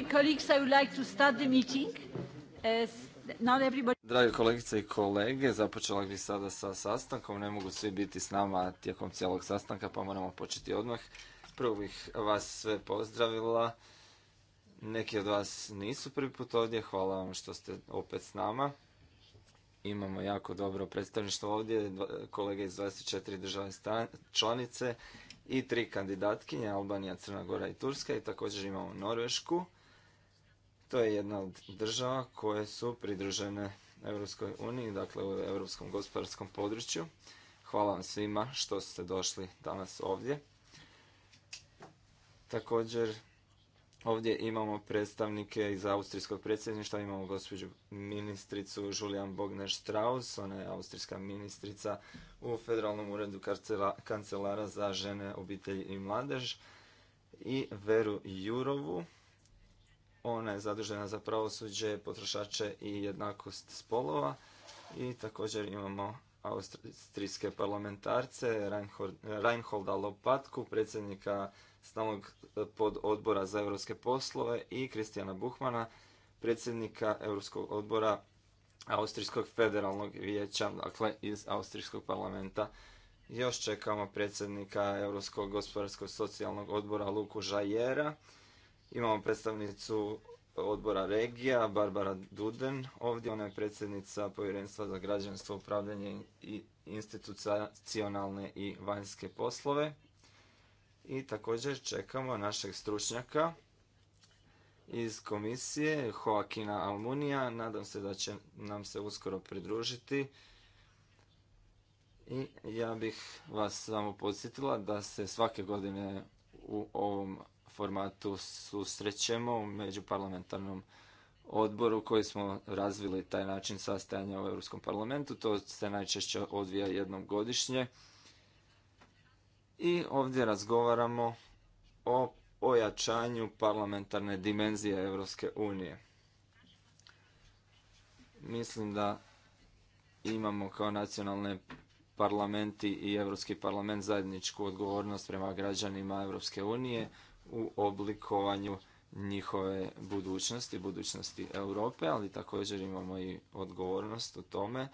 Drage kolegice i kolege, započela bi sada sa sastankom. Ne mogu svi biti s nama tijekom cijelog sastanka, pa moramo početi odmah. Prvo bih vas sve pozdravila. Neki od vas nisu prvi put ovdje. Hvala vam što ste opet s nama. Imamo jako dobro predstavništvo ovdje, kolege iz 24 države članice i tri kandidatkinje, Albanija, Crna Gora i Turska i također imamo Norvešku. To je jedna od država koje su pridružene Europskoj uniji, dakle u Europskom gospodarskom području. Hvala vam svima što ste došli danas ovdje. Također ovdje imamo predstavnike iz Austrijskog predsjedništva, imamo gospođu ministricu Julian Bogner Strauss, ona je austrijska ministrica u Federalnom uredu kancelara za žene, obitelji i mladež i Veru Jurovu, ona je zadužena za pravosuđe, potrošače i jednakost spolova. I također imamo austrijske parlamentarce, Reinholda Lopatku, predsjednika stalnog e, odbora za europske poslove i Kristijana Buhmana, predsjednika Europskog odbora Austrijskog federalnog vijeća, dakle iz Austrijskog parlamenta. Još čekamo predsjednika Europskog gospodarskog socijalnog odbora Luku Žajera Imamo predstavnicu odbora regija, Barbara Duden. Ovdje ona je predsjednica Povjerenstva za građanstvo, upravljanje i institucionalne i vanjske poslove. I također čekamo našeg stručnjaka iz komisije, Hoakina Almunija. Nadam se da će nam se uskoro pridružiti. I ja bih vas samo podsjetila da se svake godine u ovom formatu susrećemo u međuparlamentarnom odboru koji smo razvili taj način sastajanja u Europskom parlamentu. To se najčešće odvija jednom godišnje. I ovdje razgovaramo o ojačanju parlamentarne dimenzije Europske unije. Mislim da imamo kao nacionalne parlamenti i Europski parlament zajedničku odgovornost prema građanima Europske unije u oblikovanju njihove budućnosti, budućnosti Europe, ali također imamo i odgovornost u tome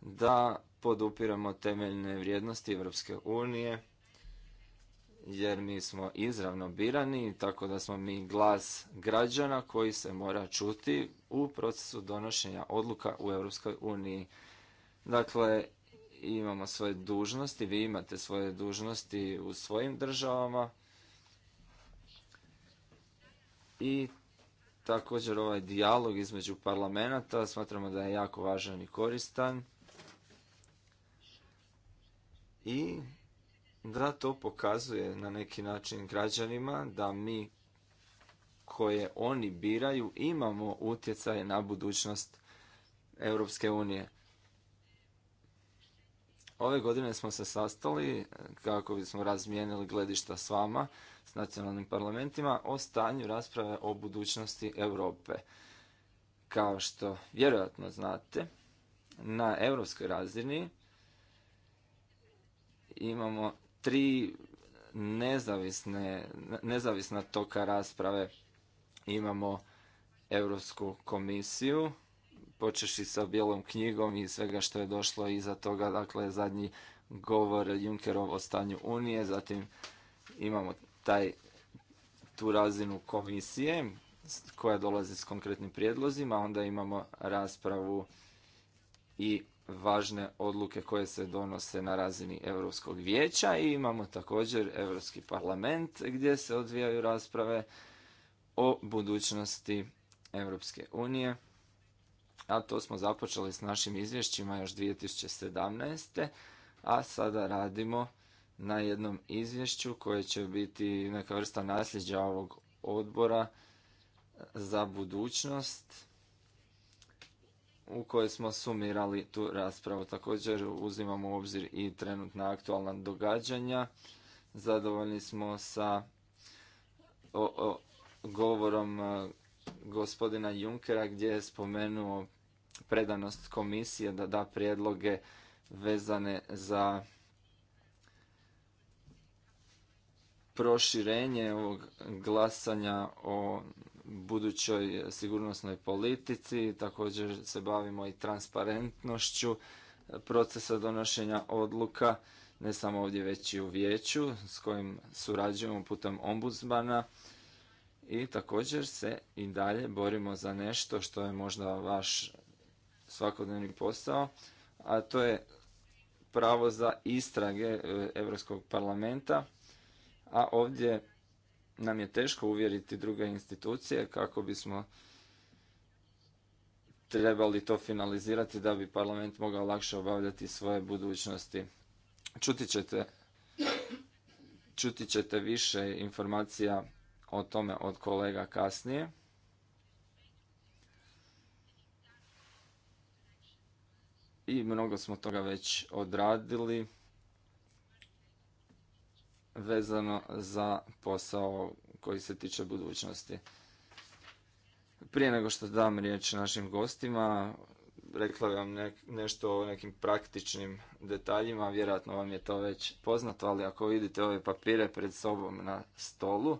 da podupiramo temeljne vrijednosti Europske unije, jer mi smo izravno birani, tako da smo mi glas građana koji se mora čuti u procesu donošenja odluka u Europskoj uniji. Dakle, imamo svoje dužnosti, vi imate svoje dužnosti u svojim državama, i također ovaj dijalog između parlamenta smatramo da je jako važan i koristan i da to pokazuje na neki način građanima da mi koje oni biraju imamo utjecaj na budućnost Europske unije. Ove godine smo se sastali kako bismo razmijenili gledišta s vama s nacionalnim parlamentima o stanju rasprave o budućnosti Europe. Kao što vjerojatno znate, na europskoj razini imamo tri nezavisne, nezavisna toka rasprave. Imamo Europsku komisiju, počeši sa bijelom knjigom i svega što je došlo iza toga, dakle zadnji govor Junckerov o stanju Unije, zatim imamo taj, tu razinu komisije koja dolazi s konkretnim prijedlozima, onda imamo raspravu i važne odluke koje se donose na razini Europskog vijeća i imamo također Europski parlament gdje se odvijaju rasprave o budućnosti Europske unije. A to smo započeli s našim izvješćima još 2017. a sada radimo na jednom izvješću koje će biti neka vrsta nasljeđa ovog odbora za budućnost u kojoj smo sumirali tu raspravu. Također uzimamo u obzir i trenutna aktualna događanja. Zadovoljni smo sa o, govorom e, gospodina Junkera gdje je spomenuo predanost komisije da da prijedloge vezane za proširenje ovog glasanja o budućoj sigurnosnoj politici, također se bavimo i transparentnošću procesa donošenja odluka, ne samo ovdje već i u vijeću s kojim surađujemo putem ombudsmana i također se i dalje borimo za nešto što je možda vaš svakodnevni posao, a to je pravo za istrage Europskog parlamenta a ovdje nam je teško uvjeriti druge institucije kako bismo trebali to finalizirati da bi parlament mogao lakše obavljati svoje budućnosti. Čuti ćete, ćete više informacija o tome od kolega kasnije. I mnogo smo toga već odradili vezano za posao koji se tiče budućnosti. Prije nego što dam riječ našim gostima, rekla bi vam nešto o nekim praktičnim detaljima, vjerojatno vam je to već poznato, ali ako vidite ove papire pred sobom na stolu,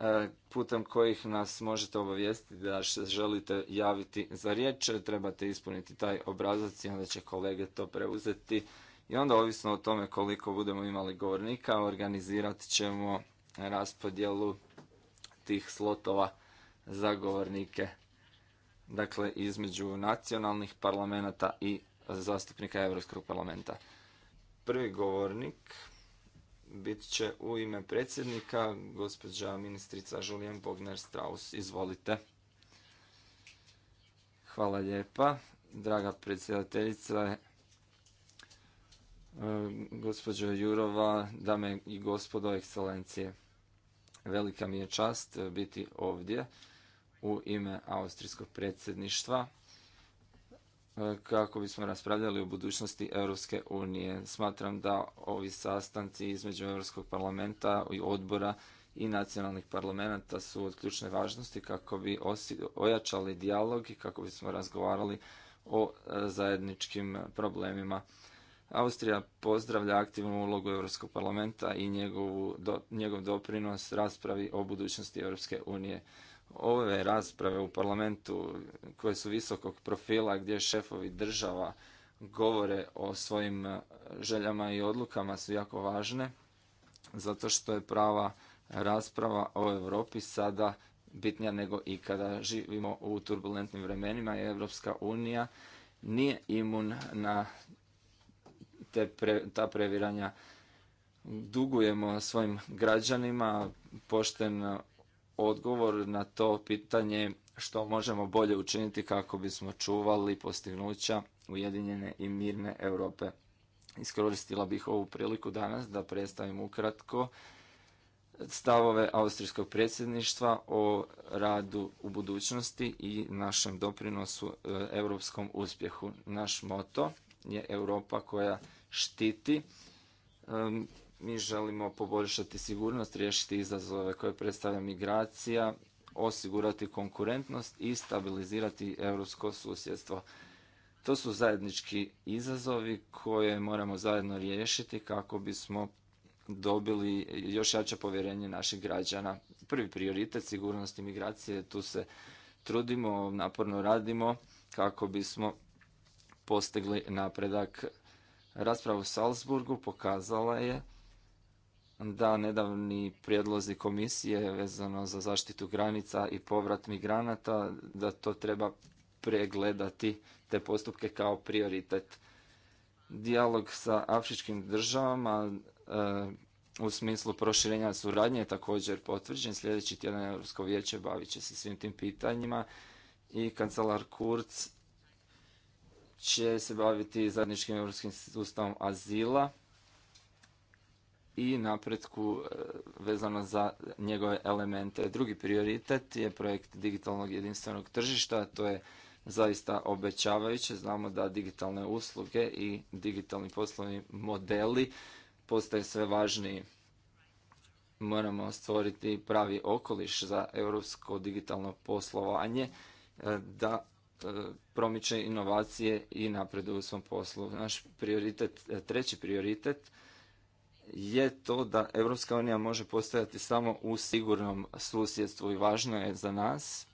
e, putem kojih nas možete obavijestiti da se želite javiti za riječ, trebate ispuniti taj obrazac i onda će kolege to preuzeti i onda ovisno o tome koliko budemo imali govornika, organizirat ćemo raspodjelu tih slotova za govornike. Dakle, između nacionalnih parlamenta i zastupnika Europskog parlamenta. Prvi govornik bit će u ime predsjednika gospođa ministrica Julien Bogner Strauss. Izvolite. Hvala lijepa. Draga predsjedateljica, gospođo Jurova, dame i gospodo, ekscelencije. Velika mi je čast e, biti ovdje u ime Austrijskog predsjedništva e, kako bismo raspravljali o budućnosti Europske unije. Smatram da ovi sastanci između Europskog parlamenta i odbora i nacionalnih parlamenta su od ključne važnosti kako bi ojačali dijalog i kako bismo razgovarali o e, zajedničkim problemima Austrija pozdravlja aktivnu ulogu Europskog parlamenta i njegovu, njegov doprinos raspravi o budućnosti Europske unije. Ove rasprave u parlamentu koje su visokog profila gdje šefovi država govore o svojim e, željama i odlukama su jako važne zato što je prava rasprava o Europi sada bitnija nego ikada. Živimo u turbulentnim vremenima i Europska unija nije imun na te ta previranja dugujemo svojim građanima pošten odgovor na to pitanje što možemo bolje učiniti kako bismo čuvali postignuća Ujedinjene i mirne Europe. Iskoristila bih ovu priliku danas da predstavim ukratko stavove austrijskog predsjedništva o radu u budućnosti i našem doprinosu e, europskom uspjehu. Naš moto je Europa koja štiti. Mi želimo poboljšati sigurnost, riješiti izazove koje predstavlja migracija, osigurati konkurentnost i stabilizirati europsko susjedstvo. To su zajednički izazovi koje moramo zajedno riješiti kako bismo dobili još jače povjerenje naših građana. Prvi prioritet sigurnosti migracije, tu se trudimo, naporno radimo kako bismo postigli napredak Rasprava u Salzburgu pokazala je da nedavni prijedlozi komisije vezano za zaštitu granica i povrat migranata, da to treba pregledati te postupke kao prioritet. Dijalog sa afričkim državama e, u smislu proširenja suradnje je također potvrđen. Sljedeći tjedan Europsko vijeće bavit će se svim tim pitanjima i kancelar Kurz će se baviti zajedničkim europskim sustavom azila i napretku e, vezano za njegove elemente. Drugi prioritet je projekt digitalnog jedinstvenog tržišta, to je zaista obećavajuće. Znamo da digitalne usluge i digitalni poslovni modeli postaje sve važniji. Moramo stvoriti pravi okoliš za europsko digitalno poslovanje e, da E, promiče inovacije i napreduje u svom poslu. Naš prioritet, e, treći prioritet je to da Europska unija može postojati samo u sigurnom susjedstvu i važno je za nas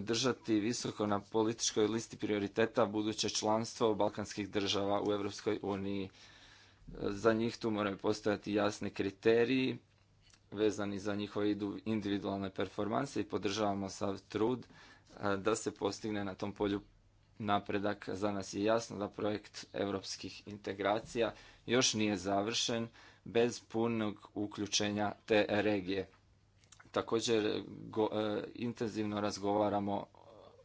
držati visoko na političkoj listi prioriteta buduće članstvo balkanskih država u Europskoj uniji. E, za njih tu moraju postojati jasni kriteriji vezani za njihove individualne performanse i podržavamo sav trud da se postigne na tom polju napredak. Za nas je jasno da projekt europskih integracija još nije završen bez punog uključenja te regije. Također go, e, intenzivno razgovaramo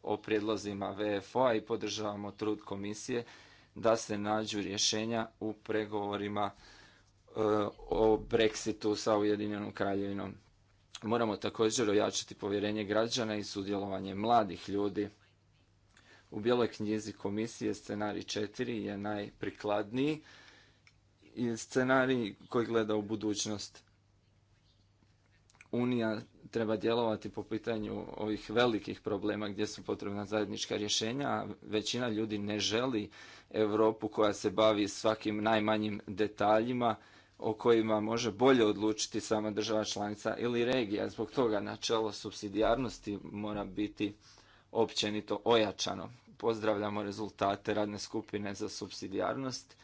o prijedlozima VFO-a i podržavamo trud komisije da se nađu rješenja u pregovorima e, o Brexitu sa Ujedinjenom kraljevinom. Moramo također ojačati povjerenje građana i sudjelovanje mladih ljudi. U bijeloj knjizi komisije scenarij 4 je najprikladniji i scenarij koji gleda u budućnost. Unija treba djelovati po pitanju ovih velikih problema gdje su potrebna zajednička rješenja, a većina ljudi ne želi Europu koja se bavi svakim najmanjim detaljima o kojima može bolje odlučiti sama država članica ili regija. Zbog toga načelo subsidijarnosti mora biti općenito ojačano. Pozdravljamo rezultate radne skupine za subsidijarnost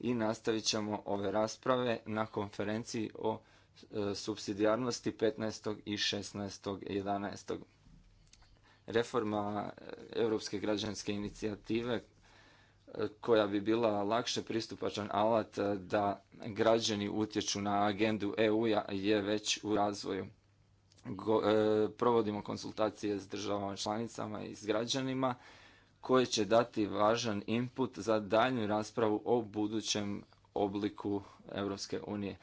i nastavit ćemo ove rasprave na konferenciji o e, subsidijarnosti 15. i 16. 11. Reforma e, Europske građanske inicijative koja bi bila lakše pristupačan alat e, da građani utječu na agendu EU-a je već u razvoju. E, provodimo konsultacije s državama članicama i s građanima koje će dati važan input za daljnju raspravu o budućem obliku Europske unije.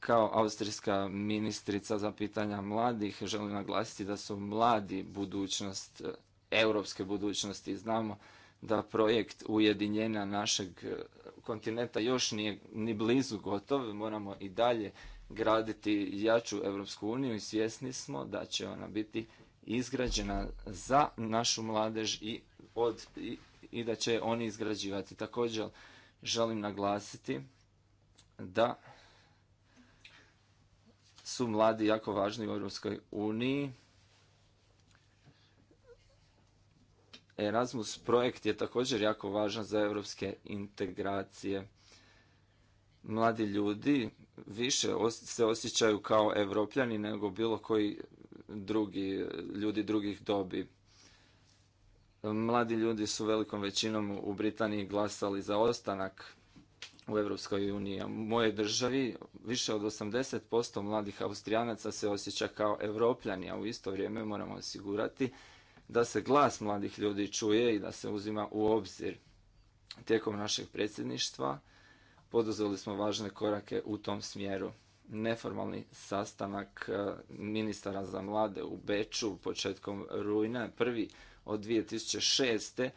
Kao austrijska ministrica za pitanja mladih želim naglasiti da su mladi budućnost e, europske budućnosti. Znamo da projekt ujedinjenja našeg e, kontinenta još nije ni blizu gotov, moramo i dalje graditi jaču Europsku uniju i svjesni smo da će ona biti izgrađena za našu mladež i, od, i, da će oni izgrađivati. Također želim naglasiti da su mladi jako važni u Europskoj uniji Erasmus projekt je također jako važan za europske integracije. Mladi ljudi više se osjećaju kao evropljani nego bilo koji drugi, ljudi drugih dobi. Mladi ljudi su velikom većinom u Britaniji glasali za ostanak u Europskoj uniji. U mojoj državi više od 80% mladih Austrijanaca se osjeća kao evropljani, a u isto vrijeme moramo osigurati da se glas mladih ljudi čuje i da se uzima u obzir tijekom našeg predsjedništva. Poduzeli smo važne korake u tom smjeru. Neformalni sastanak e, ministara za mlade u Beču početkom rujna, prvi od 2006.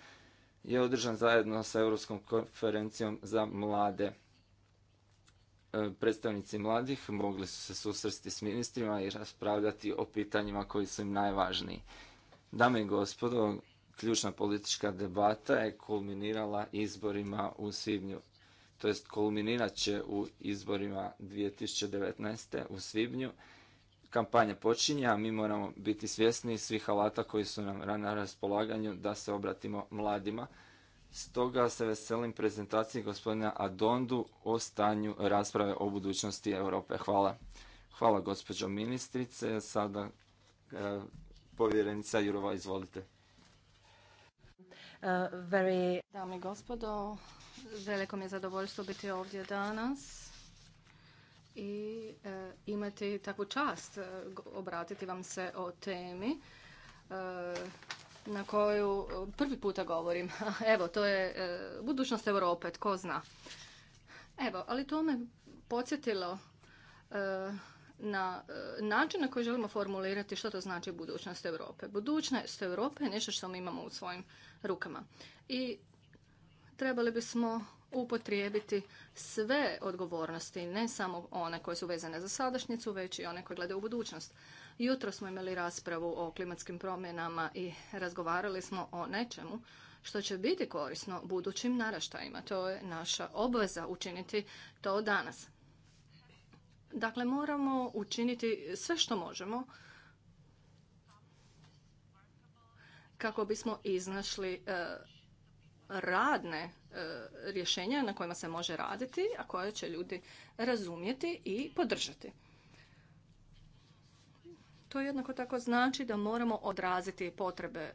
je održan zajedno sa Europskom konferencijom za mlade e, predstavnici mladih mogli su se susresti s ministrima i raspravljati o pitanjima koji su im najvažniji. Dame i gospodo, ključna politička debata je kulminirala izborima u Svibnju, to jest kulminirat će u izborima 2019. u Svibnju. Kampanja počinje, a mi moramo biti svjesni svih alata koji su nam na raspolaganju da se obratimo mladima. Stoga se veselim prezentaciji gospodina Adondu o stanju rasprave o budućnosti Europe. Hvala. Hvala gospođo ministrice. Sada e, Povjerenica Jurova, izvolite. Uh, Dame i gospodo, veliko mi je zadovoljstvo biti ovdje danas i uh, imati takvu čast uh, obratiti vam se o temi na koju prvi puta govorim. Evo, to je budućnost Europe, tko zna. Evo, ali to me podsjetilo na e, način na koji želimo formulirati što to znači budućnost Europe. Budućnost Europe je nešto što mi imamo u svojim rukama. I trebali bismo upotrijebiti sve odgovornosti, ne samo one koje su vezane za sadašnjicu, već i one koje gledaju u budućnost. Jutro smo imali raspravu o klimatskim promjenama i razgovarali smo o nečemu što će biti korisno budućim naraštajima. To je naša obveza učiniti to danas. Dakle, moramo učiniti sve što možemo kako bismo iznašli e, radne e, rješenja na kojima se može raditi, a koje će ljudi razumjeti i podržati. To jednako tako znači da moramo odraziti potrebe e,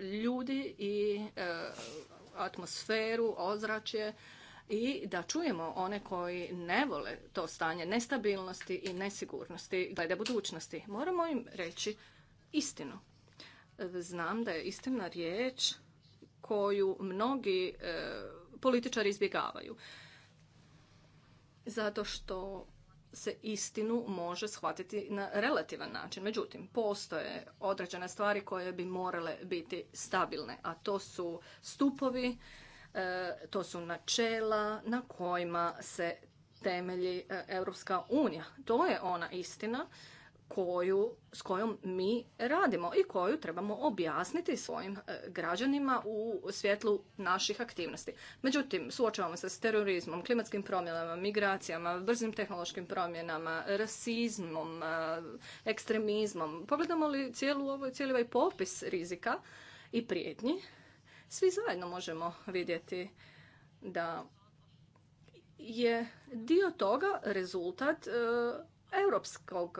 ljudi i atmosferu, ozračje i da čujemo one koji ne vole to stanje nestabilnosti i nesigurnosti glede budućnosti. Moramo im reći istinu. Znam da je istina riječ koju mnogi e, političari izbjegavaju. Zato što se istinu može shvatiti na relativan način. Međutim, postoje određene stvari koje bi morale biti stabilne, a to su stupovi E, to su načela na kojima se temelji e, Europska unija. To je ona istina koju, s kojom mi radimo i koju trebamo objasniti svojim e, građanima u svjetlu naših aktivnosti. Međutim, suočavamo se s terorizmom, klimatskim promjenama, migracijama, brzim tehnološkim promjenama, rasizmom, ekstremizmom. Pogledamo li cijelu, cijeli ovaj popis rizika i prijetnji, svi zajedno možemo vidjeti da je dio toga rezultat e, europskog,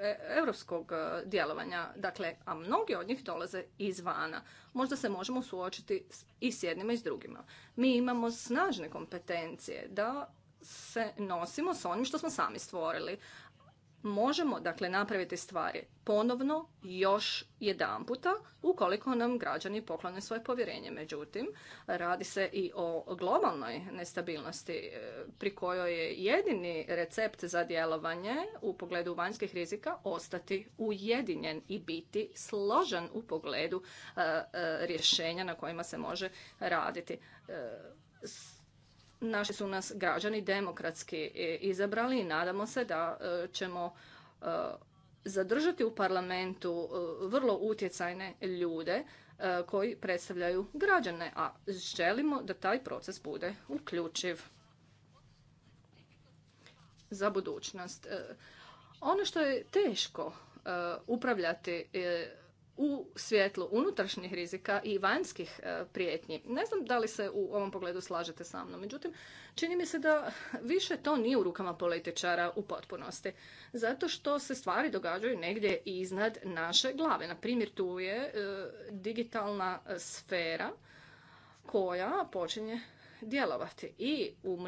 e, europskog djelovanja, dakle, a mnogi od njih dolaze izvana. Možda se možemo suočiti i s jednima i s drugima. Mi imamo snažne kompetencije da se nosimo s onim što smo sami stvorili, možemo dakle napraviti stvari ponovno još jedan puta ukoliko nam građani poklone svoje povjerenje. Međutim, radi se i o globalnoj nestabilnosti e, pri kojoj je jedini recept za djelovanje u pogledu vanjskih rizika ostati ujedinjen i biti složen u pogledu e, e, rješenja na kojima se može raditi. Naši su nas građani demokratski izabrali i nadamo se da e, ćemo e, zadržati u parlamentu e, vrlo utjecajne ljude koji predstavljaju građane, a želimo da taj proces bude uključiv za budućnost. Ono što je teško upravljati u svjetlu unutrašnjih rizika i vanjskih e, prijetnji. Ne znam da li se u ovom pogledu slažete sa mnom, međutim, čini mi se da više to nije u rukama političara u potpunosti, zato što se stvari događaju negdje iznad naše glave. Na primjer, tu je e, digitalna e, sfera koja počinje djelovati i u,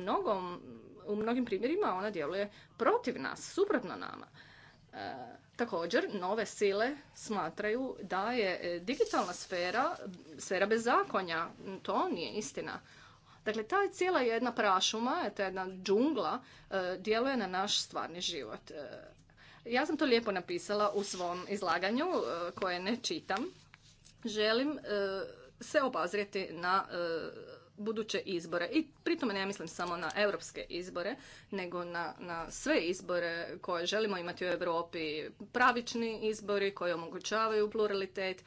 u mnogim primjerima ona djeluje protiv nas, suprotno nama. Također, nove sile smatraju da je e, digitalna sfera sfera bez zakonja. To nije istina. Dakle, ta cijela jedna prašuma, e, ta jedna džungla e, djeluje na naš stvarni život. Ja sam to lijepo napisala u svom izlaganju koje ne čitam. Želim se obazriti na buduće izbore. I pritome ne mislim samo na europske izbore, nego na, na sve izbore koje želimo imati u Europi. Pravični izbori koji omogućavaju pluralitet, e,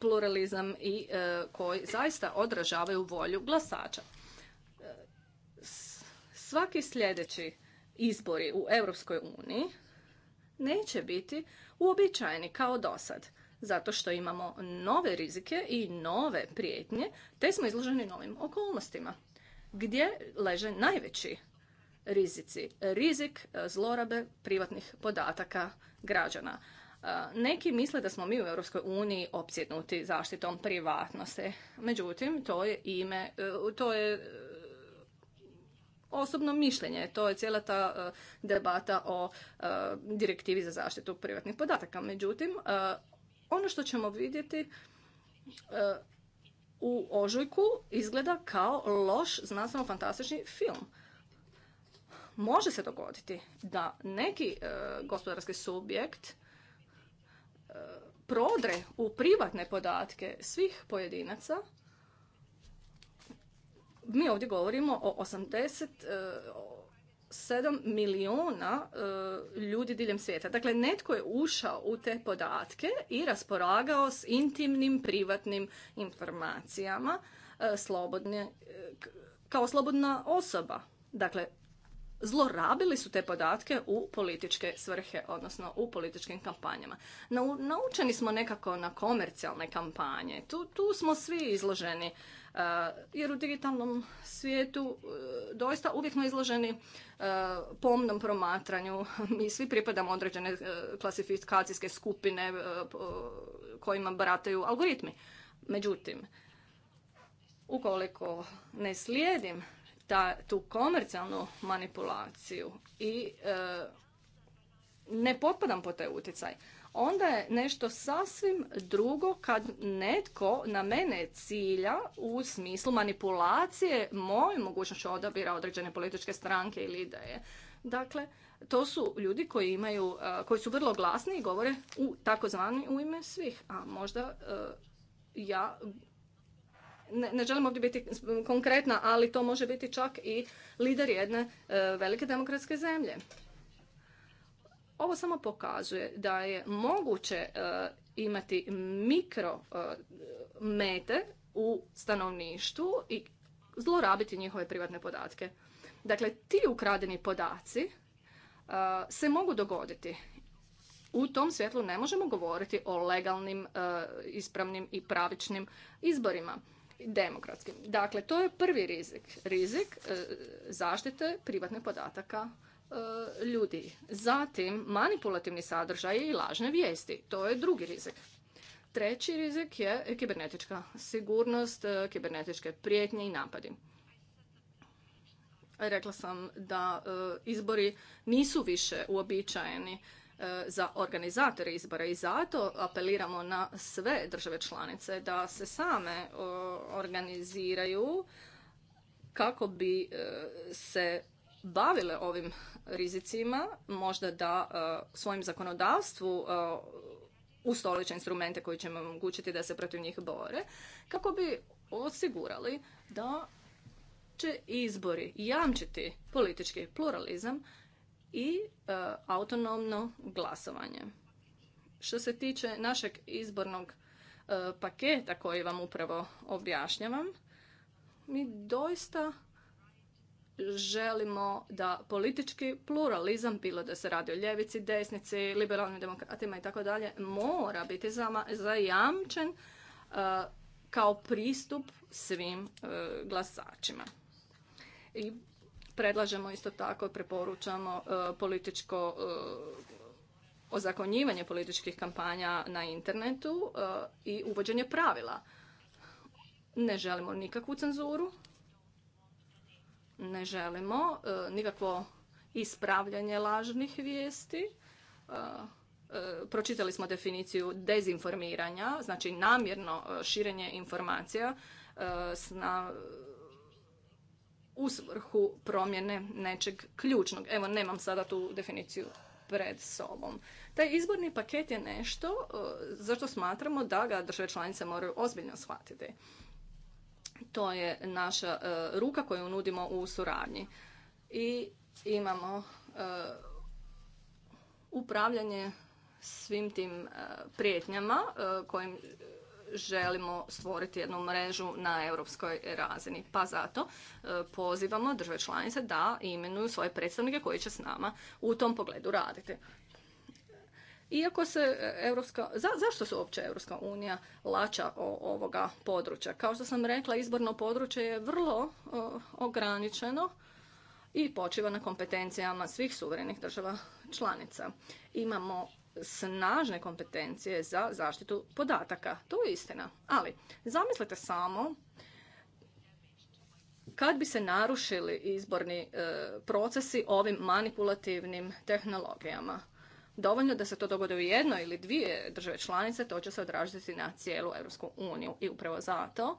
pluralizam i e, koji zaista odražavaju volju glasača. E, svaki sljedeći izbori u Europskoj uniji neće biti uobičajeni kao dosad zato što imamo nove rizike i nove prijetnje, te smo izloženi novim okolnostima. Gdje leže najveći rizici? Rizik e, zlorabe privatnih podataka građana. E, neki misle da smo mi u Europskoj uniji opsjednuti zaštitom privatnosti. Međutim, to je ime, e, to je osobno mišljenje. To je cijela ta debata o direktivi za zaštitu privatnih podataka. Međutim, ono što ćemo vidjeti e, u ožujku izgleda kao loš znanstveno-fantastični film. Može se dogoditi da neki e, gospodarski subjekt e, prodre u privatne podatke svih pojedinaca mi ovdje govorimo o 80, 7 milijuna e, ljudi diljem svijeta. Dakle, netko je ušao u te podatke i rasporagao s intimnim, privatnim informacijama e, slobodne, e, kao slobodna osoba. Dakle, zlorabili su te podatke u političke svrhe, odnosno u političkim kampanjama. Naučeni smo nekako na komercijalne kampanje. Tu, tu smo svi izloženi E, jer u digitalnom svijetu e, doista uvijek smo izloženi e, pomnom promatranju. Mi svi pripadamo određene klasifikacijske skupine kojima barataju algoritmi. Međutim, ukoliko ne slijedim tu komercijalnu manipulaciju i ne potpadam po taj utjecaj. Onda je nešto sasvim drugo kad netko na mene cilja u smislu manipulacije moju mogućnošću odabira određene političke stranke ili ideje. Dakle, to su ljudi koji imaju, e, koji su vrlo glasni i govore u takozvani u ime svih. A možda e, ja ne želim ovdje biti konkretna, ali to može biti čak i lider jedne e, velike demokratske zemlje. Ovo samo pokazuje da je moguće e, imati mikro e, mete u stanovništvu i zlorabiti njihove privatne podatke. Dakle, ti ukradeni podaci e, se mogu dogoditi. U tom svjetlu ne možemo govoriti o legalnim, ispravnim i pravičnim izborima demokratskim. Dakle, to je prvi rizik. Rizik zaštite privatnih podataka E, ljudi. Zatim manipulativni sadržaj i lažne vijesti. To je drugi rizik. Treći rizik je kibernetička sigurnost, e, kibernetičke prijetnje i napadi. Rekla sam da e, izbori nisu više uobičajeni za organizatore izbora i zato apeliramo na sve države članice da se same organiziraju kako bi se bavile ovim rizicima, možda da e, svojim svojem zakonodavstvu e, ustoliče instrumente koji će omogućiti da se protiv njih bore, kako bi osigurali da će izbori jamčiti politički pluralizam i e, autonomno glasovanje. Što se tiče našeg izbornog paketa koji vam upravo objašnjavam, mi doista želimo da politički pluralizam, bilo da se radi o ljevici, desnici, liberalnim demokratima i tako dalje, mora biti zajamčen e, kao pristup svim e, glasačima. I predlažemo isto tako, preporučamo e, političko ozakonjivanje političkih kampanja na internetu i uvođenje pravila. Ne želimo nikakvu cenzuru, ne želimo e, nikakvo ispravljanje lažnih vijesti. E, e, pročitali smo definiciju dezinformiranja, znači namjerno širenje informacija na u svrhu promjene nečeg ključnog. Evo, nemam sada tu definiciju pred sobom. Taj izborni paket je nešto zašto smatramo da ga države članice moraju ozbiljno shvatiti. To je naša e, ruka koju nudimo u suradnji. I imamo e, upravljanje svim tim e, prijetnjama kojim želimo stvoriti jednu mrežu na europskoj razini. Pa zato pozivamo države članice da imenuju svoje predstavnike koji će s nama u tom pogledu raditi. Iako se Europska, za, zašto se uopće Europska unija lača o, ovoga područja? Kao što sam rekla, izborno područje je vrlo e, ograničeno i počiva na kompetencijama svih suverenih država članica. Imamo snažne kompetencije za zaštitu podataka. To je istina. Ali zamislite samo kad bi se narušili izborni e, procesi ovim manipulativnim tehnologijama dovoljno da se to dogodi u jednoj ili dvije države članice, to će se odražiti na cijelu Europsku uniju. I upravo zato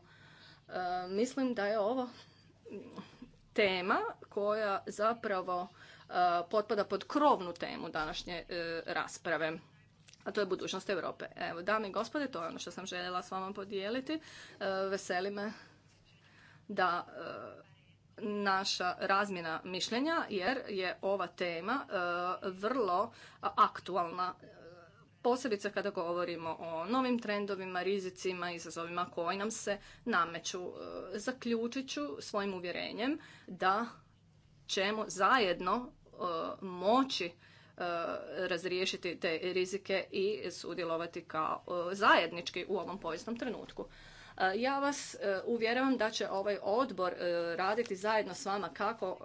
e, mislim da je ovo tema koja zapravo e, potpada pod krovnu temu današnje e, rasprave a to je budućnost Europe. Evo, dame i gospode, to je ono što sam željela s vama podijeliti. Veseli me da naša razmjena mišljenja jer je ova tema e, vrlo aktualna e, posebice kada govorimo o novim trendovima, rizicima, izazovima koji nam se nameću. E, zaključit ću svojim uvjerenjem da ćemo zajedno moći razriješiti te rizike i sudjelovati kao zajednički u ovom povijesnom trenutku. E, ja vas e, uvjeravam da će ovaj odbor e, raditi zajedno s vama kako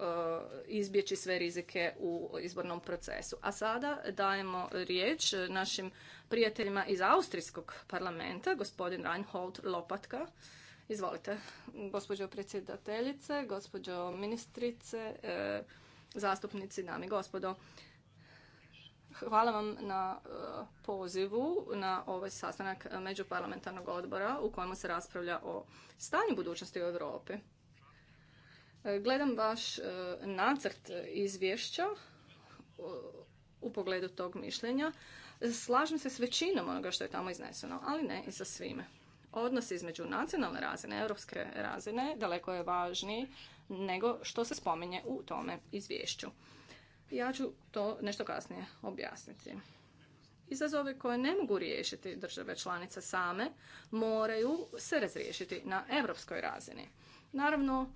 izbjeći sve rizike u izbornom procesu. A sada dajemo riječ našim prijateljima iz Austrijskog parlamenta, gospodin Reinhold Lopatka. Izvolite, gospođo predsjedateljice, gospođo ministrice, zastupnici, dame i gospodo. Hvala vam na e, pozivu na ovaj sastanak međuparlamentarnog odbora u kojemu se raspravlja o stanju budućnosti u Europi. E, gledam vaš e, nacrt izvješća u pogledu tog mišljenja. Slažem se s većinom onoga što je tamo izneseno, ali ne i sa svime. Odnos između nacionalne razine, europske razine, daleko je važniji nego što se spominje u tome izvješću. Ja ću to nešto kasnije objasniti. Izazove koje ne mogu riješiti države članice same moraju se razriješiti na europskoj razini. Naravno,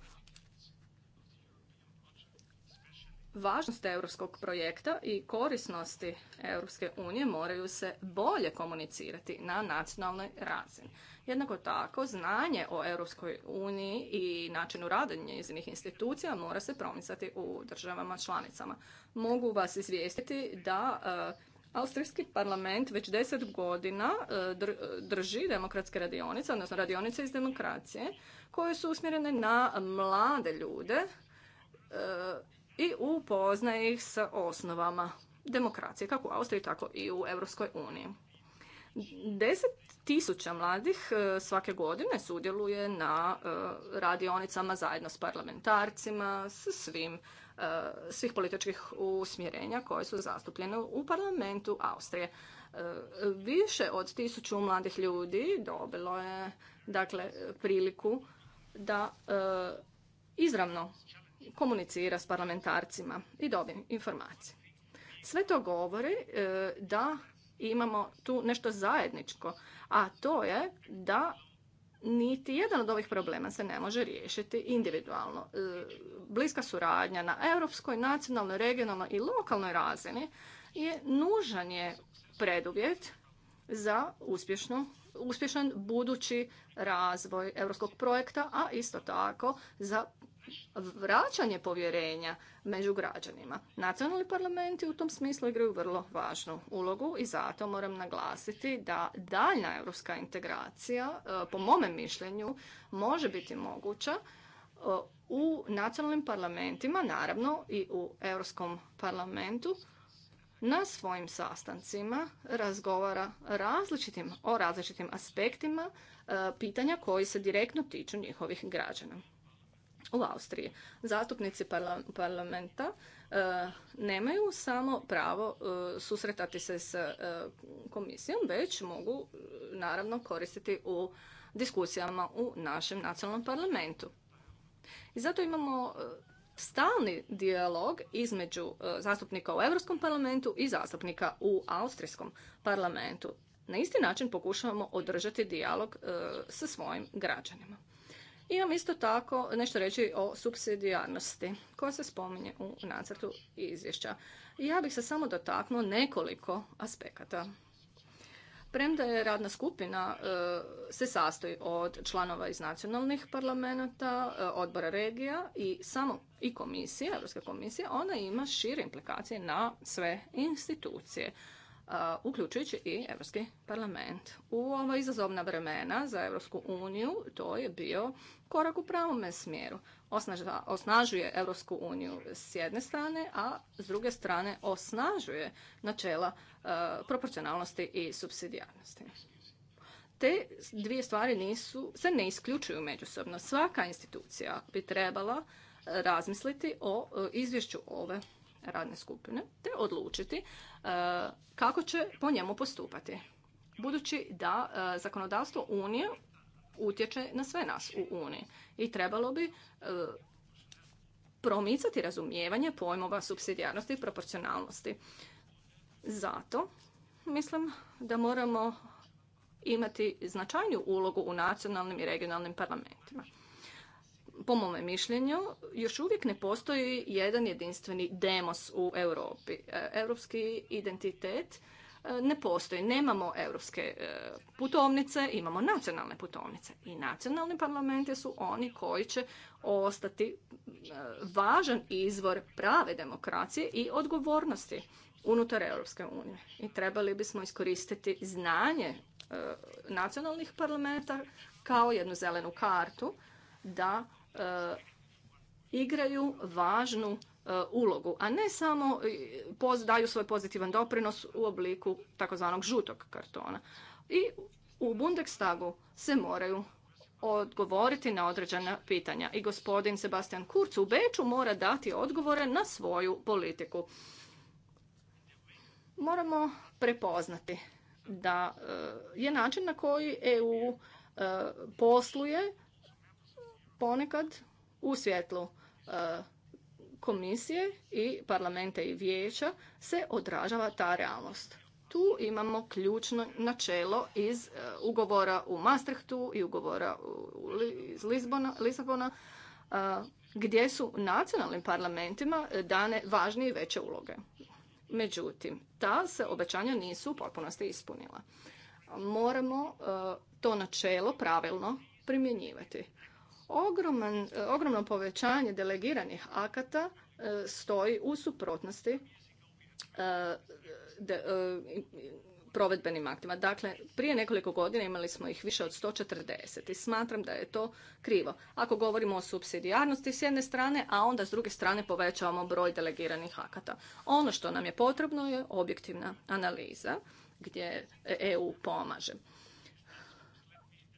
Važnost europskog projekta i korisnosti Europske unije moraju se bolje komunicirati na nacionalnoj razini. Jednako tako, znanje o Europskoj uniji i načinu rada njezinih institucija mora se promicati u državama članicama. Mogu vas izvijestiti da e, Austrijski parlament već deset godina e, drži demokratske radionice, odnosno radionice iz demokracije, koje su usmjerene na mlade ljude e, i upoznaje ih sa osnovama demokracije, kako u Austriji, tako i u Europskoj uniji. Deset tisuća mladih e, svake godine sudjeluje na e, radionicama zajedno s parlamentarcima, s svim, e, svih političkih usmjerenja koje su zastupljene u parlamentu Austrije. Više od tisuću mladih ljudi dobilo je dakle, priliku da izravno komunicira s parlamentarcima i dobije informacije. Sve to govori e, da imamo tu nešto zajedničko, a to je da niti jedan od ovih problema se ne može riješiti individualno. E, bliska suradnja na europskoj, nacionalnoj, regionalnoj i lokalnoj razini je nužan je preduvjet za uspješnu, uspješan budući razvoj europskog projekta, a isto tako za vraćanje povjerenja među građanima. Nacionalni parlamenti u tom smislu igraju vrlo važnu ulogu i zato moram naglasiti da daljna europska integracija, e, po mome mišljenju, može biti moguća e, u nacionalnim parlamentima, naravno i u Europskom parlamentu, na svojim sastancima razgovara različitim, o različitim aspektima e, pitanja koji se direktno tiču njihovih građana u Austriji. Zastupnici parlamenta e, nemaju samo pravo e, susretati se s e, komisijom, već mogu naravno koristiti u diskusijama u našem nacionalnom parlamentu. I zato imamo stalni dijalog između zastupnika u Europskom parlamentu i zastupnika u Austrijskom parlamentu. Na isti način pokušavamo održati dijalog sa svojim građanima. Imam isto tako nešto reći o subsidijarnosti koja se spominje u nacrtu izvješća. Ja bih se samo dotaknuo nekoliko aspekata. Premda je radna skupina e, se sastoji od članova iz nacionalnih parlamenta, e, odbora regija i samo i komisije, Europska komisija, ona ima šire implikacije na sve institucije uključujući i Europski parlament. U ova izazovna vremena za Europsku uniju to je bio korak u pravome smjeru. osnažuje Europsku uniju s jedne strane, a s druge strane osnažuje načela proporcionalnosti i subsidijarnosti. Te dvije stvari nisu, se ne isključuju međusobno. Svaka institucija bi trebala razmisliti o izvješću ove radne skupine te odlučiti e, kako će po njemu postupati. Budući da e, zakonodavstvo Unije utječe na sve nas u Uniji i trebalo bi e, promicati razumijevanje pojmova subsidijarnosti i proporcionalnosti. Zato mislim da moramo imati značajniju ulogu u nacionalnim i regionalnim parlamentima po mome mišljenju, još uvijek ne postoji jedan jedinstveni demos u Europi. E, europski identitet e, ne postoji. Nemamo europske e, putovnice, imamo nacionalne putovnice. I nacionalni parlamenti su oni koji će ostati važan izvor prave demokracije i odgovornosti unutar Europske unije. I trebali bismo iskoristiti znanje nacionalnih parlamenta kao jednu zelenu kartu da E, igraju važnu e, ulogu, a ne samo e, daju svoj pozitivan doprinos u obliku takozvanog žutog kartona. I u Bundestagu se moraju odgovoriti na određena pitanja. I gospodin Sebastian Kurz u Beču mora dati odgovore na svoju politiku. Moramo prepoznati da je način na koji EU posluje ponekad u svjetlu e, komisije i parlamenta i vijeća se odražava ta realnost. Tu imamo ključno načelo iz e, ugovora u Maastrichtu i ugovora iz Lisbona, Lisabona, e, gdje su nacionalnim parlamentima dane važnije i veće uloge. Međutim, ta se obećanja nisu u potpunosti ispunila. Moramo to načelo pravilno primjenjivati ogromno povećanje delegiranih akata e, stoji u suprotnosti e, e, provedbenim aktima. Dakle, prije nekoliko godina imali smo ih više od 140 i smatram da je to krivo. Ako govorimo o subsidijarnosti s jedne strane, a onda s druge strane povećavamo broj delegiranih akata. Ono što nam je potrebno je objektivna analiza gdje EU pomaže.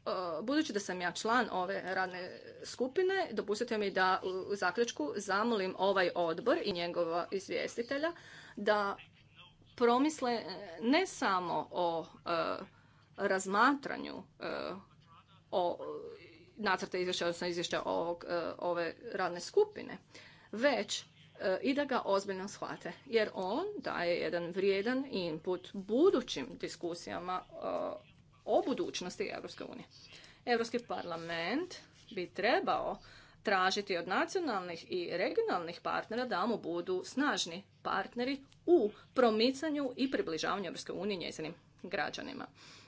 E, budući da sam ja član ove radne skupine, dopustite mi da u zaključku zamolim ovaj odbor i njegova izvjestitelja da promisle e, ne samo o e, razmatranju o nacrta izvješća, odnosno izvješća ove radne skupine, već i da ga ozbiljno shvate. Jer on daje jedan vrijedan input budućim diskusijama o budućnosti Europske unije. Europski parlament bi trebao tražiti od nacionalnih i regionalnih partnera da mu budu snažni partneri u promicanju i približavanju Europske unije njezinim građanima.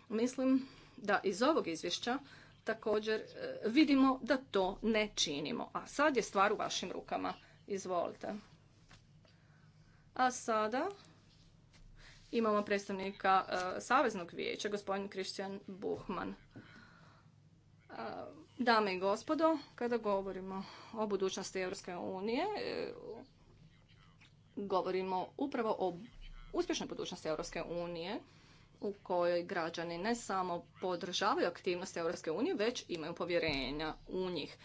Mislim da iz ovog izvješća također e, vidimo da to ne činimo. A sad je stvar u vašim rukama. Izvolite. A sada Imamo predstavnika e, Saveznog vijeća, gospodin Kristijan Buchman. E, dame i gospodo, kada govorimo o budućnosti Europske unije, e, govorimo upravo o uspješnoj budućnosti Europske unije u kojoj građani ne samo podržavaju aktivnosti Europske unije, već imaju povjerenja u njih.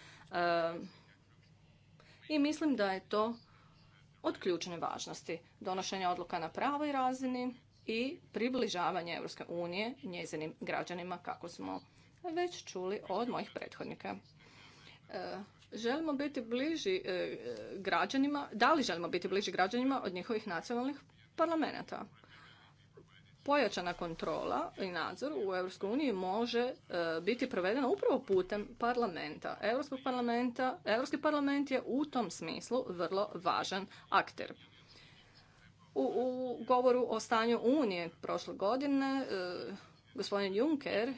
I mislim da je to od ključne važnosti donošenja odluka na pravoj razini i približavanje Europske unije njezinim građanima kako smo već čuli od mojih prethodnika. E, želimo biti bliži e, građanima, da li želimo biti bliži građanima od njihovih nacionalnih parlamenta? pojačana kontrola i nadzor u EU može e, biti provedena upravo putem parlamenta. Europskog parlamenta, Europski parlament je u tom smislu vrlo važan akter. U, u govoru o stanju Unije prošle godine e, gospodin Juncker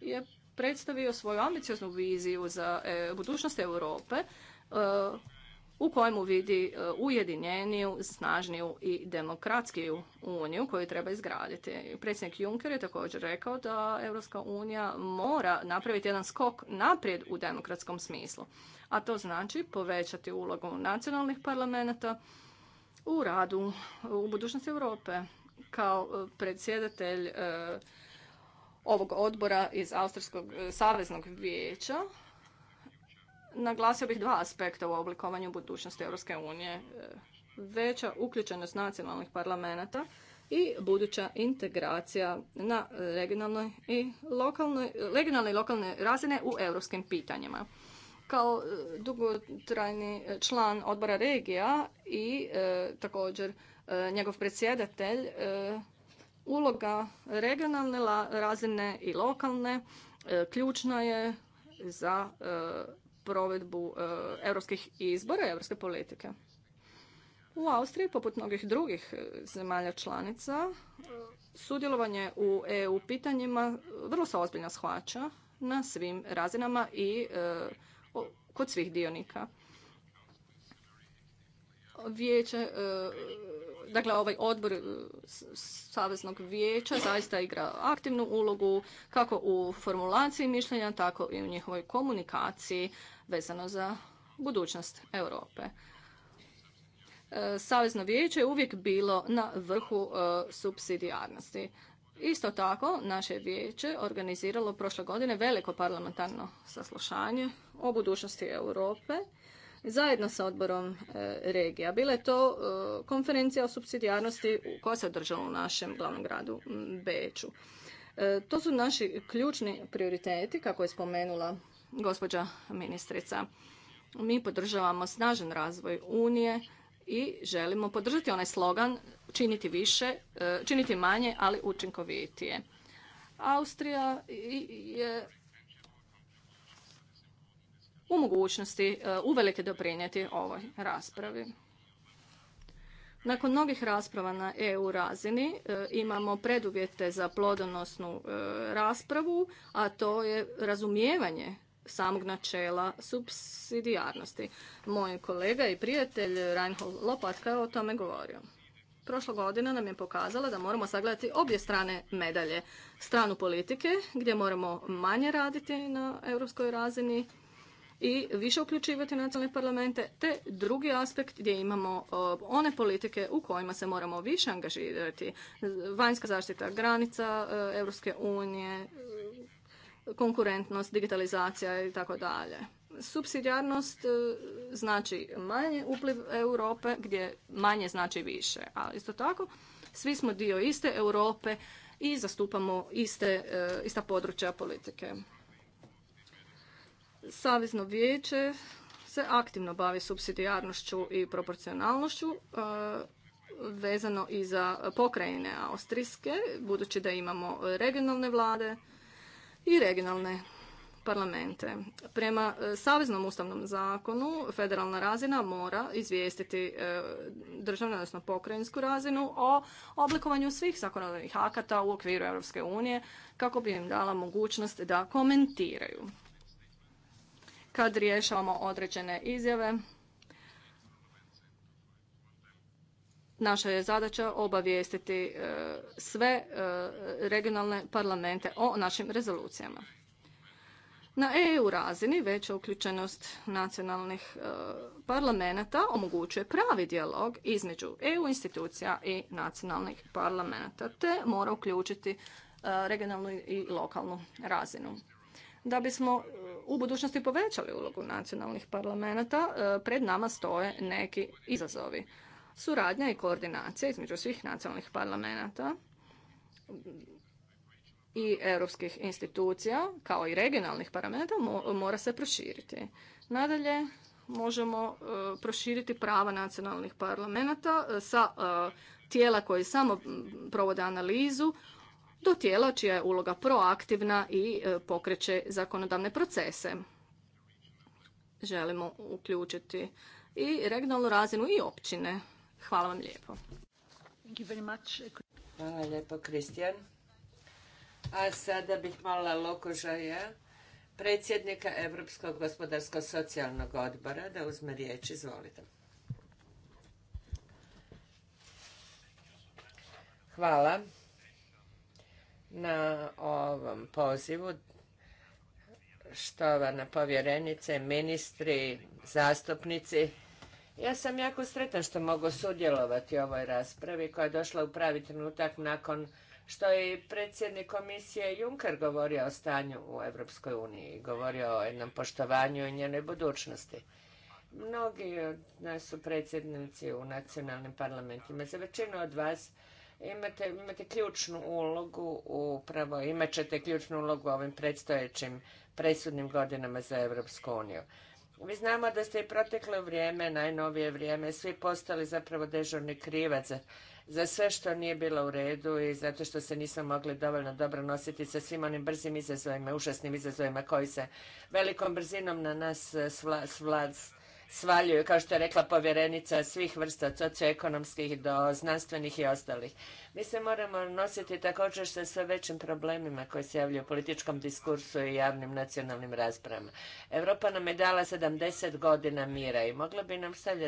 je predstavio svoju ambicioznu viziju za e, budućnost Europe u kojemu vidi e, ujedinjeniju, snažniju i demokratskiju uniju koju treba izgraditi. Predsjednik Juncker je također rekao da Europska unija mora napraviti jedan skok naprijed u demokratskom smislu, a to znači povećati ulogu nacionalnih parlamenta u radu u budućnosti Europe. Kao e, predsjedatelj e, ovog odbora iz Austrijskog saveznog vijeća Naglasio bih dva aspekta u oblikovanju budućnosti Europske unije. E, veća uključenost nacionalnih parlamenta i buduća integracija na regionalnoj i lokalnoj, regionalne i lokalne razine u europskim pitanjima. Kao e, dugotrajni član odbora regija i e, također njegov predsjedatelj, uloga regionalne razine i lokalne ključna je za provedbu europskih izbora i europske politike. U Austriji, poput mnogih drugih e, zemalja članica, e, sudjelovanje u EU pitanjima vrlo se ozbiljno shvaća na svim razinama i e, kod svih dionika. Vijeće dakle ovaj odbor e, Saveznog vijeća zaista igra aktivnu ulogu kako u formulaciji mišljenja, tako i u njihovoj komunikaciji vezano za budućnost Europe. E, savezno vijeće je uvijek bilo na vrhu e, subsidijarnosti. Isto tako, naše vijeće organiziralo prošle godine veliko parlamentarno saslušanje o budućnosti Europe zajedno sa odborom e, regija. Bila je to e, konferencija o subsidijarnosti koja se održala u našem glavnom gradu Beču. E, to su naši ključni prioriteti, kako je spomenula gospođa ministrica. Mi podržavamo snažan razvoj Unije i želimo podržati onaj slogan činiti više, činiti manje, ali učinkovitije. Austrija je u mogućnosti e, uvelike doprinijeti ovoj raspravi. Nakon mnogih rasprava na EU razini e, imamo preduvjete za plodonosnu e, raspravu, a to je razumijevanje samog načela subsidijarnosti. Moj kolega i prijatelj Reinhold Lopatka je o tome govorio. Prošla godina nam je pokazala da moramo sagledati obje strane medalje. Stranu politike, gdje moramo manje raditi na europskoj razini i više uključivati nacionalne parlamente, te drugi aspekt gdje imamo one politike u kojima se moramo više angažirati. Vanjska zaštita granica Europske unije, e, konkurentnost, digitalizacija i tako dalje. Subsidijarnost e, znači manje upliv Europe gdje manje znači više, ali isto tako svi smo dio iste Europe i zastupamo iste, e, ista područja politike. Savezno vijeće se aktivno bavi subsidijarnošću i proporcionalnošću e, vezano i za pokrajine Austrijske, budući da imamo regionalne vlade i regionalne parlamente. Prema e, Saveznom ustavnom zakonu federalna razina mora izvijestiti e, državnu, odnosno pokrajinsku razinu o oblikovanju svih zakonodavnih akata u okviru Europske unije kako bi im dala mogućnost da komentiraju kad rješavamo određene izjave. Naša je zadaća obavijestiti e, sve e, regionalne parlamente o našim rezolucijama. Na EU razini veća uključenost nacionalnih e, parlamenta omogućuje pravi dijalog između EU institucija i nacionalnih parlamenta te mora uključiti regionalnu i lokalnu razinu da bismo e, u budućnosti povećali ulogu nacionalnih parlamenta, e, pred nama stoje neki izazovi. Suradnja i koordinacija između svih nacionalnih parlamenta i europskih institucija, kao i regionalnih parlamenta, mora se proširiti. Nadalje, možemo e, proširiti prava nacionalnih parlamenta sa tijela koji samo provode analizu do tijela čija je uloga proaktivna i e, pokreće zakonodavne procese. Želimo uključiti i regionalnu razinu i općine. Hvala vam lijepo. Uh, Hvala lijepo, Kristijan. A sada bih molila Lokožaja, predsjednika Europskog gospodarsko-socijalnog odbora, da uzme riječ. Izvolite. Hvala na ovom pozivu štovana povjerenice, ministri, zastupnici. Ja sam jako sretan što mogu sudjelovati u ovoj raspravi koja je došla u pravi trenutak nakon što je i predsjednik komisije Juncker govorio o stanju u Europskoj uniji, govorio o jednom poštovanju i njenoj budućnosti. Mnogi od nas su predsjednici u nacionalnim parlamentima. Za većinu od vas imate, imate ključnu ulogu upravo, imat ćete ključnu ulogu u ovim predstojećim presudnim godinama za Europsku uniju. Mi znamo da ste i proteklo vrijeme, najnovije vrijeme, svi postali zapravo dežurni krivac za, sve što nije bilo u redu i zato što se nismo mogli dovoljno dobro nositi sa svim onim brzim izazovima, užasnim izazovima koji se velikom brzinom na nas eh, s svaljuju, kao što je rekla povjerenica, svih vrsta socioekonomskih do znanstvenih i ostalih. Mi se moramo nositi također sa sve većim problemima koji se javljaju u političkom diskursu i javnim nacionalnim raspravama. Europa nam je dala 70 godina mira i mogla bi nam sad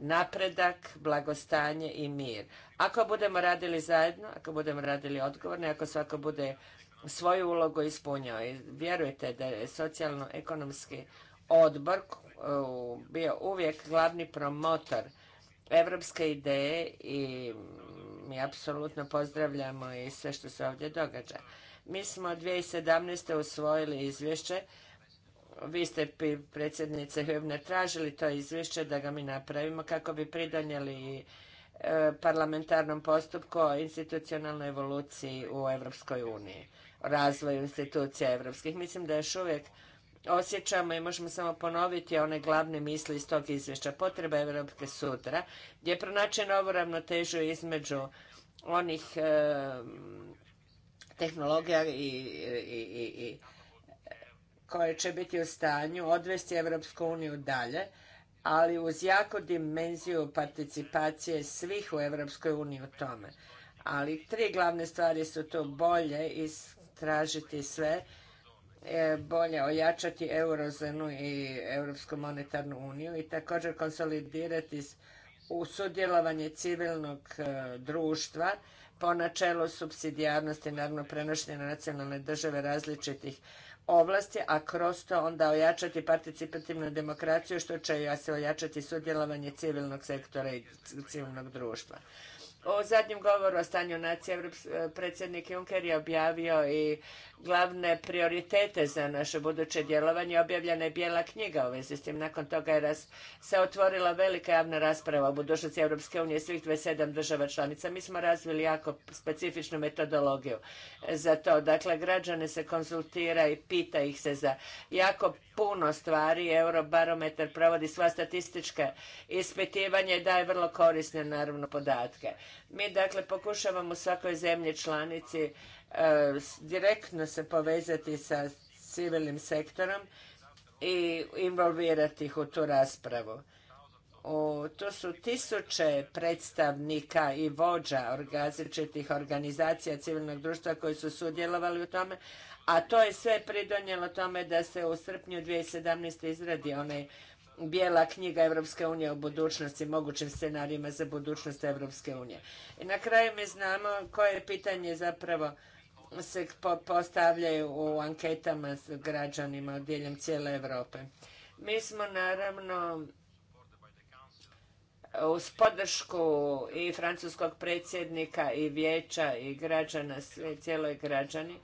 napredak, blagostanje i mir. Ako budemo radili zajedno, ako budemo radili odgovorno, ako svako bude svoju ulogu ispunjao i vjerujte da je socijalno-ekonomski odbor e, bio uvijek glavni promotor evropske ideje i mi apsolutno pozdravljamo i sve što se ovdje događa. Mi smo 2017. usvojili izvješće, vi ste predsjednice Hübner tražili to izvješće da ga mi napravimo kako bi pridonijeli e, parlamentarnom postupku o institucionalnoj evoluciji u Europskoj uniji, razvoju institucija europskih. Mislim da još uvijek osjećamo i možemo samo ponoviti one glavne misli iz tog izvješća. Potreba Evropske sutra gdje je pronaći ovu ravnotežu između onih e, tehnologija i, koje će biti u stanju odvesti Evropsku uniju dalje, ali uz jaku dimenziju participacije svih u Evropskoj uniji u tome. Ali tri glavne stvari su to bolje istražiti sve E, bolje ojačati eurozonu i Europsku monetarnu uniju i također konsolidirati u sudjelovanje civilnog e, društva po načelu supsidijarnosti naravno prenošenja na nacionalne države različitih ovlasti, a kroz to onda ojačati participativnu demokraciju što će se ojačati sudjelovanje civilnog sektora i civilnog društva. U zadnjem govoru o stanju nacije e, predsjednik Juncker je objavio i glavne prioritete za naše buduće djelovanje. Objavljena je bijela knjiga u vezi s tim. Nakon toga je se otvorila velika javna rasprava o budućnosti Europske unije svih 27 država članica. Mi smo razvili jako specifičnu metodologiju za to. Dakle, građane se konzultira i pita ih se za jako puno stvari. Eurobarometar provodi sva statistička ispitivanja i daje vrlo korisne naravno podatke. Mi dakle pokušavamo u svakoj zemlji članici e, direktno se povezati sa civilnim sektorom i involvirati ih u tu raspravu. Tu to su tisuće predstavnika i vođa različitih organizacija civilnog društva koji su sudjelovali u tome, a to je sve pridonijelo tome da se u srpnju 2017. izradi ona bijela knjiga Europske unije o budućnosti, mogućim scenarijima za budućnost Europske unije. I na kraju mi znamo koje pitanje zapravo se postavljaju u anketama s građanima diljem cijele Europe. Mi smo naravno uz podršku i francuskog predsjednika i vijeća i građana, cijeloj građani,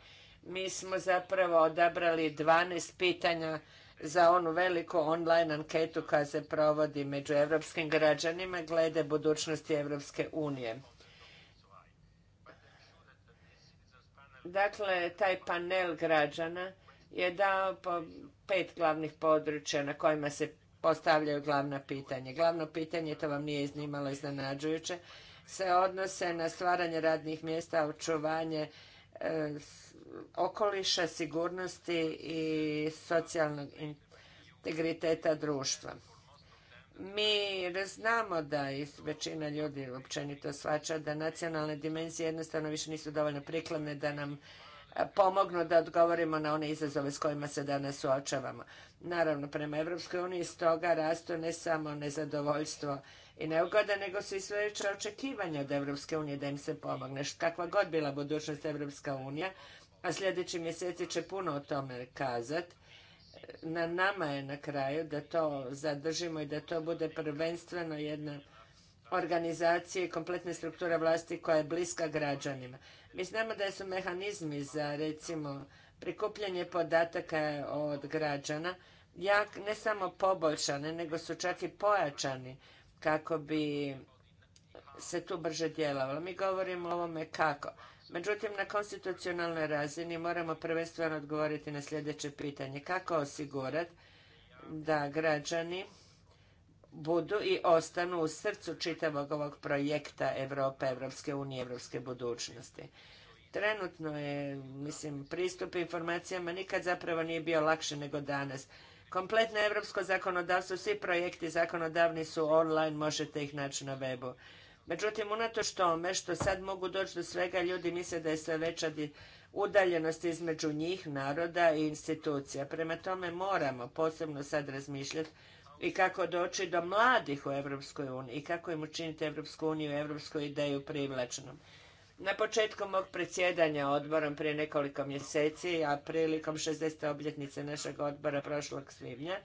mi smo zapravo odabrali 12 pitanja za onu veliku online anketu koja se provodi među evropskim građanima glede budućnosti Evropske unije. Dakle, taj panel građana je dao pet glavnih područja na kojima se postavljaju glavna pitanja. Glavno pitanje, to vam nije iznimalo iznenađujuće, se odnose na stvaranje radnih mjesta, očuvanje e, okoliša, sigurnosti i socijalnog integriteta društva. Mi znamo da i većina ljudi općenito shvaća da nacionalne dimenzije jednostavno više nisu dovoljno prikladne da nam e, pomognu da odgovorimo na one izazove s kojima se danas suočavamo. Naravno, prema Evropskoj uniji stoga rastu ne samo nezadovoljstvo i neugoda, nego su i sve očekivanja od Evropske unije da im se pomogne. Kakva god bila budućnost Evropska unija, a sljedeći mjeseci će puno o tome kazati. Na nama je na kraju da to zadržimo i da to bude prvenstveno jedna organizacija i kompletna struktura vlasti koja je bliska građanima. Mi znamo da su mehanizmi za recimo prikupljanje podataka od građana jak, ne samo poboljšane, nego su čak i pojačani kako bi se tu brže djelovalo. Mi govorimo o ovome kako. Međutim, na konstitucionalnoj razini moramo prvenstveno odgovoriti na sljedeće pitanje. Kako osigurati da građani budu i ostanu u srcu čitavog ovog projekta Europe, Evropske unije, Evropske budućnosti. Trenutno je, mislim, pristup informacijama nikad zapravo nije bio lakše nego danas. Kompletno evropsko zakonodavstvo, svi projekti zakonodavni su online, možete ih naći na webu. Međutim, unatoč tome što sad mogu doći do svega, ljudi misle da je sve veća udaljenost između njih, naroda i institucija. Prema tome moramo posebno sad razmišljati i kako doći do mladih u Europskoj uniji i kako im učiniti Evropsku uniju i europsku ideju privlačnom. Na početku mog predsjedanja odborom prije nekoliko mjeseci, a prilikom 60. obljetnice našeg odbora prošlog svibnja,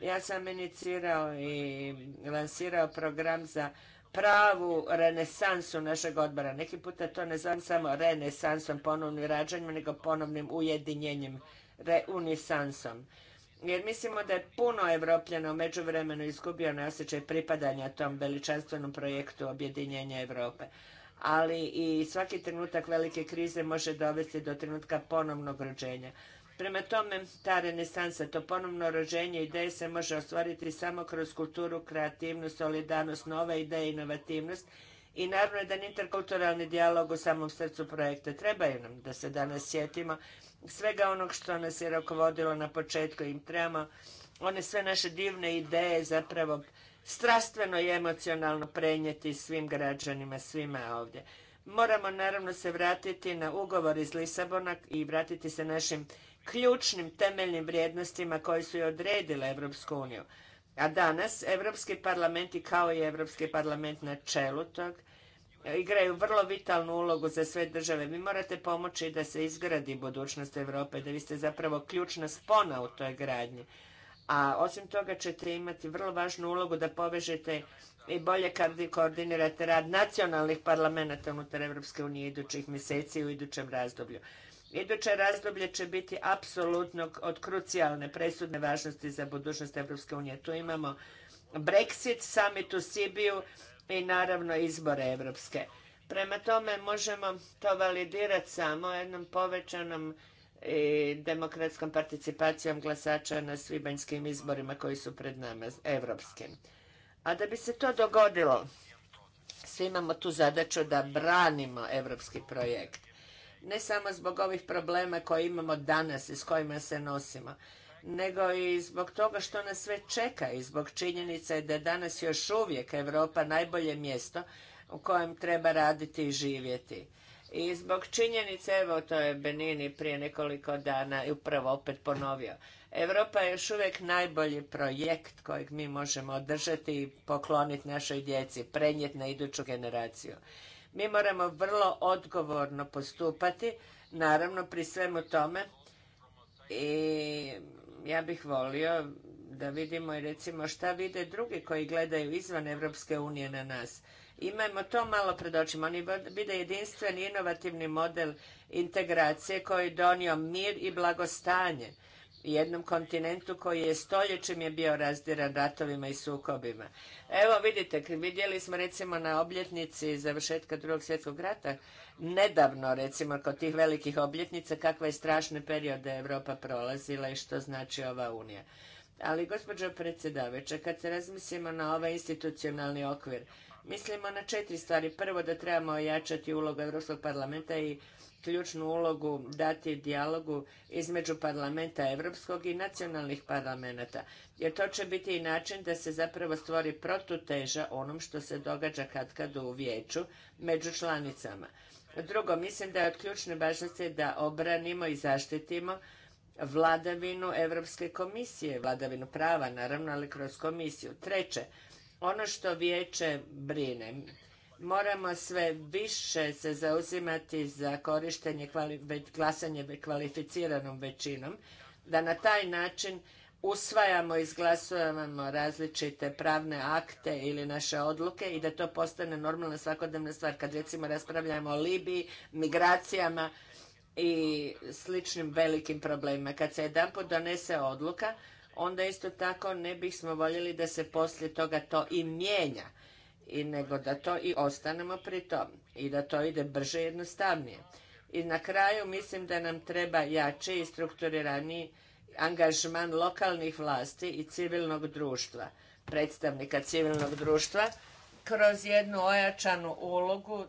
ja sam inicirao i lansirao program za pravu renesansu našeg odbora. Neki puta to ne zovem samo renesansom, ponovnim rađanjem, nego ponovnim ujedinjenjem, reunisansom. Jer mislimo da je puno Evropljana u vremenu izgubio na osjećaj pripadanja tom veličanstvenom projektu objedinjenja Europe. Ali i svaki trenutak velike krize može dovesti do trenutka ponovnog rođenja. Prema tome, ta renesansa, to ponovno rođenje ideje se može ostvariti samo kroz kulturu, kreativnost, solidarnost, nove ideje, inovativnost i naravno jedan interkulturalni dijalog u samom srcu projekta. Trebaju nam da se danas sjetimo svega onog što nas je rokovodilo na početku im trebamo one sve naše divne ideje zapravo strastveno i emocionalno prenijeti svim građanima, svima ovdje. Moramo naravno se vratiti na ugovor iz Lisabona i vratiti se našim ključnim temeljnim vrijednostima koje su i odredile Europsku uniju. A danas Europski parlament i kao i Europski parlament na čelu tog igraju vrlo vitalnu ulogu za sve države. Vi morate pomoći da se izgradi budućnost Europe, da vi ste zapravo ključna spona u toj gradnji. A osim toga ćete imati vrlo važnu ulogu da povežete i bolje koordinirate rad nacionalnih parlamenta unutar Europske unije idućih mjeseci u idućem razdoblju. Iduće razdoblje će biti apsolutno od krucijalne presudne važnosti za budućnost Evropske unije. Tu imamo Brexit, summit u Sibiju i naravno izbore evropske. Prema tome možemo to validirati samo jednom povećanom e, demokratskom participacijom glasača na svibanjskim izborima koji su pred nama, europskim. A da bi se to dogodilo, svi imamo tu zadaću da branimo evropski projekt ne samo zbog ovih problema koje imamo danas i s kojima se nosimo, nego i zbog toga što nas sve čeka i zbog činjenice da je danas još uvijek Europa najbolje mjesto u kojem treba raditi i živjeti. I zbog činjenice, evo to je Benini prije nekoliko dana i upravo opet ponovio, Europa je još uvijek najbolji projekt kojeg mi možemo održati i pokloniti našoj djeci, prenijeti na iduću generaciju. Mi moramo vrlo odgovorno postupati, naravno pri svemu tome i ja bih volio da vidimo i recimo šta vide drugi koji gledaju izvan Evropske unije na nas. Imajmo to malo pred očima. Oni vide jedinstven inovativni model integracije koji je donio mir i blagostanje jednom kontinentu koji je stoljećem je bio razdiran ratovima i sukobima. Evo vidite, vidjeli smo recimo na obljetnici završetka drugog svjetskog rata, nedavno recimo kod tih velikih obljetnica kakva je strašne periode Europa prolazila i što znači ova unija. Ali gospođo predsjedavajuća, kad se razmislimo na ovaj institucionalni okvir, mislimo na četiri stvari. Prvo da trebamo ojačati ulogu Europskog parlamenta i ključnu ulogu dati dijalogu između parlamenta europskog i nacionalnih parlamenata, jer to će biti i način da se zapravo stvori protuteža onom što se događa katkad u vijeću među članicama. Drugo, mislim da je od ključne važnosti da obranimo i zaštitimo vladavinu Europske komisije, vladavinu prava naravno, ali kroz komisiju. Treće, ono što vijeće brine, moramo sve više se zauzimati za korištenje glasanje kvalificiranom većinom, da na taj način usvajamo, i izglasujemo različite pravne akte ili naše odluke i da to postane normalna svakodnevna stvar. Kad recimo raspravljamo o Libiji, migracijama i sličnim velikim problemima. Kad se jedanput donese odluka, onda isto tako ne bismo voljeli da se poslije toga to i mijenja i nego da to i ostanemo pri tom i da to ide brže i jednostavnije. I na kraju mislim da nam treba jači i strukturiraniji angažman lokalnih vlasti i civilnog društva, predstavnika civilnog društva, kroz jednu ojačanu ulogu e,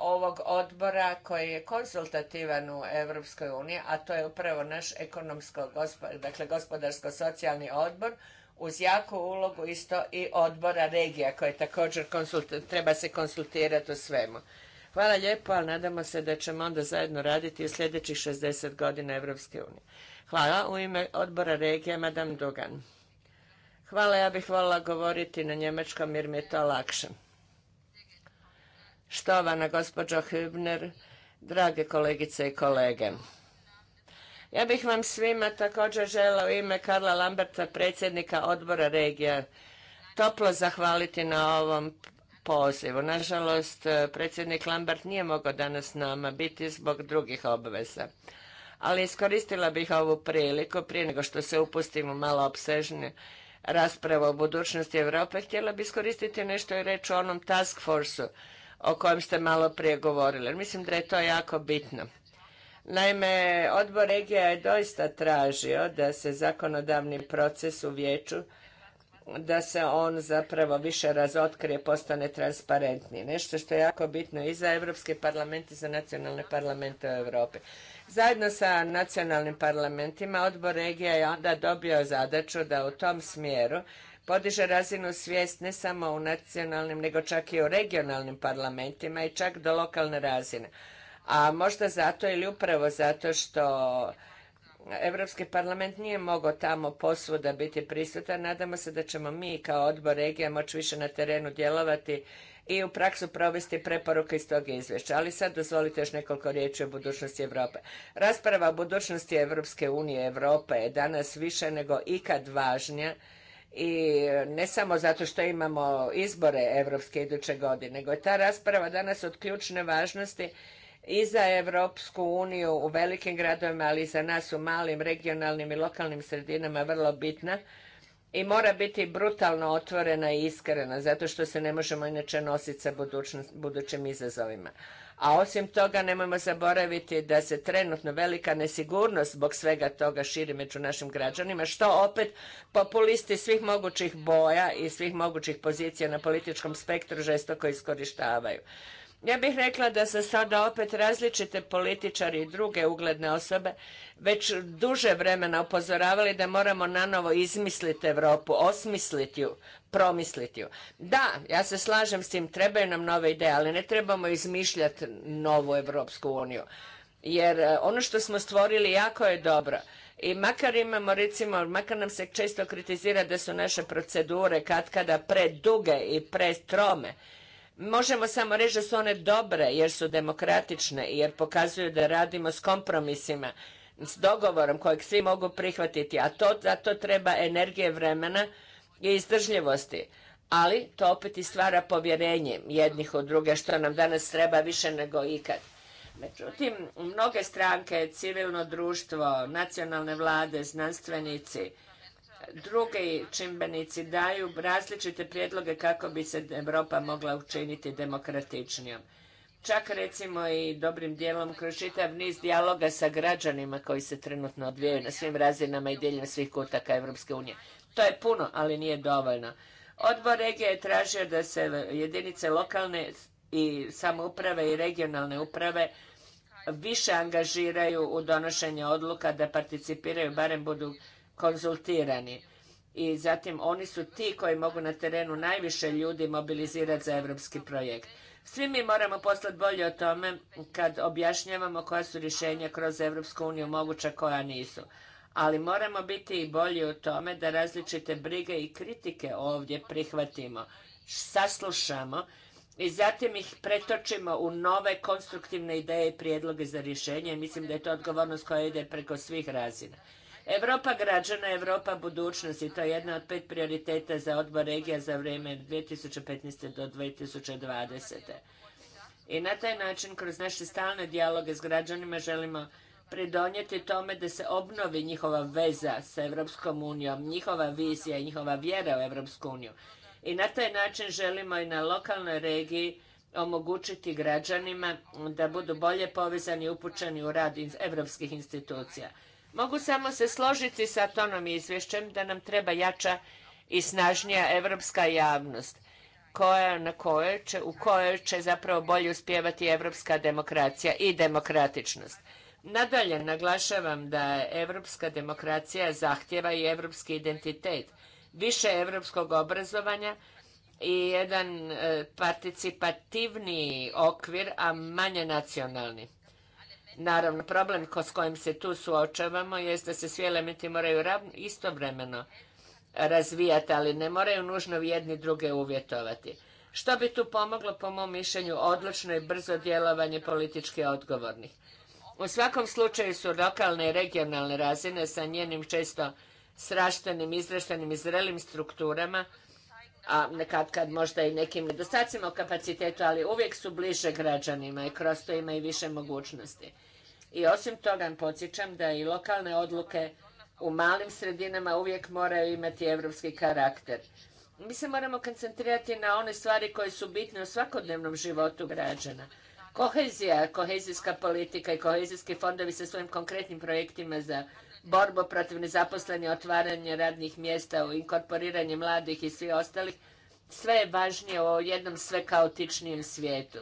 ovog odbora koji je konsultativan u Europskoj uniji, a to je upravo naš ekonomsko, dakle gospodarsko-socijalni odbor uz jaku ulogu isto i odbora regija koje također treba se konsultirati o svemu. Hvala lijepo, ali nadamo se da ćemo onda zajedno raditi u sljedećih 60 godina Evropske unije. Hvala u ime odbora regija, madam Dugan. Hvala, ja bih volila govoriti na njemačkom jer mi je to lakše. Štovana gospođo Hübner, drage kolegice i kolege. Ja bih vam svima također žela u ime Karla Lamberta, predsjednika odbora regija, toplo zahvaliti na ovom pozivu. Nažalost, predsjednik Lambert nije mogao danas s nama biti zbog drugih obveza. Ali iskoristila bih ovu priliku prije nego što se upustimo malo opsežne raspravo o budućnosti Europe, htjela bih iskoristiti nešto i reći o onom task o kojem ste malo prije govorili. Mislim da je to jako bitno. Naime, odbor regija je doista tražio da se zakonodavni proces u vijeću da se on zapravo više razotkrije, postane transparentniji. Nešto što je jako bitno i za Europski parlament i za nacionalne parlamente u Europi. Zajedno sa nacionalnim parlamentima odbor regija je onda dobio zadaću da u tom smjeru podiže razinu svijest ne samo u nacionalnim nego čak i u regionalnim parlamentima i čak do lokalne razine. A možda zato ili upravo zato što Europski parlament nije mogao tamo posvuda biti prisutan. Nadamo se da ćemo mi kao odbor regija moći više na terenu djelovati i u praksu provesti preporuke iz tog izvješća. Ali sad dozvolite još nekoliko riječi o budućnosti Europe. Rasprava o budućnosti Evropske unije, Europe je danas više nego ikad važnija i ne samo zato što imamo izbore europske iduće godine, nego je ta rasprava danas od ključne važnosti i za Europsku uniju u velikim gradovima, ali i za nas u malim regionalnim i lokalnim sredinama vrlo bitna i mora biti brutalno otvorena i iskrena, zato što se ne možemo inače nositi sa budućim izazovima. A osim toga, nemojmo zaboraviti da se trenutno velika nesigurnost zbog svega toga širi među našim građanima, što opet populisti svih mogućih boja i svih mogućih pozicija na političkom spektru žestoko iskorištavaju. Ja bih rekla da se sada opet različite političari i druge ugledne osobe već duže vremena upozoravali da moramo nanovo izmisliti Europu, osmisliti ju, promisliti ju. Da, ja se slažem s tim, trebaju nam nove ideje, ali ne trebamo izmišljati novu Europsku uniju. Jer e, ono što smo stvorili jako je dobro. I makar imamo recimo, makar nam se često kritizira da su naše procedure katkada preduge i pretrome Možemo samo reći da su one dobre jer su demokratične i jer pokazuju da radimo s kompromisima, s dogovorom kojeg svi mogu prihvatiti, a to, za to treba energije vremena i izdržljivosti. Ali to opet i stvara povjerenje jednih u druge što nam danas treba više nego ikad. Međutim, mnoge stranke, civilno društvo, nacionalne vlade, znanstvenici, drugi čimbenici daju različite prijedloge kako bi se Europa mogla učiniti demokratičnijom. Čak recimo i dobrim dijelom kroz čitav niz dijaloga sa građanima koji se trenutno odvijaju na svim razinama i diljem svih kutaka Europske unije. To je puno, ali nije dovoljno. Odbor regije je tražio da se jedinice lokalne i samouprave i regionalne uprave više angažiraju u donošenje odluka, da participiraju, barem budu konzultirani i zatim oni su ti koji mogu na terenu najviše ljudi mobilizirati za europski projekt. Svi mi moramo poslati bolje o tome kad objašnjavamo koja su rješenja kroz Europsku uniju moguća koja nisu. Ali moramo biti i bolji u tome da različite brige i kritike ovdje prihvatimo, saslušamo i zatim ih pretočimo u nove konstruktivne ideje i prijedloge za rješenje. Mislim da je to odgovornost koja ide preko svih razina. Europa građana, Europa budućnosti, to je jedna od pet prioriteta za odbor regija za vrijeme 2015. do 2020. I na taj način, kroz naše stalne dijaloge s građanima, želimo pridonijeti tome da se obnovi njihova veza sa Europskom unijom, njihova vizija i njihova vjera u Europsku uniju. I na taj način želimo i na lokalnoj regiji omogućiti građanima da budu bolje povezani i upućeni u rad europskih institucija. Mogu samo se složiti sa tonom izvješćem da nam treba jača i snažnija europska javnost koja, u kojoj će zapravo bolje uspijevati evropska demokracija i demokratičnost. Nadalje naglašavam da evropska demokracija zahtjeva i evropski identitet, više evropskog obrazovanja i jedan e, participativni okvir, a manje nacionalni. Naravno, problem s kojim se tu suočavamo jest da se svi elementi moraju istovremeno razvijati, ali ne moraju nužno jedni druge uvjetovati. Što bi tu pomoglo, po mom mišljenju, odlučno i brzo djelovanje politički odgovornih. U svakom slučaju su lokalne i regionalne razine sa njenim često sraštenim, izraštenim i zrelim strukturama a nekad kad možda i nekim nedostacima u kapacitetu, ali uvijek su bliže građanima i kroz to ima i više mogućnosti. I osim toga podsjećam da i lokalne odluke u malim sredinama uvijek moraju imati evropski karakter. Mi se moramo koncentrirati na one stvari koje su bitne u svakodnevnom životu građana. Kohezija, kohezijska politika i kohezijski fondovi sa svojim konkretnim projektima za borbu protiv nezaposlenih, otvaranje radnih mjesta, inkorporiranje mladih i svi ostalih, sve je važnije u jednom sve kaotičnijem svijetu.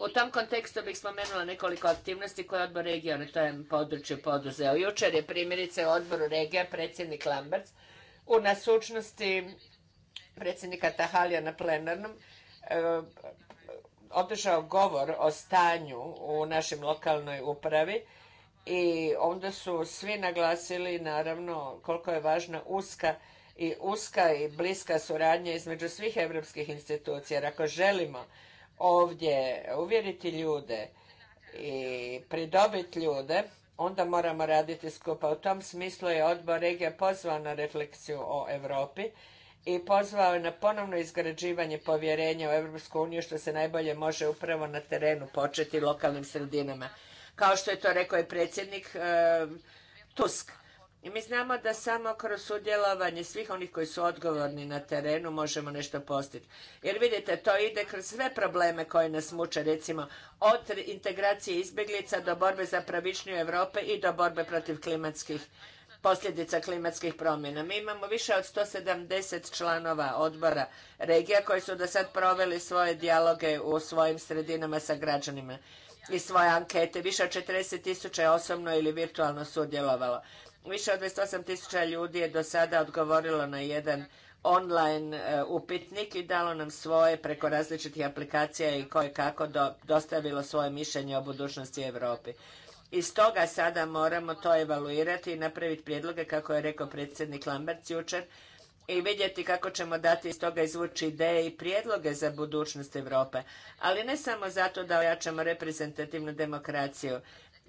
U tom kontekstu bih spomenula nekoliko aktivnosti koje je odbor regija na tom području poduzeo. Jučer je primjerice u odboru regija predsjednik Lamberts u nasučnosti predsjednika Tahalija na plenarnom e, održao govor o stanju u našem lokalnoj upravi i onda su svi naglasili naravno koliko je važna uska i uska i bliska suradnja između svih europskih institucija. Jer ako želimo ovdje uvjeriti ljude i pridobiti ljude, onda moramo raditi skupa. U tom smislu je odbor regija pozvao na refleksiju o Europi i pozvao je na ponovno izgrađivanje povjerenja u Europsku uniju što se najbolje može upravo na terenu početi lokalnim sredinama kao što je to rekao i predsjednik eh, Tusk. I mi znamo da samo kroz sudjelovanje svih onih koji su odgovorni na terenu možemo nešto postići. Jer vidite, to ide kroz sve probleme koje nas muče, recimo od integracije izbjeglica do borbe za pravičniju Europe i do borbe protiv klimatskih posljedica klimatskih promjena. Mi imamo više od 170 članova odbora regija koji su do sad proveli svoje dijaloge u svojim sredinama sa građanima i svoje ankete. Više od 40 tisuća je osobno ili virtualno sudjelovalo. Više od 28 tisuća ljudi je do sada odgovorilo na jedan online e, upitnik i dalo nam svoje preko različitih aplikacija i koje kako dostavilo svoje mišljenje o budućnosti Europi. Iz toga sada moramo to evaluirati i napraviti prijedloge, kako je rekao predsjednik Lamberts jučer, i vidjeti kako ćemo dati iz toga izvući ideje i prijedloge za budućnost Europe. Ali ne samo zato da ojačamo reprezentativnu demokraciju,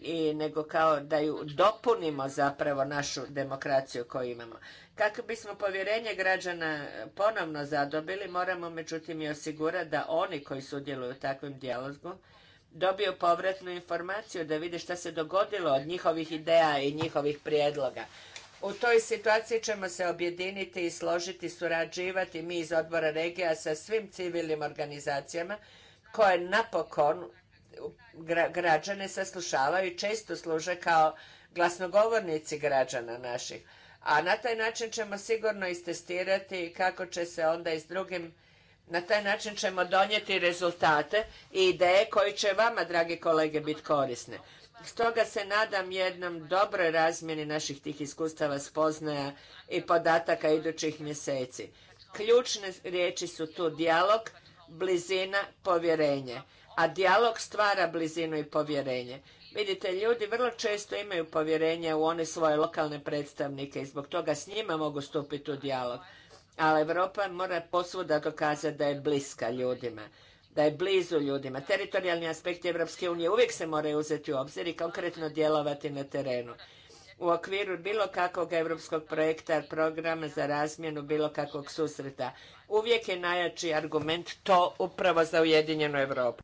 i nego kao da ju dopunimo zapravo našu demokraciju koju imamo. Kako bismo povjerenje građana ponovno zadobili, moramo međutim i osigurati da oni koji sudjeluju u takvom dijalogu dobiju povratnu informaciju da vide šta se dogodilo od njihovih ideja i njihovih prijedloga. U toj situaciji ćemo se objediniti i složiti, surađivati mi iz odbora regija sa svim civilnim organizacijama koje napokon građane saslušavaju i često služe kao glasnogovornici građana naših. A na taj način ćemo sigurno istestirati kako će se onda i s drugim na taj način ćemo donijeti rezultate i ideje koje će vama, dragi kolege, biti korisne. Stoga se nadam jednom dobroj razmjeni naših tih iskustava, spoznaja i podataka idućih mjeseci. Ključne riječi su tu dijalog, blizina, povjerenje. A dijalog stvara blizinu i povjerenje. Vidite, ljudi vrlo često imaju povjerenje u one svoje lokalne predstavnike i zbog toga s njima mogu stupiti u dijalog. Ali Europa mora posvuda dokazati da je bliska ljudima da je blizu ljudima. Teritorijalni aspekti Evropske unije uvijek se moraju uzeti u obzir i konkretno djelovati na terenu. U okviru bilo kakvog europskog projekta, programa za razmjenu bilo kakvog susreta, uvijek je najjači argument to upravo za Ujedinjenu Europu.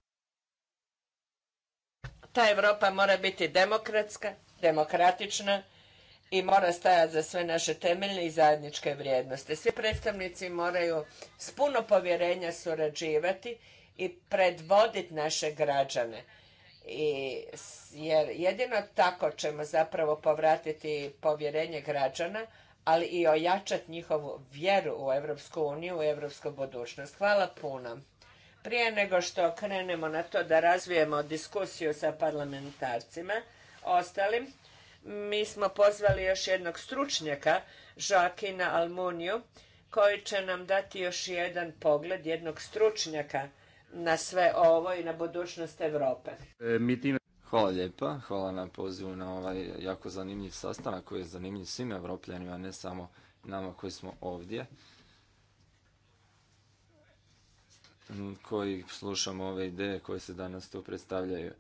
Ta Europa mora biti demokratska, demokratična, i mora stajati za sve naše temeljne i zajedničke vrijednosti. Svi predstavnici moraju s puno povjerenja surađivati i predvoditi naše građane. I, jer jedino tako ćemo zapravo povratiti povjerenje građana, ali i ojačati njihovu vjeru u Europsku uniju, u europsku budućnost. Hvala puno. Prije nego što krenemo na to da razvijemo diskusiju sa parlamentarcima, ostalim, mi smo pozvali još jednog stručnjaka, Joakina Almuniju, koji će nam dati još jedan pogled jednog stručnjaka na sve ovo i na budućnost Europe. E, hvala lijepa, hvala na pozivu na ovaj jako zanimljiv sastanak koji je zanimljiv svim evropljanima, ne samo nama koji smo ovdje mm, koji slušamo ove ideje koje se danas tu predstavljaju.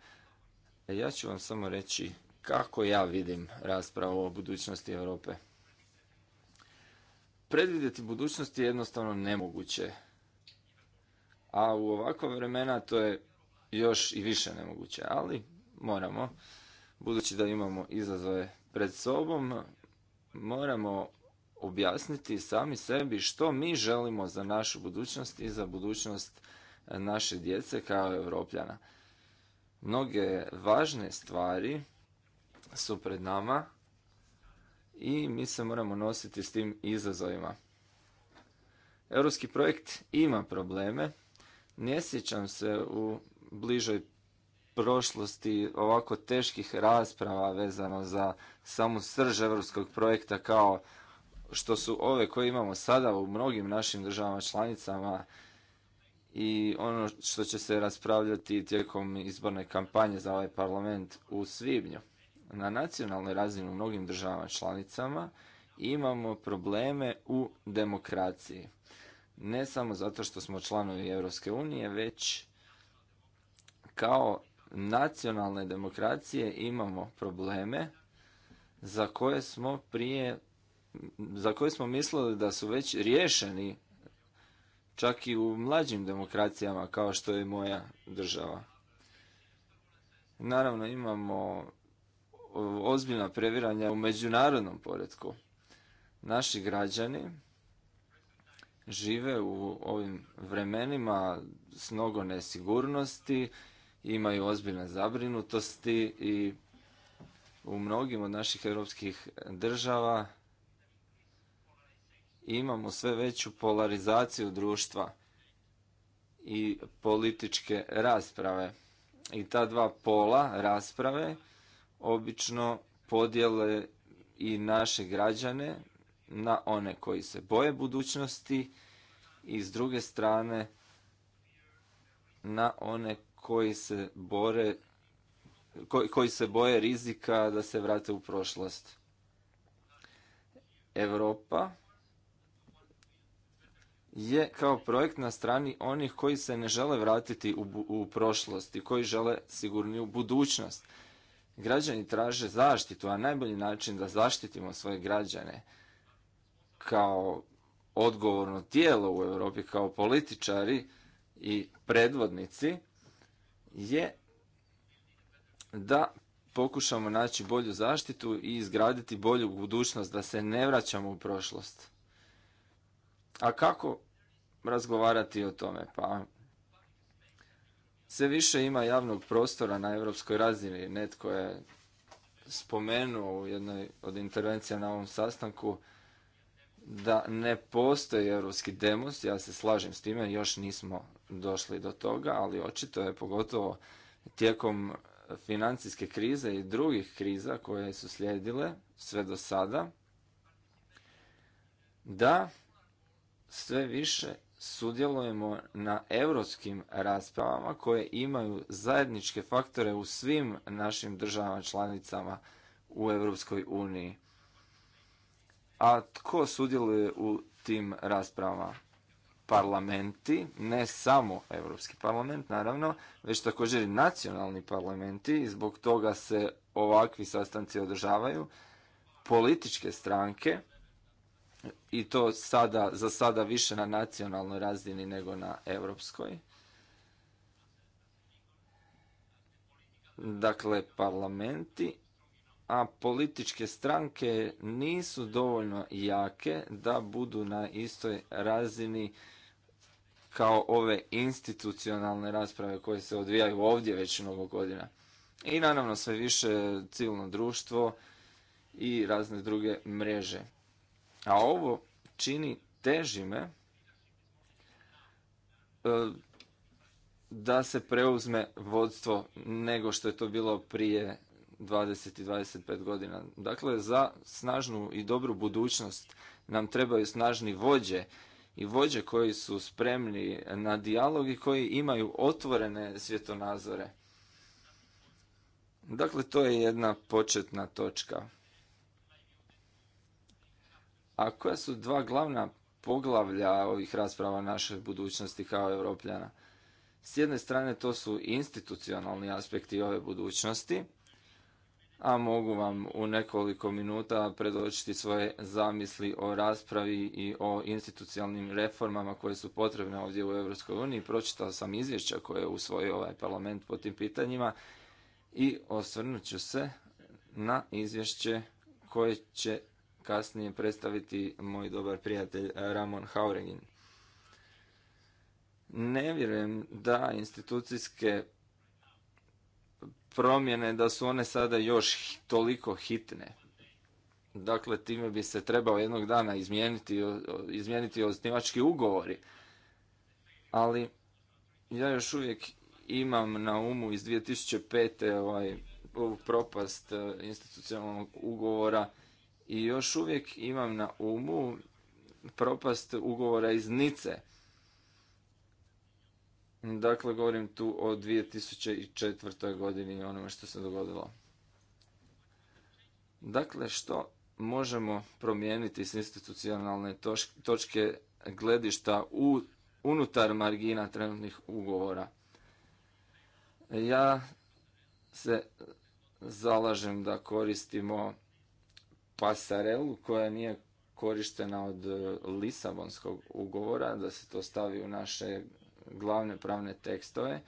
E, ja ću vam samo reći kako ja vidim raspravu o budućnosti Europe. Predvidjeti budućnost je jednostavno nemoguće a u ovakva vremena to je još i više nemoguće, ali moramo, budući da imamo izazove pred sobom, moramo objasniti sami sebi što mi želimo za našu budućnost i za budućnost naše djece kao europljana. Mnoge važne stvari su pred nama i mi se moramo nositi s tim izazovima. Europski projekt ima probleme, ne sjećam se u bližoj prošlosti ovako teških rasprava vezano za samu srž evropskog projekta kao što su ove koje imamo sada u mnogim našim državama članicama i ono što će se raspravljati tijekom izborne kampanje za ovaj parlament u svibnju. Na nacionalnoj razini u mnogim državama članicama imamo probleme u demokraciji ne samo zato što smo članovi Europske unije, već kao nacionalne demokracije imamo probleme za koje smo prije za koje smo mislili da su već riješeni čak i u mlađim demokracijama kao što je moja država. Naravno imamo ozbiljna previranja u međunarodnom poretku. Naši građani žive u ovim vremenima s mnogo nesigurnosti, imaju ozbiljne zabrinutosti i u mnogim od naših europskih država imamo sve veću polarizaciju društva i političke rasprave. I ta dva pola rasprave obično podijele i naše građane na one koji se boje budućnosti i s druge strane na one koji se bore koji, se boje rizika da se vrate u prošlost. Europa je kao projekt na strani onih koji se ne žele vratiti u, u prošlost i koji žele sigurniju budućnost. Građani traže zaštitu, a najbolji način da zaštitimo svoje građane kao odgovorno tijelo u Europi, kao političari i predvodnici, je da pokušamo naći bolju zaštitu i izgraditi bolju budućnost, da se ne vraćamo u prošlost. A kako razgovarati o tome? Pa sve više ima javnog prostora na europskoj razini. Netko je spomenuo u jednoj od intervencija na ovom sastanku da ne postoji europski demos, ja se slažem s time, još nismo došli do toga, ali očito je pogotovo tijekom financijske krize i drugih kriza koje su slijedile sve do sada, da sve više sudjelujemo na europskim raspravama koje imaju zajedničke faktore u svim našim državama članicama u Europskoj uniji. A tko sudjeluje u tim raspravama? Parlamenti, ne samo Europski parlament naravno, već također i nacionalni parlamenti i zbog toga se ovakvi sastanci održavaju. Političke stranke i to sada, za sada više na nacionalnoj razini nego na europskoj. Dakle, parlamenti a političke stranke nisu dovoljno jake da budu na istoj razini kao ove institucionalne rasprave koje se odvijaju ovdje već mnogo godina. I naravno sve više civilno društvo i razne druge mreže. A ovo čini težime e, da se preuzme vodstvo nego što je to bilo prije 20 i 25 godina. Dakle, za snažnu i dobru budućnost nam trebaju snažni vođe i vođe koji su spremni na dijalog i koji imaju otvorene svjetonazore. Dakle, to je jedna početna točka. A koja su dva glavna poglavlja ovih rasprava naše budućnosti kao Europljana? S jedne strane to su institucionalni aspekti ove budućnosti, a mogu vam u nekoliko minuta predočiti svoje zamisli o raspravi i o institucionalnim reformama koje su potrebne ovdje u EU. Pročitao sam izvješća koje je usvojio ovaj parlament po tim pitanjima i osvrnut ću se na izvješće koje će kasnije predstaviti moj dobar prijatelj Ramon Hauregin. Ne vjerujem da institucijske promjene da su one sada još toliko hitne. Dakle, time bi se trebao jednog dana izmijeniti, izmijeniti osnivački ugovori. Ali ja još uvijek imam na umu iz 2005. ovaj, ovu propast e, institucionalnog ugovora i još uvijek imam na umu propast ugovora iz Nice. Dakle, govorim tu o 2004. godini i onome što se dogodilo. Dakle, što možemo promijeniti s institucionalne točke gledišta u, unutar margina trenutnih ugovora? Ja se zalažem da koristimo pasarelu koja nije korištena od e, Lisabonskog ugovora, da se to stavi u naše glavne pravne tekstove.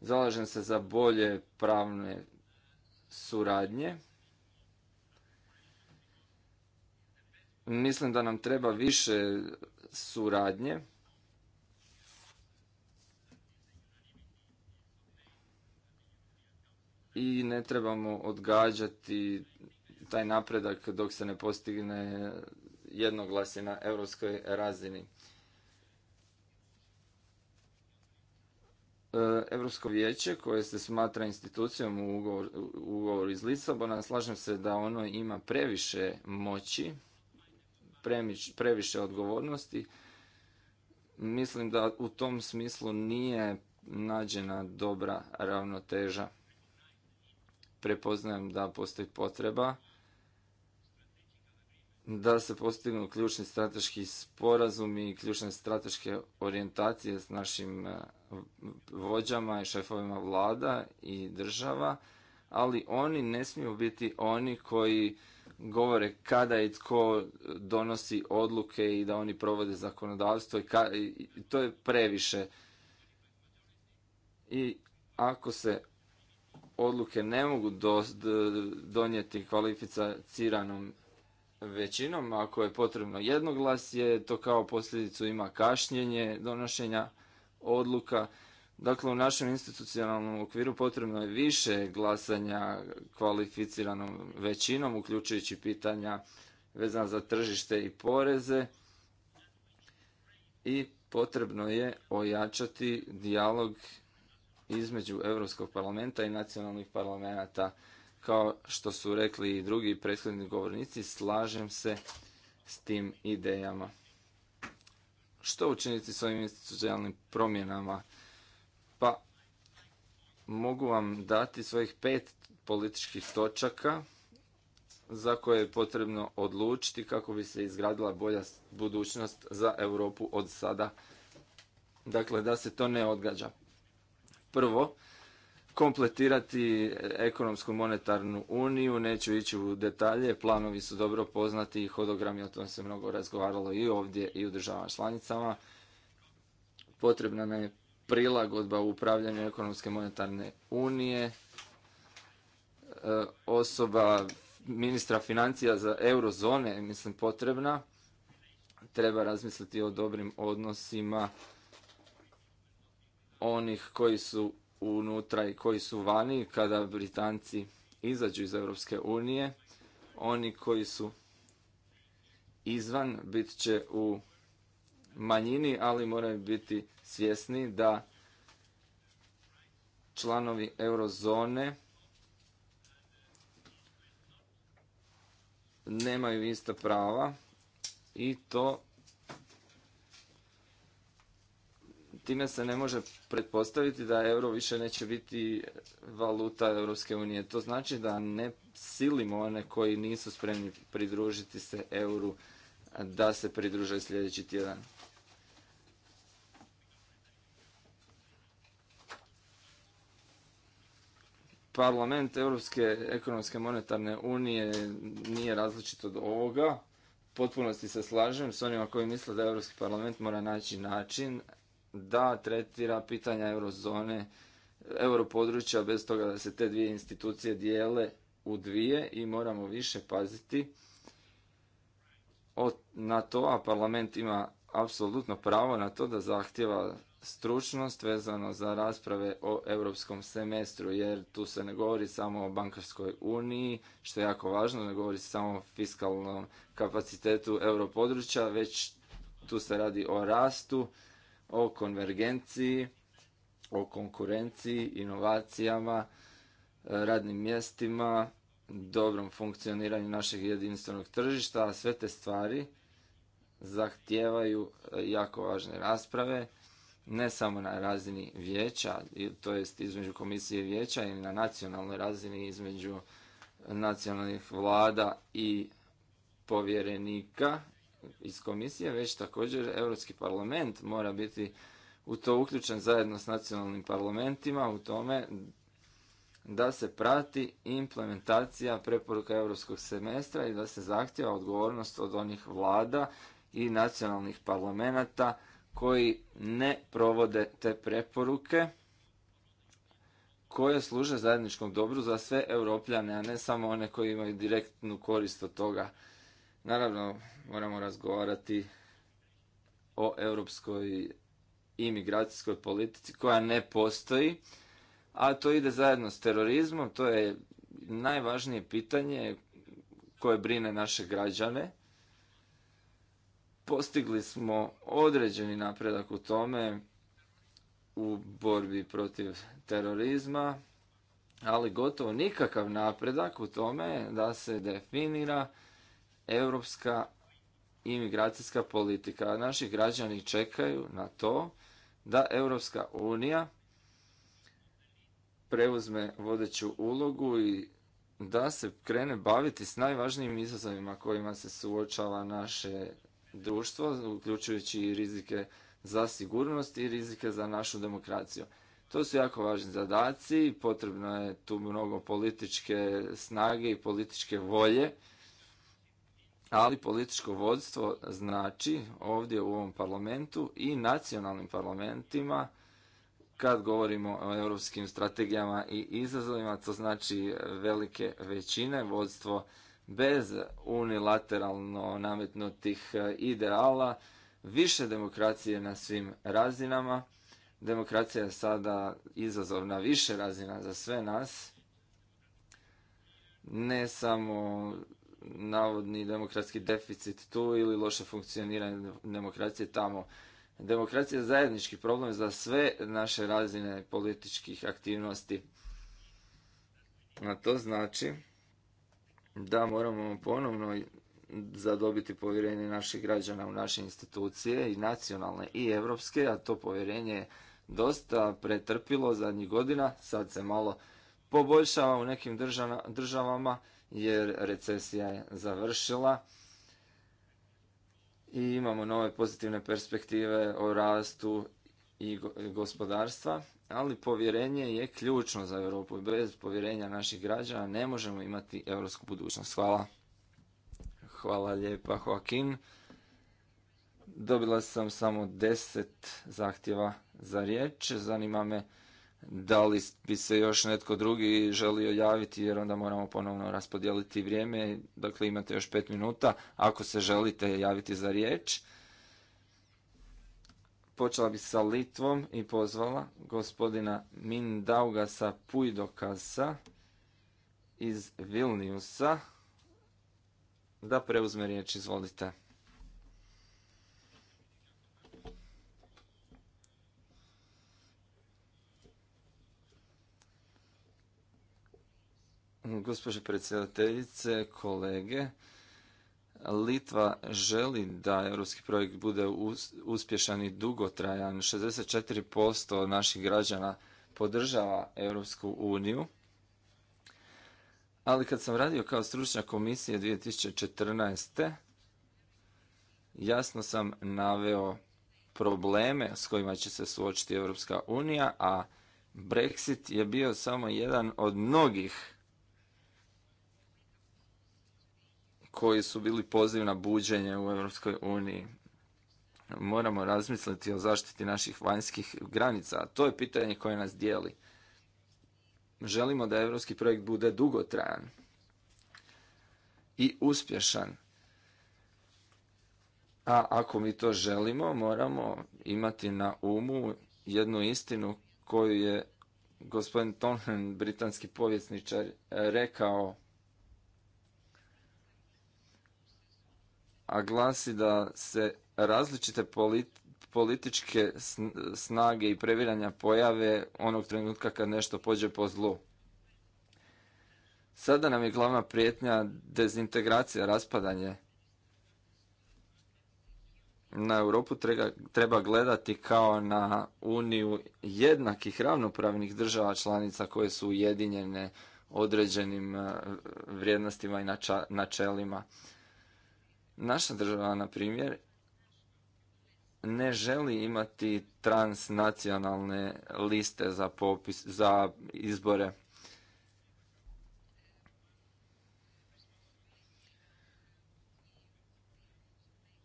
Zalažem se za bolje pravne suradnje. Mislim da nam treba više suradnje. I ne trebamo odgađati taj napredak dok se ne postigne jednoglasje na europskoj razini. Europsko vijeće koje se smatra institucijom u ugovoru iz Lisabona, slažem se da ono ima previše moći, previše odgovornosti. Mislim da u tom smislu nije nađena dobra ravnoteža. Prepoznajem da postoji potreba da se postignu ključni strateški sporazumi i ključne strateške orijentacije s našim vođama i šefovima vlada i država, ali oni ne smiju biti oni koji govore kada i tko donosi odluke i da oni provode zakonodavstvo i, to je previše. I ako se odluke ne mogu donijeti kvalificiranom većinom, ako je potrebno jednoglasje, to kao posljedicu ima kašnjenje donošenja odluka. Dakle, u našem institucionalnom okviru potrebno je više glasanja kvalificiranom većinom, uključujući pitanja vezana za tržište i poreze. I potrebno je ojačati dijalog između Europskog parlamenta i nacionalnih parlamenta. Kao što su rekli i drugi prethodni govornici, slažem se s tim idejama što učiniti s ovim institucionalnim promjenama? Pa, mogu vam dati svojih pet političkih točaka za koje je potrebno odlučiti kako bi se izgradila bolja budućnost za Europu od sada. Dakle, da se to ne odgađa. Prvo, kompletirati ekonomsku monetarnu uniju, neću ići u detalje, planovi su dobro poznati i hodogrami, o tom se mnogo razgovaralo i ovdje i u državama članicama. Potrebna nam je prilagodba u upravljanju ekonomske monetarne unije, e, osoba ministra financija za eurozone je mislim potrebna. Treba razmisliti o dobrim odnosima onih koji su unutra i koji su vani kada Britanci izađu iz Europske unije. Oni koji su izvan bit će u manjini, ali moraju biti svjesni da članovi eurozone nemaju ista prava i to Time se ne može pretpostaviti da euro više neće biti valuta Europske unije. To znači da ne silimo one koji nisu spremni pridružiti se euru da se pridruže sljedeći tjedan. Parlament Europske ekonomske monetarne unije nije različit od ovoga. Potpunosti se slažem s onima koji misle da Europski parlament mora naći način da tretira pitanja eurozone, europodručja bez toga da se te dvije institucije dijele u dvije i moramo više paziti na to, a parlament ima apsolutno pravo na to da zahtjeva stručnost vezano za rasprave o europskom semestru, jer tu se ne govori samo o bankarskoj uniji, što je jako važno, ne govori se samo o fiskalnom kapacitetu europodručja, već tu se radi o rastu, o konvergenciji, o konkurenciji, inovacijama, radnim mjestima, dobrom funkcioniranju našeg jedinstvenog tržišta, a sve te stvari zahtijevaju e, jako važne rasprave, ne samo na razini vijeća, to jest između komisije vijeća i na nacionalnoj razini između nacionalnih vlada i povjerenika iz komisije, već također Europski parlament mora biti u to uključen zajedno s nacionalnim parlamentima u tome da se prati implementacija preporuka europskog semestra i da se zahtjeva odgovornost od onih vlada i nacionalnih parlamenata koji ne provode te preporuke koje služe zajedničkom dobru za sve europljane, a ne samo one koji imaju direktnu korist od toga. Naravno, moramo razgovarati o europskoj imigracijskoj politici koja ne postoji, a to ide zajedno s terorizmom, to je najvažnije pitanje koje brine naše građane. Postigli smo određeni napredak u tome u borbi protiv terorizma, ali gotovo nikakav napredak u tome da se definira europska imigracijska politika. Naši građani čekaju na to da Europska unija preuzme vodeću ulogu i da se krene baviti s najvažnijim izazovima kojima se suočava naše društvo, uključujući i rizike za sigurnost i rizike za našu demokraciju. To su jako važni zadaci, potrebno je tu mnogo političke snage i političke volje ali političko vodstvo znači ovdje u ovom parlamentu i nacionalnim parlamentima kad govorimo o europskim strategijama i izazovima, to znači velike većine, vodstvo bez unilateralno nametnutih e, ideala, više demokracije na svim razinama. Demokracija je sada izazov na više razina za sve nas, ne samo navodni demokratski deficit tu ili loše funkcioniranje demokracije tamo. Demokracija je zajednički problem za sve naše razine političkih aktivnosti. A to znači da moramo ponovno zadobiti povjerenje naših građana u naše institucije i nacionalne i evropske, a to povjerenje je dosta pretrpilo zadnjih godina, sad se malo poboljšava u nekim državama, jer recesija je završila i imamo nove pozitivne perspektive o rastu i gospodarstva, ali povjerenje je ključno za Europu bez povjerenja naših građana ne možemo imati europsku budućnost. Hvala. Hvala lijepa Joaquin. Dobila sam samo deset zahtjeva za riječ. Zanima me da li bi se još netko drugi želio javiti jer onda moramo ponovno raspodijeliti vrijeme. Dakle, imate još pet minuta ako se želite javiti za riječ. Počela bi sa Litvom i pozvala gospodina Mindaugasa Pujdokasa iz Vilniusa da preuzme riječ. Izvolite. Gospođo predsjedateljice, kolege, Litva želi da europski projekt bude uspješan i dugotrajan. 64% naših građana podržava Europsku uniju. Ali kad sam radio kao stručnja komisije 2014. jasno sam naveo probleme s kojima će se suočiti Europska unija, a Brexit je bio samo jedan od mnogih koji su bili poziv na buđenje u Europskoj uniji. Moramo razmisliti o zaštiti naših vanjskih granica, a to je pitanje koje nas dijeli. Želimo da europski projekt bude dugotrajan i uspješan. A ako mi to želimo, moramo imati na umu jednu istinu koju je gospodin Tonhen, britanski povjesničar, rekao a glasi da se različite političke snage i previranja pojave onog trenutka kad nešto pođe po zlu. Sada nam je glavna prijetnja dezintegracija, raspadanje. Na Europu treba gledati kao na uniju jednakih ravnopravnih država članica koje su ujedinjene određenim eh, vrijednostima i načelima. Naša država, na primjer, ne želi imati transnacionalne liste za, popis, za izbore.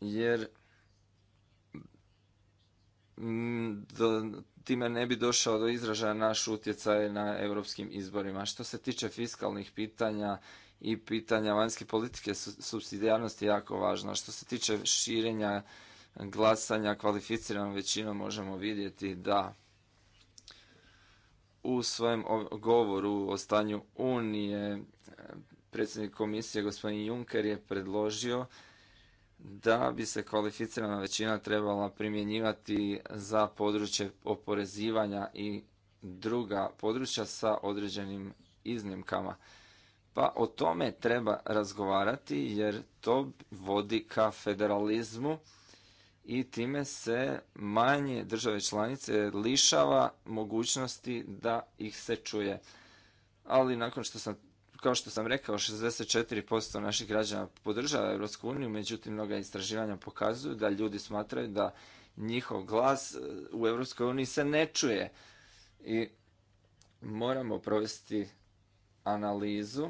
Jer mm, do, time ne bi došao do izražaja naš utjecaj na europskim izborima. Što se tiče fiskalnih pitanja i pitanja vanjske politike subsidijarnosti je jako važna. Što se tiče širenja glasanja kvalificiranom većinom možemo vidjeti da u svojem govoru o stanju Unije eh, predsjednik komisije gospodin Juncker je predložio da bi se kvalificirana većina trebala primjenjivati za područje oporezivanja i druga područja sa određenim iznimkama. Pa o tome treba razgovarati jer to vodi ka federalizmu i time se manje države članice lišava mogućnosti da ih se čuje. Ali nakon što sam, kao što sam rekao, 64% naših građana podržava Europsku uniju, međutim mnoga istraživanja pokazuju da ljudi smatraju da njihov glas e, u Europskoj uniji se ne čuje. I moramo provesti analizu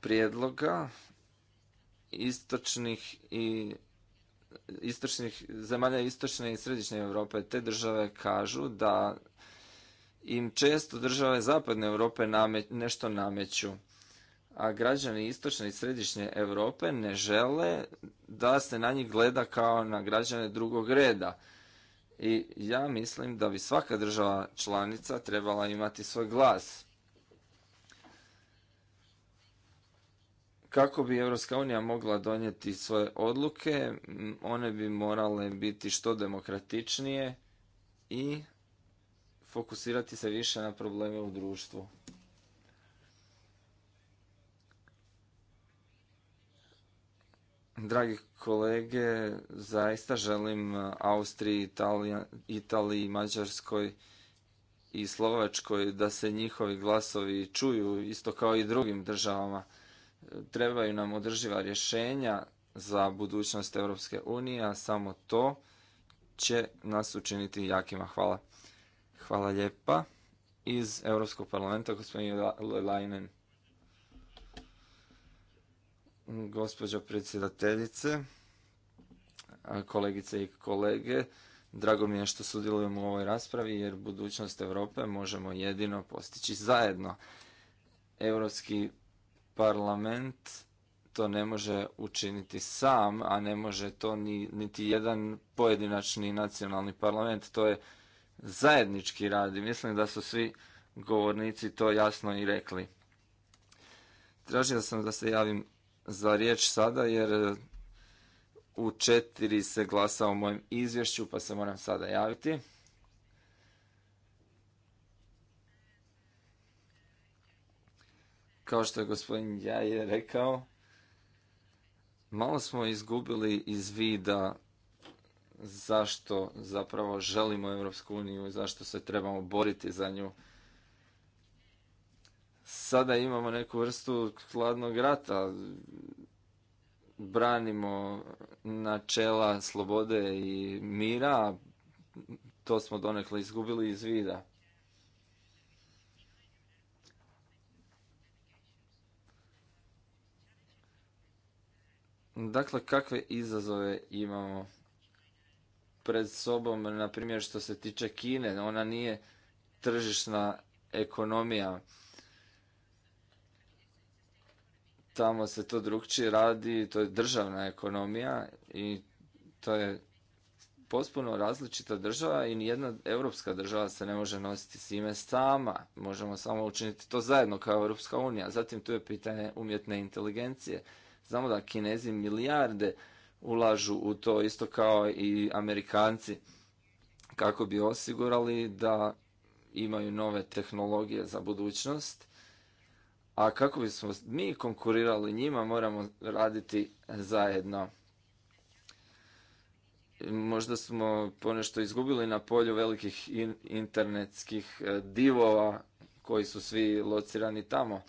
prijedloga istočnih i istočnih, zemalja istočne i središnje Europe, te države kažu da im često države zapadne Europe nešto nameću, a građani istočne i središnje Europe ne žele da se na njih gleda kao na građane drugog reda. I ja mislim da bi svaka država članica trebala imati svoj glas kako bi Europska unija mogla donijeti svoje odluke, one bi morale biti što demokratičnije i fokusirati se više na probleme u društvu. Dragi kolege, zaista želim Austriji, Italiji, Mađarskoj i Slovačkoj da se njihovi glasovi čuju isto kao i drugim državama. Trebaju nam održiva rješenja za budućnost Europske unije, a samo to će nas učiniti jakima. Hvala. Hvala lijepa. Iz Europskog parlamenta, gospodin Gospođo predsjedateljice, kolegice i kolege, drago mi je što sudjelujemo u ovoj raspravi jer budućnost Europe možemo jedino postići zajedno. Europski parlament to ne može učiniti sam, a ne može to ni, niti jedan pojedinačni nacionalni parlament. To je zajednički rad i mislim da su svi govornici to jasno i rekli. Tražio sam da se javim za riječ sada jer e, u četiri se glasa o mojem izvješću pa se moram sada javiti. Kao što je gospodin Jaje rekao, malo smo izgubili iz vida zašto zapravo želimo Europsku uniju i zašto se trebamo boriti za nju. Sada imamo neku vrstu hladnog rata. Branimo načela slobode i mira, to smo donekle izgubili iz vida. Dakle, kakve izazove imamo pred sobom, na primjer što se tiče Kine, ona nije tržišna ekonomija. Tamo se to drugčije radi, to je državna ekonomija i to je potpuno različita država i nijedna europska država se ne može nositi s ime sama. Možemo samo učiniti to zajedno kao Europska unija. Zatim tu je pitanje umjetne inteligencije Znamo da kinezi milijarde ulažu u to isto kao i amerikanci kako bi osigurali da imaju nove tehnologije za budućnost. A kako bismo mi konkurirali njima moramo raditi zajedno. Možda smo ponešto izgubili na polju velikih internetskih eh, divova koji su svi locirani tamo.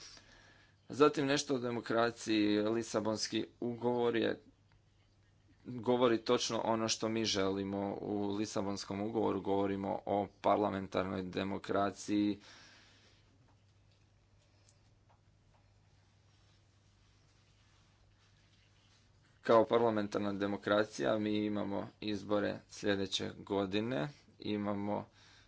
Zatim nešto o demokraciji, Lisabonski ugovor je govori točno ono što mi želimo. U Lisabonskom ugovoru govorimo o parlamentarnoj demokraciji. Kao parlamentarna demokracija mi imamo izbore sljedeće godine, imamo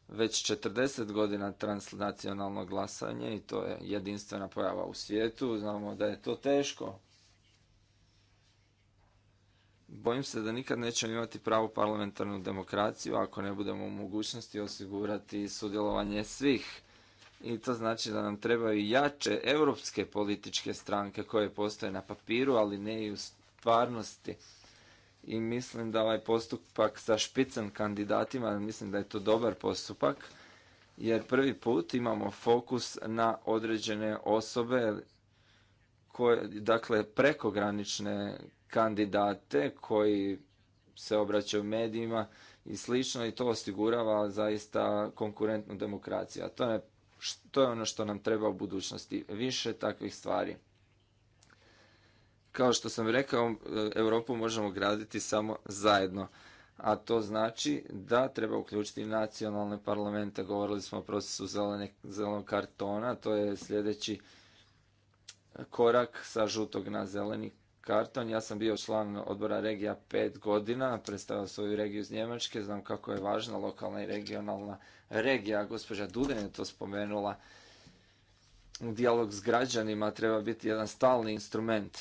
već 40 godina transnacionalno glasanje i to je jedinstvena pojava u svijetu. Znamo da je to teško. Bojim se da nikad nećemo imati pravu parlamentarnu demokraciju ako ne budemo u mogućnosti osigurati sudjelovanje svih. I to znači da nam trebaju jače europske političke stranke koje postoje na papiru, ali ne i u stvarnosti i mislim da ovaj postupak sa špicen kandidatima, mislim da je to dobar postupak, jer prvi put imamo fokus na određene osobe, koje, dakle prekogranične kandidate koji se obraćaju medijima i slično i to osigurava zaista konkurentnu demokraciju. A to je, to je ono što nam treba u budućnosti, više takvih stvari. Kao što sam rekao, e, Europu možemo graditi samo zajedno. A to znači da treba uključiti nacionalne parlamente. Govorili smo o procesu zelenog kartona. To je sljedeći korak sa žutog na zeleni karton. Ja sam bio član odbora regija pet godina, predstavio svoju regiju iz Njemačke, znam kako je važna lokalna i regionalna regija. Gospođa Duden je to spomenula. Dijalog s građanima treba biti jedan stalni instrument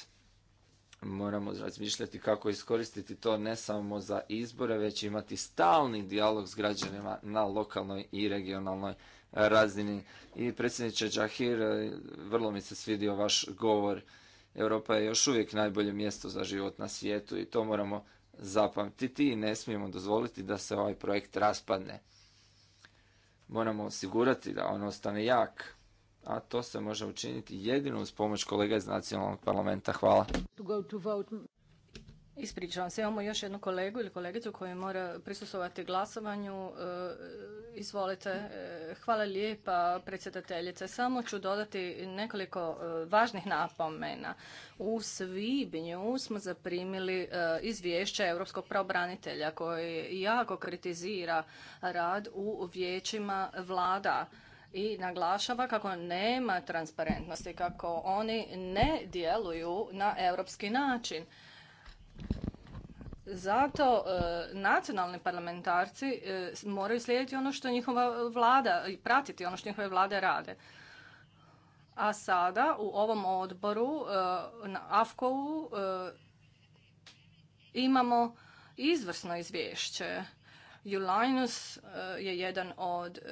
moramo razmišljati kako iskoristiti to ne samo za izbore, već imati stalni dijalog s građanima na lokalnoj i regionalnoj razini. I predsjedniče Džahir, e, vrlo mi se svidio vaš govor. Europa je još uvijek najbolje mjesto za život na svijetu i to moramo zapamtiti i ne smijemo dozvoliti da se ovaj projekt raspadne. Moramo osigurati da on ostane jak a to se može učiniti jedino uz pomoć kolega iz nacionalnog parlamenta. Hvala. Ispričavam se, imamo još jednu kolegu ili kolegicu koji mora prisustovati glasovanju. E, izvolite. E, hvala lijepa predsjedateljice. Samo ću dodati nekoliko e, važnih napomena. U svibnju smo zaprimili izvješće Europskog pravobranitelja koji jako kritizira rad u vijećima vlada i naglašava kako nema transparentnosti, kako oni ne djeluju na europski način. Zato e, nacionalni parlamentarci e, moraju slijediti ono što njihova vlada i pratiti ono što njihove vlade rade. A sada u ovom odboru e, na u imamo izvrsno izvješće Julinus eh, je jedan od eh,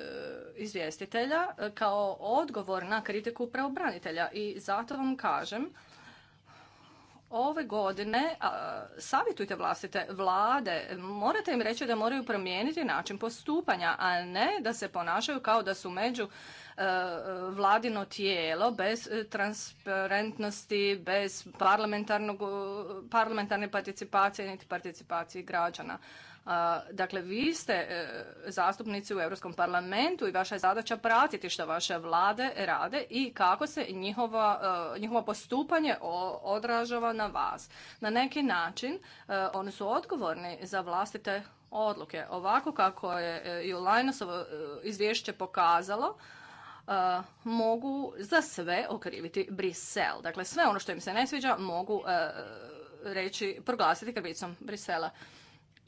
izvjestitelja eh, kao odgovor na kritiku pravobranitelja i zato vam kažem ove godine a, savjetujte vlastite vlade, morate im reći da moraju promijeniti način postupanja, a ne da se ponašaju kao da su među vladino tijelo bez transparentnosti, bez parlamentarne participacije niti participacije građana. Dakle, vi ste e, zastupnici u Europskom parlamentu i vaša je zadaća pratiti što vaše vlade rade i kako se njihova, e, njihovo postupanje odražava na vas. Na neki način e, oni su odgovorni za vlastite odluke. Ovako kako je i Lajnosovo izvješće pokazalo, mogu za sve okriviti Brisel. Dakle, sve ono što im se ne sviđa mogu reći, proglasiti krivicom Brisela.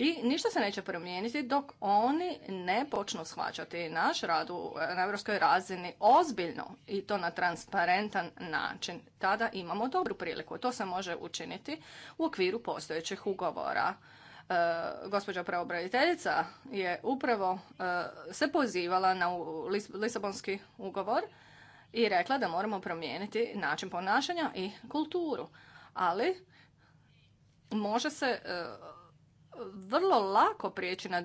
I ništa se neće promijeniti dok oni ne počnu shvaćati naš rad na europskoj razini ozbiljno i to na transparentan način. Tada imamo dobru priliku. To se može učiniti u okviru postojećih ugovora. E, gospođa pravobraniteljica je upravo e, se pozivala na Lisabonski ugovor i rekla da moramo promijeniti način ponašanja i kulturu. Ali može se e, vrlo lako prijeći na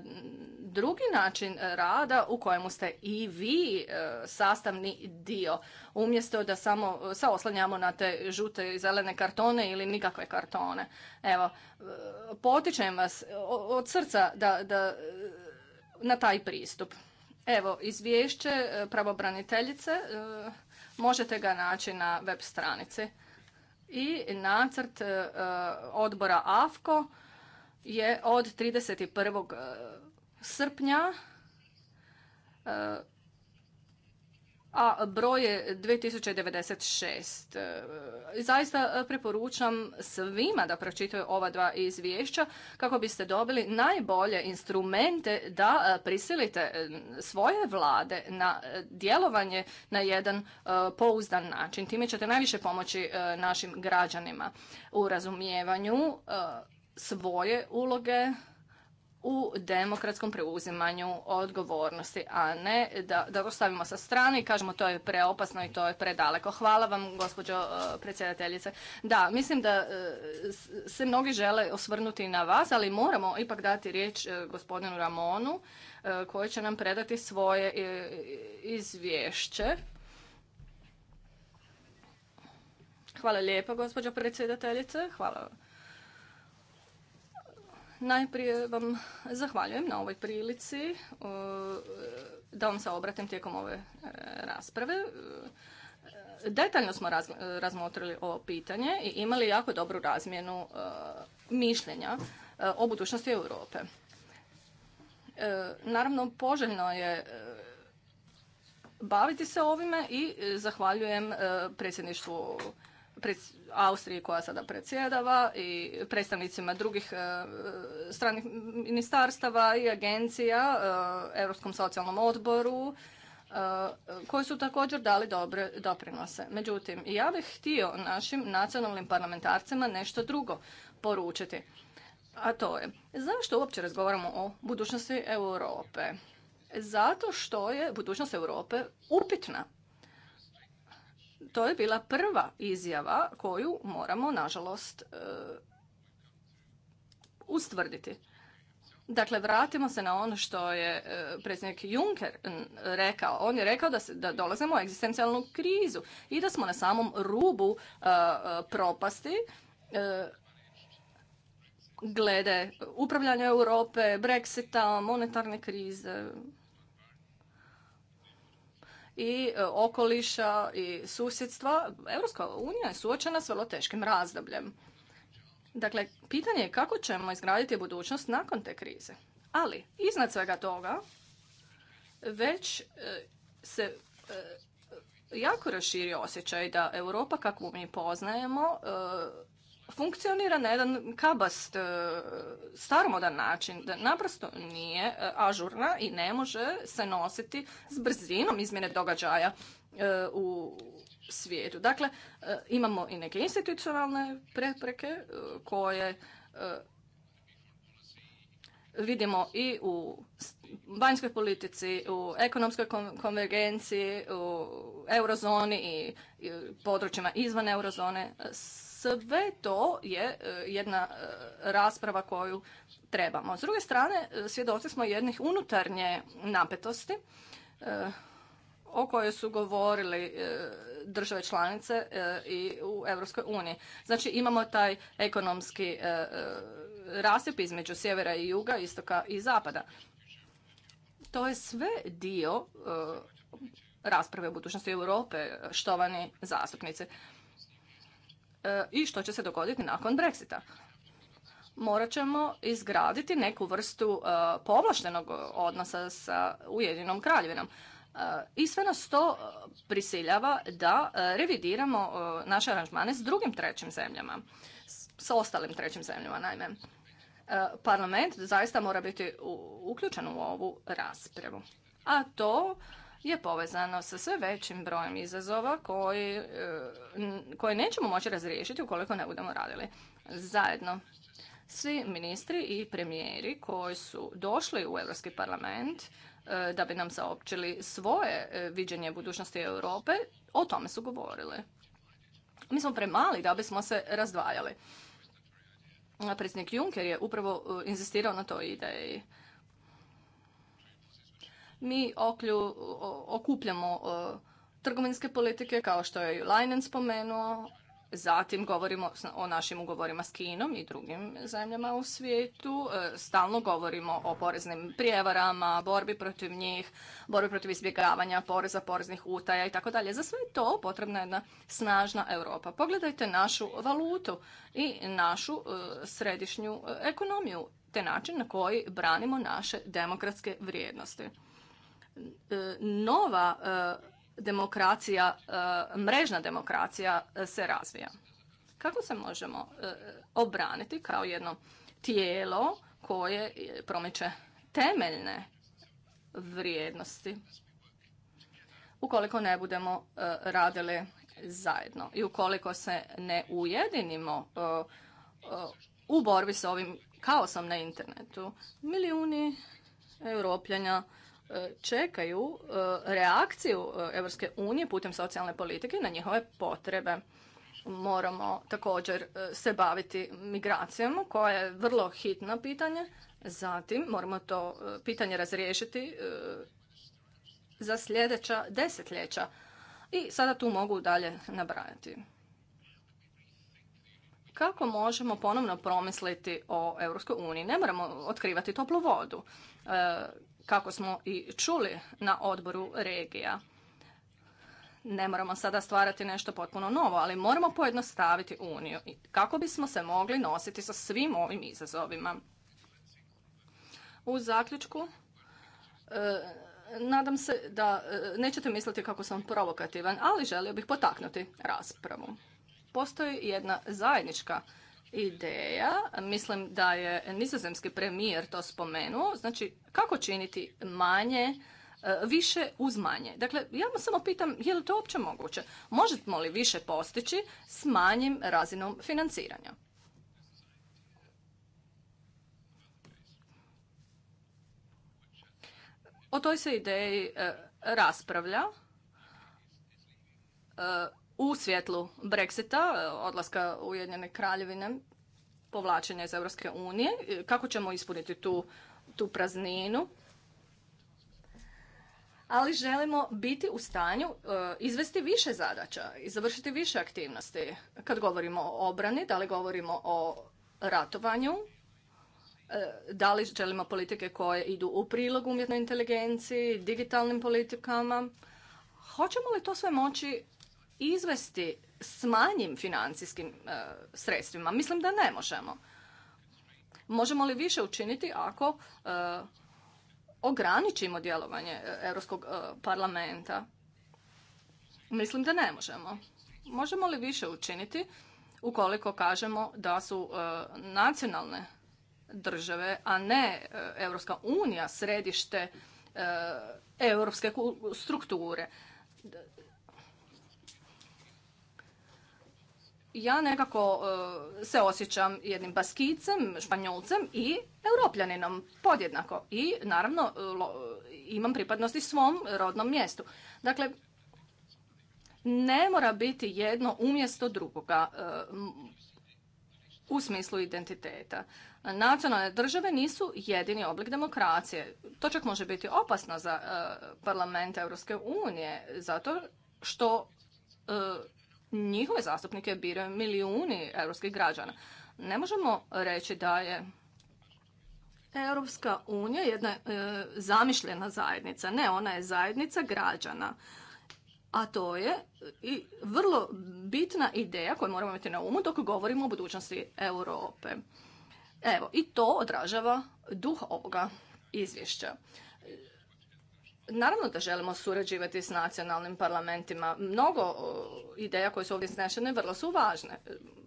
drugi način rada u kojemu ste i vi e, sastavni dio. Umjesto da samo se oslanjamo na te žute i zelene kartone ili nikakve kartone. Evo, e, potičem vas e, od srca da, da na taj pristup. Evo, izvješće pravobraniteljice, možete ga naći na web stranici. I nacrt odbora AFKO je od 31. E, srpnja e, a broj je 2096. E, zaista preporučam svima da pročitaju ova dva izvješća kako biste dobili najbolje instrumente da prisilite svoje vlade na djelovanje na jedan pouzdan način. Time ćete najviše pomoći našim građanima u razumijevanju svoje uloge u demokratskom preuzimanju odgovornosti, a ne da, da stavimo sa strane i kažemo to je preopasno i to je predaleko. Hvala vam, gospođo e, predsjedateljice. Da, mislim da e, se mnogi žele osvrnuti na vas, ali moramo ipak dati riječ e, gospodinu Ramonu koji će nam predati svoje izvješće. Hvala lijepo, gospođo predsjedateljice. Hvala Najprije vam zahvaljujem na ovoj prilici e, da vam se obratim tijekom ove e, rasprave. E, detaljno smo razmotrili ovo pitanje i imali jako dobru razmjenu mišljenja o budućnosti Europe. Naravno, poželjno je baviti se ovime i zahvaljujem predsjedništvu Austriji koja sada predsjedava i predstavnicima drugih e, stranih ministarstava i agencija, e, Europskom socijalnom odboru, e, koji su također dali dobre doprinose. Međutim, ja bih htio našim nacionalnim parlamentarcima nešto drugo poručiti. A to je, zašto uopće razgovaramo o budućnosti Europe? Zato što je budućnost Europe upitna to je bila prva izjava koju moramo, nažalost, e, ustvrditi. Dakle, vratimo se na ono što je e, predsjednik Juncker rekao. On je rekao da, se, da dolazimo u egzistencijalnu krizu i da smo na samom rubu e, propasti glede upravljanja Europe, Brexita, monetarne krize i e, okoliša i susjedstva, Europska unija je suočena s vrlo teškim razdobljem. Dakle, pitanje je kako ćemo izgraditi budućnost nakon te krize. Ali, iznad svega toga, već e, se e, jako raširio osjećaj da Europa kakvu mi poznajemo funkcionira na jedan kabast, e, staromodan način, da naprosto nije e, ažurna i ne može se nositi s brzinom izmjene događaja e, u svijetu. Dakle, imamo i neke institucionalne prepreke koje vidimo i u vanjskoj politici, u ekonomskoj konvergenciji, u eurozoni i područjima izvan eurozone sve to je e, jedna e, rasprava koju trebamo. S druge strane, e, svjedoci smo jednih unutarnje napetosti o kojoj su govorili države članice i u Europskoj uniji. Znači imamo taj ekonomski rasip između sjevera i juga, istoka i zapada. To je sve dio rasprave o budućnosti Europe, štovani zastupnici. E, i što će se dogoditi nakon Brexita. Morat ćemo izgraditi neku vrstu e, povlaštenog odnosa sa Ujedinom kraljevinom. E, I sve nas to prisiljava da revidiramo naše aranžmane s drugim trećim zemljama, sa ostalim trećim zemljama naime. Parlament zaista mora biti uključen u ovu raspravu. A to je povezano sa sve većim brojem izazova koji, e, koje nećemo moći razriješiti ukoliko ne budemo radili zajedno. Svi ministri i premijeri koji su došli u Europski parlament e, da bi nam saopćili svoje e, viđenje budućnosti Europe, o tome su govorili. Mi smo premali da bismo se razdvajali. Predsjednik Juncker je upravo inzistirao na toj ideji mi oklju, okupljamo trgovinske politike kao što je Leinen spomenuo, Zatim govorimo o našim ugovorima s Kinom i drugim zemljama u svijetu. E, stalno govorimo o poreznim prijevarama, borbi protiv njih, borbi protiv izbjegavanja poreza, poreznih utaja i tako dalje. Za sve to potrebna je jedna snažna Europa. Pogledajte našu valutu i našu e, središnju e, ekonomiju, te način na koji branimo naše demokratske vrijednosti nova e, demokracija, e, mrežna demokracija e, se razvija. Kako se možemo obraniti kao jedno tijelo koje promiče temeljne vrijednosti ukoliko ne budemo radili zajedno i ukoliko se ne ujedinimo u borbi s ovim kaosom na internetu, milijuni europljanja čekaju e, reakciju Europske unije putem socijalne politike na njihove potrebe. Moramo također e, se baviti migracijom, koja je vrlo hitno pitanje. Zatim moramo to e, pitanje razriješiti za sljedeća desetljeća. I sada tu mogu dalje nabrajati. Kako možemo ponovno promisliti o Europskoj uniji? Ne moramo otkrivati toplu vodu kako smo i čuli na odboru regija. Ne moramo sada stvarati nešto potpuno novo, ali moramo pojednostaviti Uniju kako bismo se mogli nositi sa svim ovim izazovima. U zaključku, e, nadam se da e, nećete misliti kako sam provokativan, ali želio bih potaknuti raspravu. Postoji jedna zajednička ideja, mislim da je nizozemski premijer to spomenuo, znači kako činiti manje, e, više uz manje. Dakle, ja vam samo pitam, je li to uopće moguće? Možemo li više postići s manjim razinom financiranja? O toj se ideji e, raspravlja e, u svjetlu Brexita, e, odlaska Ujedinjene kraljevine, povlačenja iz Europske unije, e, kako ćemo ispuniti tu, tu prazninu. Ali želimo biti u stanju e, izvesti više zadaća i završiti više aktivnosti. Kad govorimo o obrani, da li govorimo o ratovanju, da li želimo politike koje idu u prilog umjetnoj inteligenciji, digitalnim politikama. Hoćemo li to sve moći izvesti s manjim financijskim e, sredstvima? Mislim da ne možemo. Možemo li više učiniti ako e, ograničimo djelovanje e, Europskog parlamenta? Mislim da ne možemo. Možemo li više učiniti ukoliko kažemo da su nacionalne države, a ne Europska unija središte europske strukture. ja nekako e, se osjećam jednim baskicem, španjolcem i europljaninom podjednako. I naravno e, imam pripadnosti svom rodnom mjestu. Dakle, ne mora biti jedno umjesto drugoga e, u smislu identiteta. Nacionalne države nisu jedini oblik demokracije. To čak može biti opasno za parlament Europske unije zato što njihove zastupnike biraju milijuni europskih građana. Ne možemo reći da je Europska unija jedna e, zamišljena zajednica. Ne, ona je zajednica građana. A to je i vrlo bitna ideja koju moramo imati na umu dok govorimo o budućnosti Europe. Evo, i to odražava duh ovoga izvješća. Naravno da želimo surađivati s nacionalnim parlamentima. Mnogo ideja koje su ovdje snešene vrlo su važne.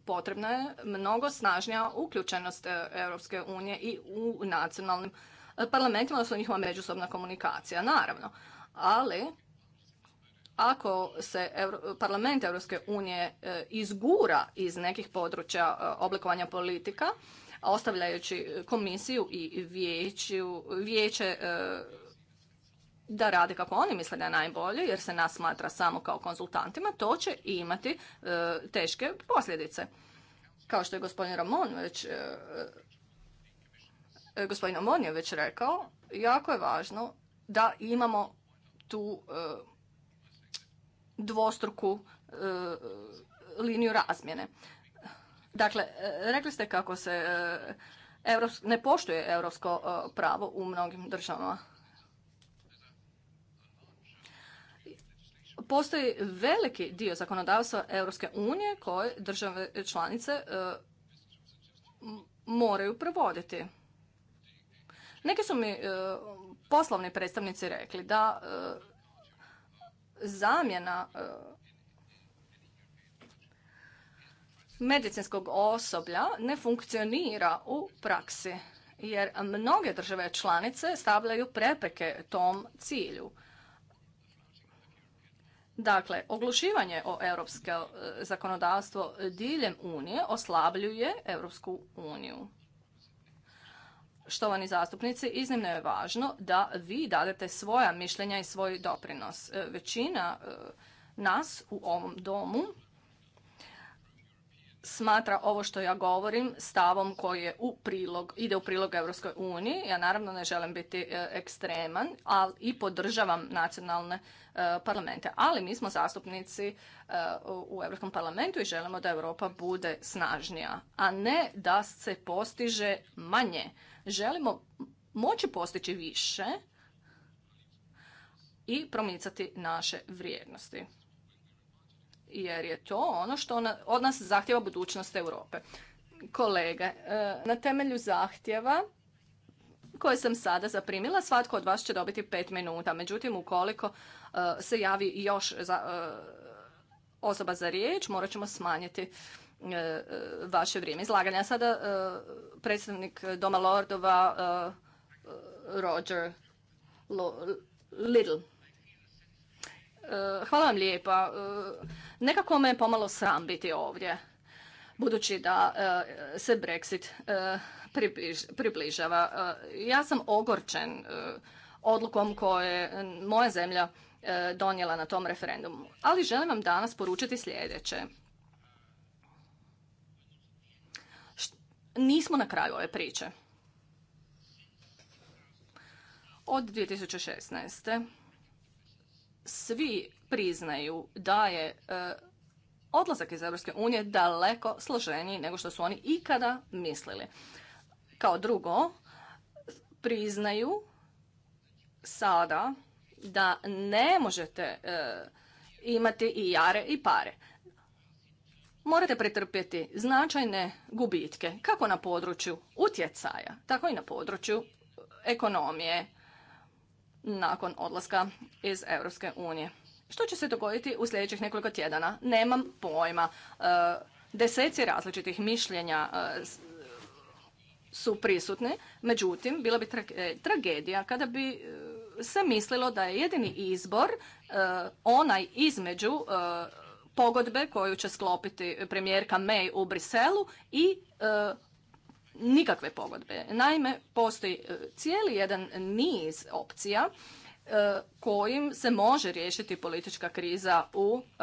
Potrebna je mnogo snažnija uključenost e, Europske unije i u nacionalnim e, parlamentima, odnosno njihova međusobna komunikacija, naravno. Ali, ako se parlament Europske unije e, izgura iz nekih područja oblikovanja politika, ostavljajući komisiju i vijeće da rade kako oni misle da je najbolje, jer se nas smatra samo kao konzultantima, to će imati e, teške posljedice. Kao što je gospodin Ramon već e, e, gospodin Ramon je već rekao, jako je važno da imamo tu dvostruku liniju razmjene. Dakle, rekli ste kako se ne poštuje europsko pravo u mnogim državama postoji veliki dio zakonodavstva Europske unije koje države članice e, moraju provoditi. Neki su mi e, poslovni predstavnici rekli da e, zamjena medicinskog osoblja ne funkcionira u praksi jer mnoge države članice stavljaju prepreke tom cilju. Dakle, oglušivanje o europsko e, zakonodavstvo diljem Unije oslabljuje Europsku uniju. Štovani zastupnici, iznimno je važno da vi dadete svoja mišljenja i svoj doprinos. E, većina e, nas u ovom domu smatra ovo što ja govorim stavom koji je u prilog, ide u prilog Europskoj uniji. Ja naravno ne želim biti e, ekstreman, ali i podržavam nacionalne e, parlamente. Ali mi smo zastupnici e, u Europskom parlamentu i želimo da Europa bude snažnija, a ne da se postiže manje. Želimo moći postići više i promicati naše vrijednosti jer je to ono što od nas zahtjeva budućnost Europe. Kolege, na temelju zahtjeva koje sam sada zaprimila, svatko od vas će dobiti pet minuta. Međutim, ukoliko e, se javi još e, osoba za riječ, morat ćemo smanjiti e, vaše vrijeme izlaganja. Sada predstavnik Doma Lordova Roger Little. Eh, hvala vam lijepa. Eh, nekako me je pomalo sram biti ovdje, budući da eh, se Brexit približava. Ja sam ogorčen odlukom koje moja zemlja donijela na tom referendumu. Ali želim vam danas poručiti sljedeće. Nismo na kraju ove priče. Od 2016 svi priznaju da je e, odlazak iz Europske unije daleko složeniji nego što su oni ikada mislili. Kao drugo, priznaju sada da ne možete e, imati i jare i pare. Morate pretrpjeti značajne gubitke kako na području utjecaja, tako i na području ekonomije, nakon odlaska iz Europske unije. Što će se dogoditi u sljedećih nekoliko tjedana? Nemam pojma. E, deseci različitih mišljenja e, su prisutni, međutim, bila bi tragedija kada bi e, se mislilo da je jedini izbor onaj između pogodbe koju će sklopiti premijerka May u Briselu i nikakve pogodbe. Naime, postoji e, cijeli jedan niz opcija e, kojim se može riješiti politička kriza u e,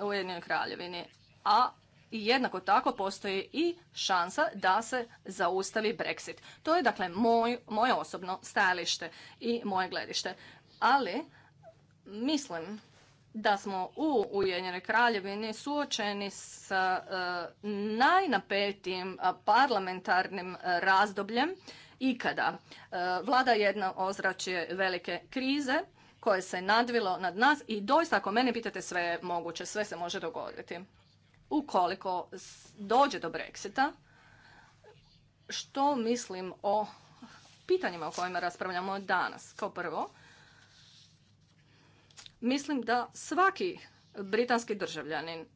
Ujedinjenoj kraljevini. A jednako tako postoji i šansa da se zaustavi Brexit. To je dakle moje osobno stajalište i moje gledište. Ali mislim da smo u Ujedinjenoj kraljevini suočeni sa e, najnapetijim parlamentarnim e, razdobljem ikada. kada e, vlada jedna ozračje velike krize koje se nadvilo nad nas i doista ako mene pitate sve je moguće, sve se može dogoditi. Ukoliko dođe do Brexita, što mislim o pitanjima o kojima raspravljamo danas? Kao prvo, Mislim da svaki britanski državljanin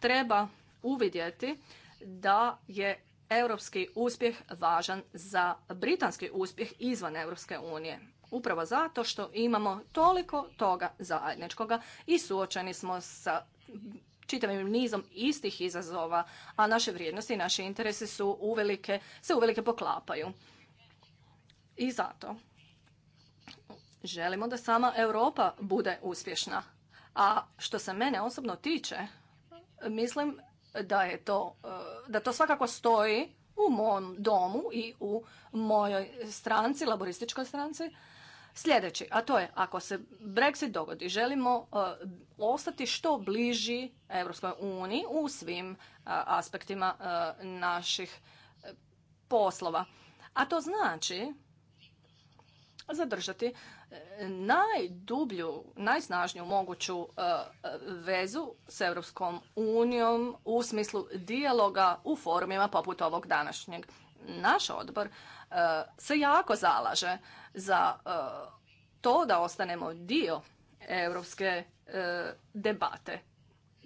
treba uvidjeti da je europski uspjeh važan za britanski uspjeh izvan Europske unije. Upravo zato što imamo toliko toga zajedničkoga i suočeni smo sa čitavim nizom istih izazova, a naše vrijednosti i naše interesi su uvelike, se uvelike poklapaju. I zato Želimo da sama Europa bude uspješna. A što se mene osobno tiče, mislim da je to, eh, da to svakako stoji u mom domu i u mojoj stranci, laborističkoj stranci. Sljedeći, a to je ako se Brexit dogodi, želimo eh, ostati što bliži Europskoj uniji u svim eh, aspektima naših poslova. A to znači zadržati najdublju, najsnažniju moguću e, vezu s Europskom unijom u smislu dijaloga u forumima poput ovog današnjeg. Naš odbor e, se jako zalaže za e, to da ostanemo dio europske debate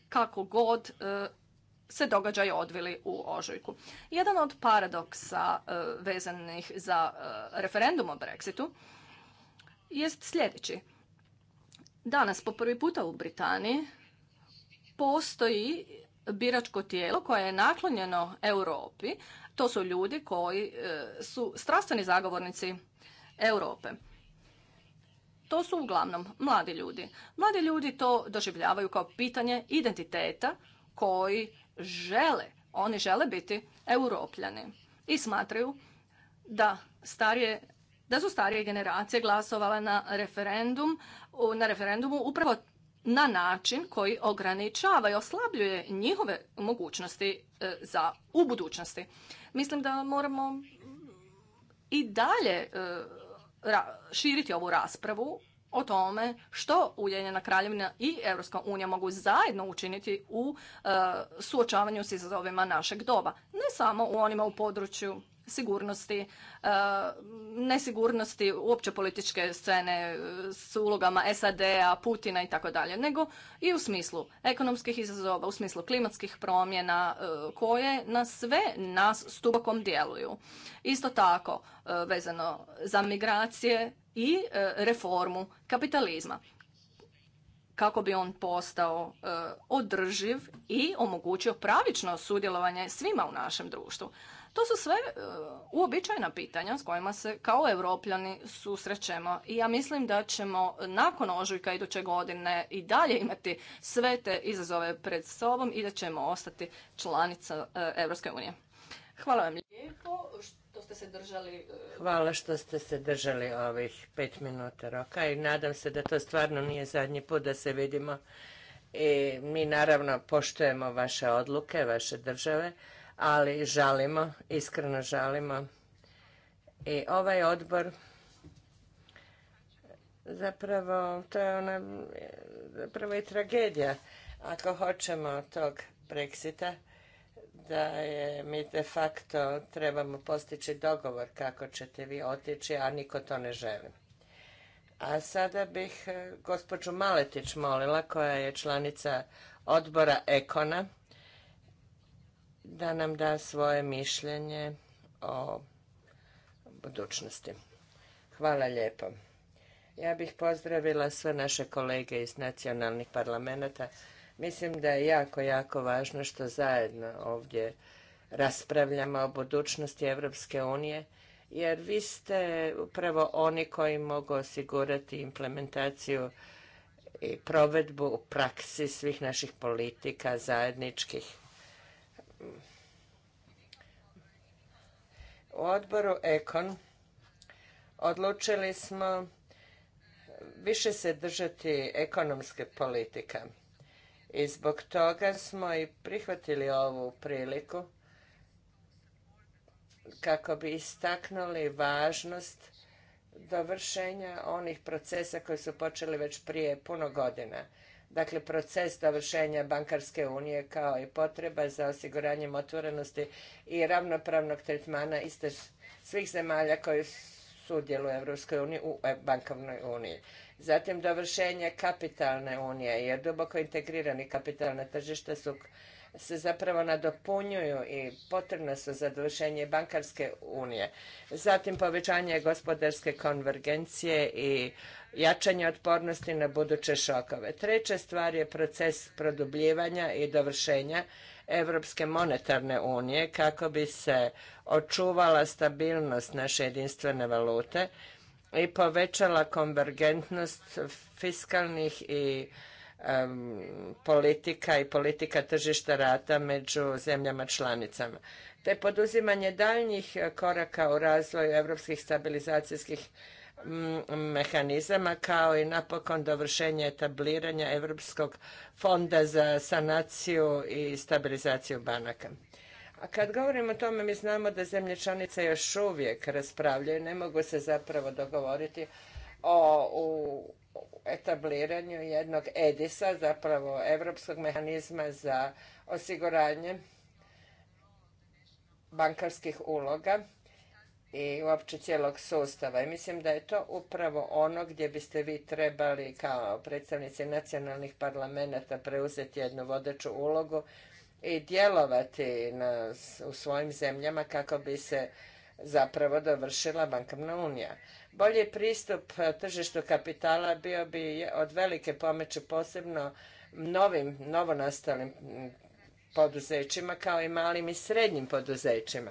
kako god se događaj odvili u ožujku. Jedan od paradoksa vezanih za referendum o Brexitu jest sljedeći. Danas po prvi puta u Britaniji postoji biračko tijelo koje je naklonjeno Europi. To su ljudi koji e, su strastveni zagovornici Europe. To su uglavnom mladi ljudi. Mladi ljudi to doživljavaju kao pitanje identiteta koji žele, oni žele biti europljani i smatraju da starije da su starije generacije glasovale na, referendum, na referendumu upravo na način koji ograničava i oslabljuje njihove mogućnosti e, za u budućnosti. Mislim da moramo i dalje e, širiti ovu raspravu o tome što Ujedinjena kraljevina i Europska unija mogu zajedno učiniti u e, suočavanju s izazovima našeg doba. Ne samo u onima u području sigurnosti, e, nesigurnosti uopće političke scene e, s ulogama SAD-a, Putina i tako dalje, nego i u smislu ekonomskih izazova, u smislu klimatskih promjena e, koje na sve nas stupakom djeluju. Isto tako vezano za migracije i reformu kapitalizma kako bi on postao održiv i omogućio pravično sudjelovanje svima u našem društvu. To su sve e, uobičajena pitanja s kojima se kao europljani susrećemo i ja mislim da ćemo nakon ožujka iduće godine i dalje imati sve te izazove pred sobom i da ćemo ostati članica Europske unije. Hvala vam lijepo što ste se držali... E, Hvala što ste se držali ovih pet minuta roka i nadam se da to stvarno nije zadnji put da se vidimo. I mi naravno poštujemo vaše odluke, vaše države ali žalimo, iskreno žalimo. I ovaj odbor zapravo to je ona zapravo i tragedija ako hoćemo tog Brexita da je mi de facto trebamo postići dogovor kako ćete vi otići, a niko to ne želi. A sada bih eh, gospođu Maletić molila koja je članica odbora Ekona da nam da svoje mišljenje o budućnosti. Hvala lijepo. Ja bih pozdravila sve naše kolege iz nacionalnih parlamenta. Mislim da je jako, jako važno što zajedno ovdje raspravljamo o budućnosti Evropske unije, jer vi ste upravo oni koji mogu osigurati implementaciju i provedbu u praksi svih naših politika zajedničkih u odboru Ekon odlučili smo više se držati ekonomske politike i zbog toga smo i prihvatili ovu priliku kako bi istaknuli važnost dovršenja onih procesa koji su počeli već prije puno godina Dakle, proces dovršenja bankarske unije kao i potreba za osiguranjem otvorenosti i ravnopravnog tretmana iste svih zemalja koje sudjeluju u Europskoj uniji u e, bankovnoj uniji. Zatim dovršenje kapitalne unije jer duboko integrirani kapitalna tržišta su se zapravo nadopunjuju i potrebna su za dovršenje bankarske unije. Zatim povećanje gospodarske konvergencije i jačanje otpornosti na buduće šokove. Treća stvar je proces produbljivanja i dovršenja Europske monetarne unije kako bi se očuvala stabilnost naše jedinstvene valute i povećala konvergentnost fiskalnih i politika i politika tržišta rata među zemljama članicama, te poduzimanje daljnjih koraka u razvoju europskih stabilizacijskih mm, mehanizama kao i napokon dovršenje etabliranja Europskog fonda za sanaciju i stabilizaciju banaka. A kad govorimo o tome, mi znamo da zemlje članice još uvijek raspravljaju, ne mogu se zapravo dogovoriti o etabliranju jednog EDISA, zapravo Europskog mehanizma za osiguranje bankarskih uloga i uopće cijelog sustava. I mislim da je to upravo ono gdje biste vi trebali kao predstavnici nacionalnih parlamenta preuzeti jednu vodeću ulogu i djelovati u svojim zemljama kako bi se zapravo dovršila bankovna unija. Bolji pristup e, tržištu kapitala bio bi od velike pomoći posebno novim, novonastalim poduzećima kao i malim i srednjim poduzećima.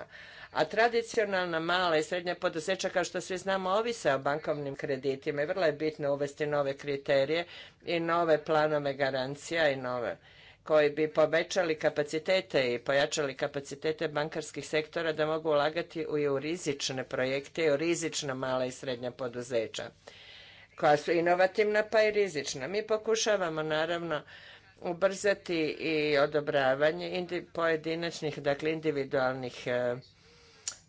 A tradicionalna mala i srednja poduzeća, kao što svi znamo, ovise o bankovnim kreditima i vrlo je bitno uvesti nove kriterije i nove planove garancija i nove koji bi povećali kapacitete i pojačali kapacitete bankarskih sektora da mogu ulagati u rizične projekte i u rizična mala i srednja poduzeća koja su inovativna pa i rizična. Mi pokušavamo naravno ubrzati i odobravanje pojedinačnih, dakle individualnih e,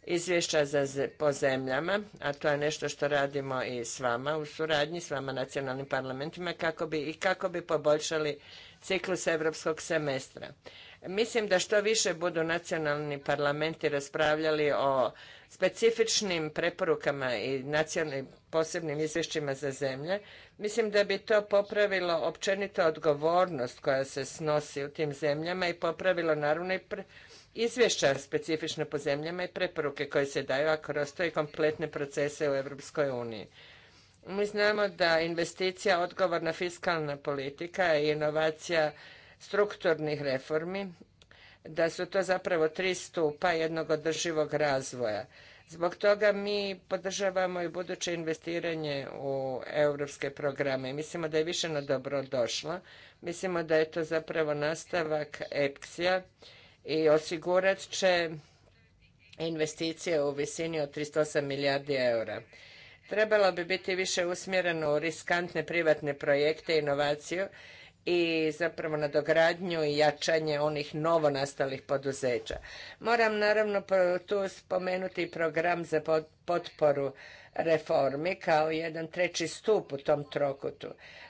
izvješća za, po zemljama, a to je nešto što radimo i s vama u suradnji, s vama nacionalnim parlamentima, kako bi, i kako bi poboljšali ciklusa europskog semestra. Mislim da što više budu nacionalni parlamenti raspravljali o specifičnim preporukama i nacionalnim posebnim izvješćima za zemlje, mislim da bi to popravilo općenito odgovornost koja se snosi u tim zemljama i popravilo naravno i izvješća specifično po zemljama i preporuke koje se daju, a kroz to i kompletne procese u Europskoj uniji. Mi znamo da investicija, odgovorna fiskalna politika i inovacija strukturnih reformi, da su to zapravo tri stupa jednog održivog razvoja. Zbog toga mi podržavamo i buduće investiranje u europske programe. Mislimo da je više na dobro došlo. Mislimo da je to zapravo nastavak epsi i osigurat će investicije u visini od 308 milijardi eura. Trebalo bi biti više usmjereno u riskantne privatne projekte, i inovaciju i zapravo dogradnju i jačanje onih novonastalih poduzeća. Moram naravno tu spomenuti program za potporu reformi kao jedan treći stup u tom trokutu.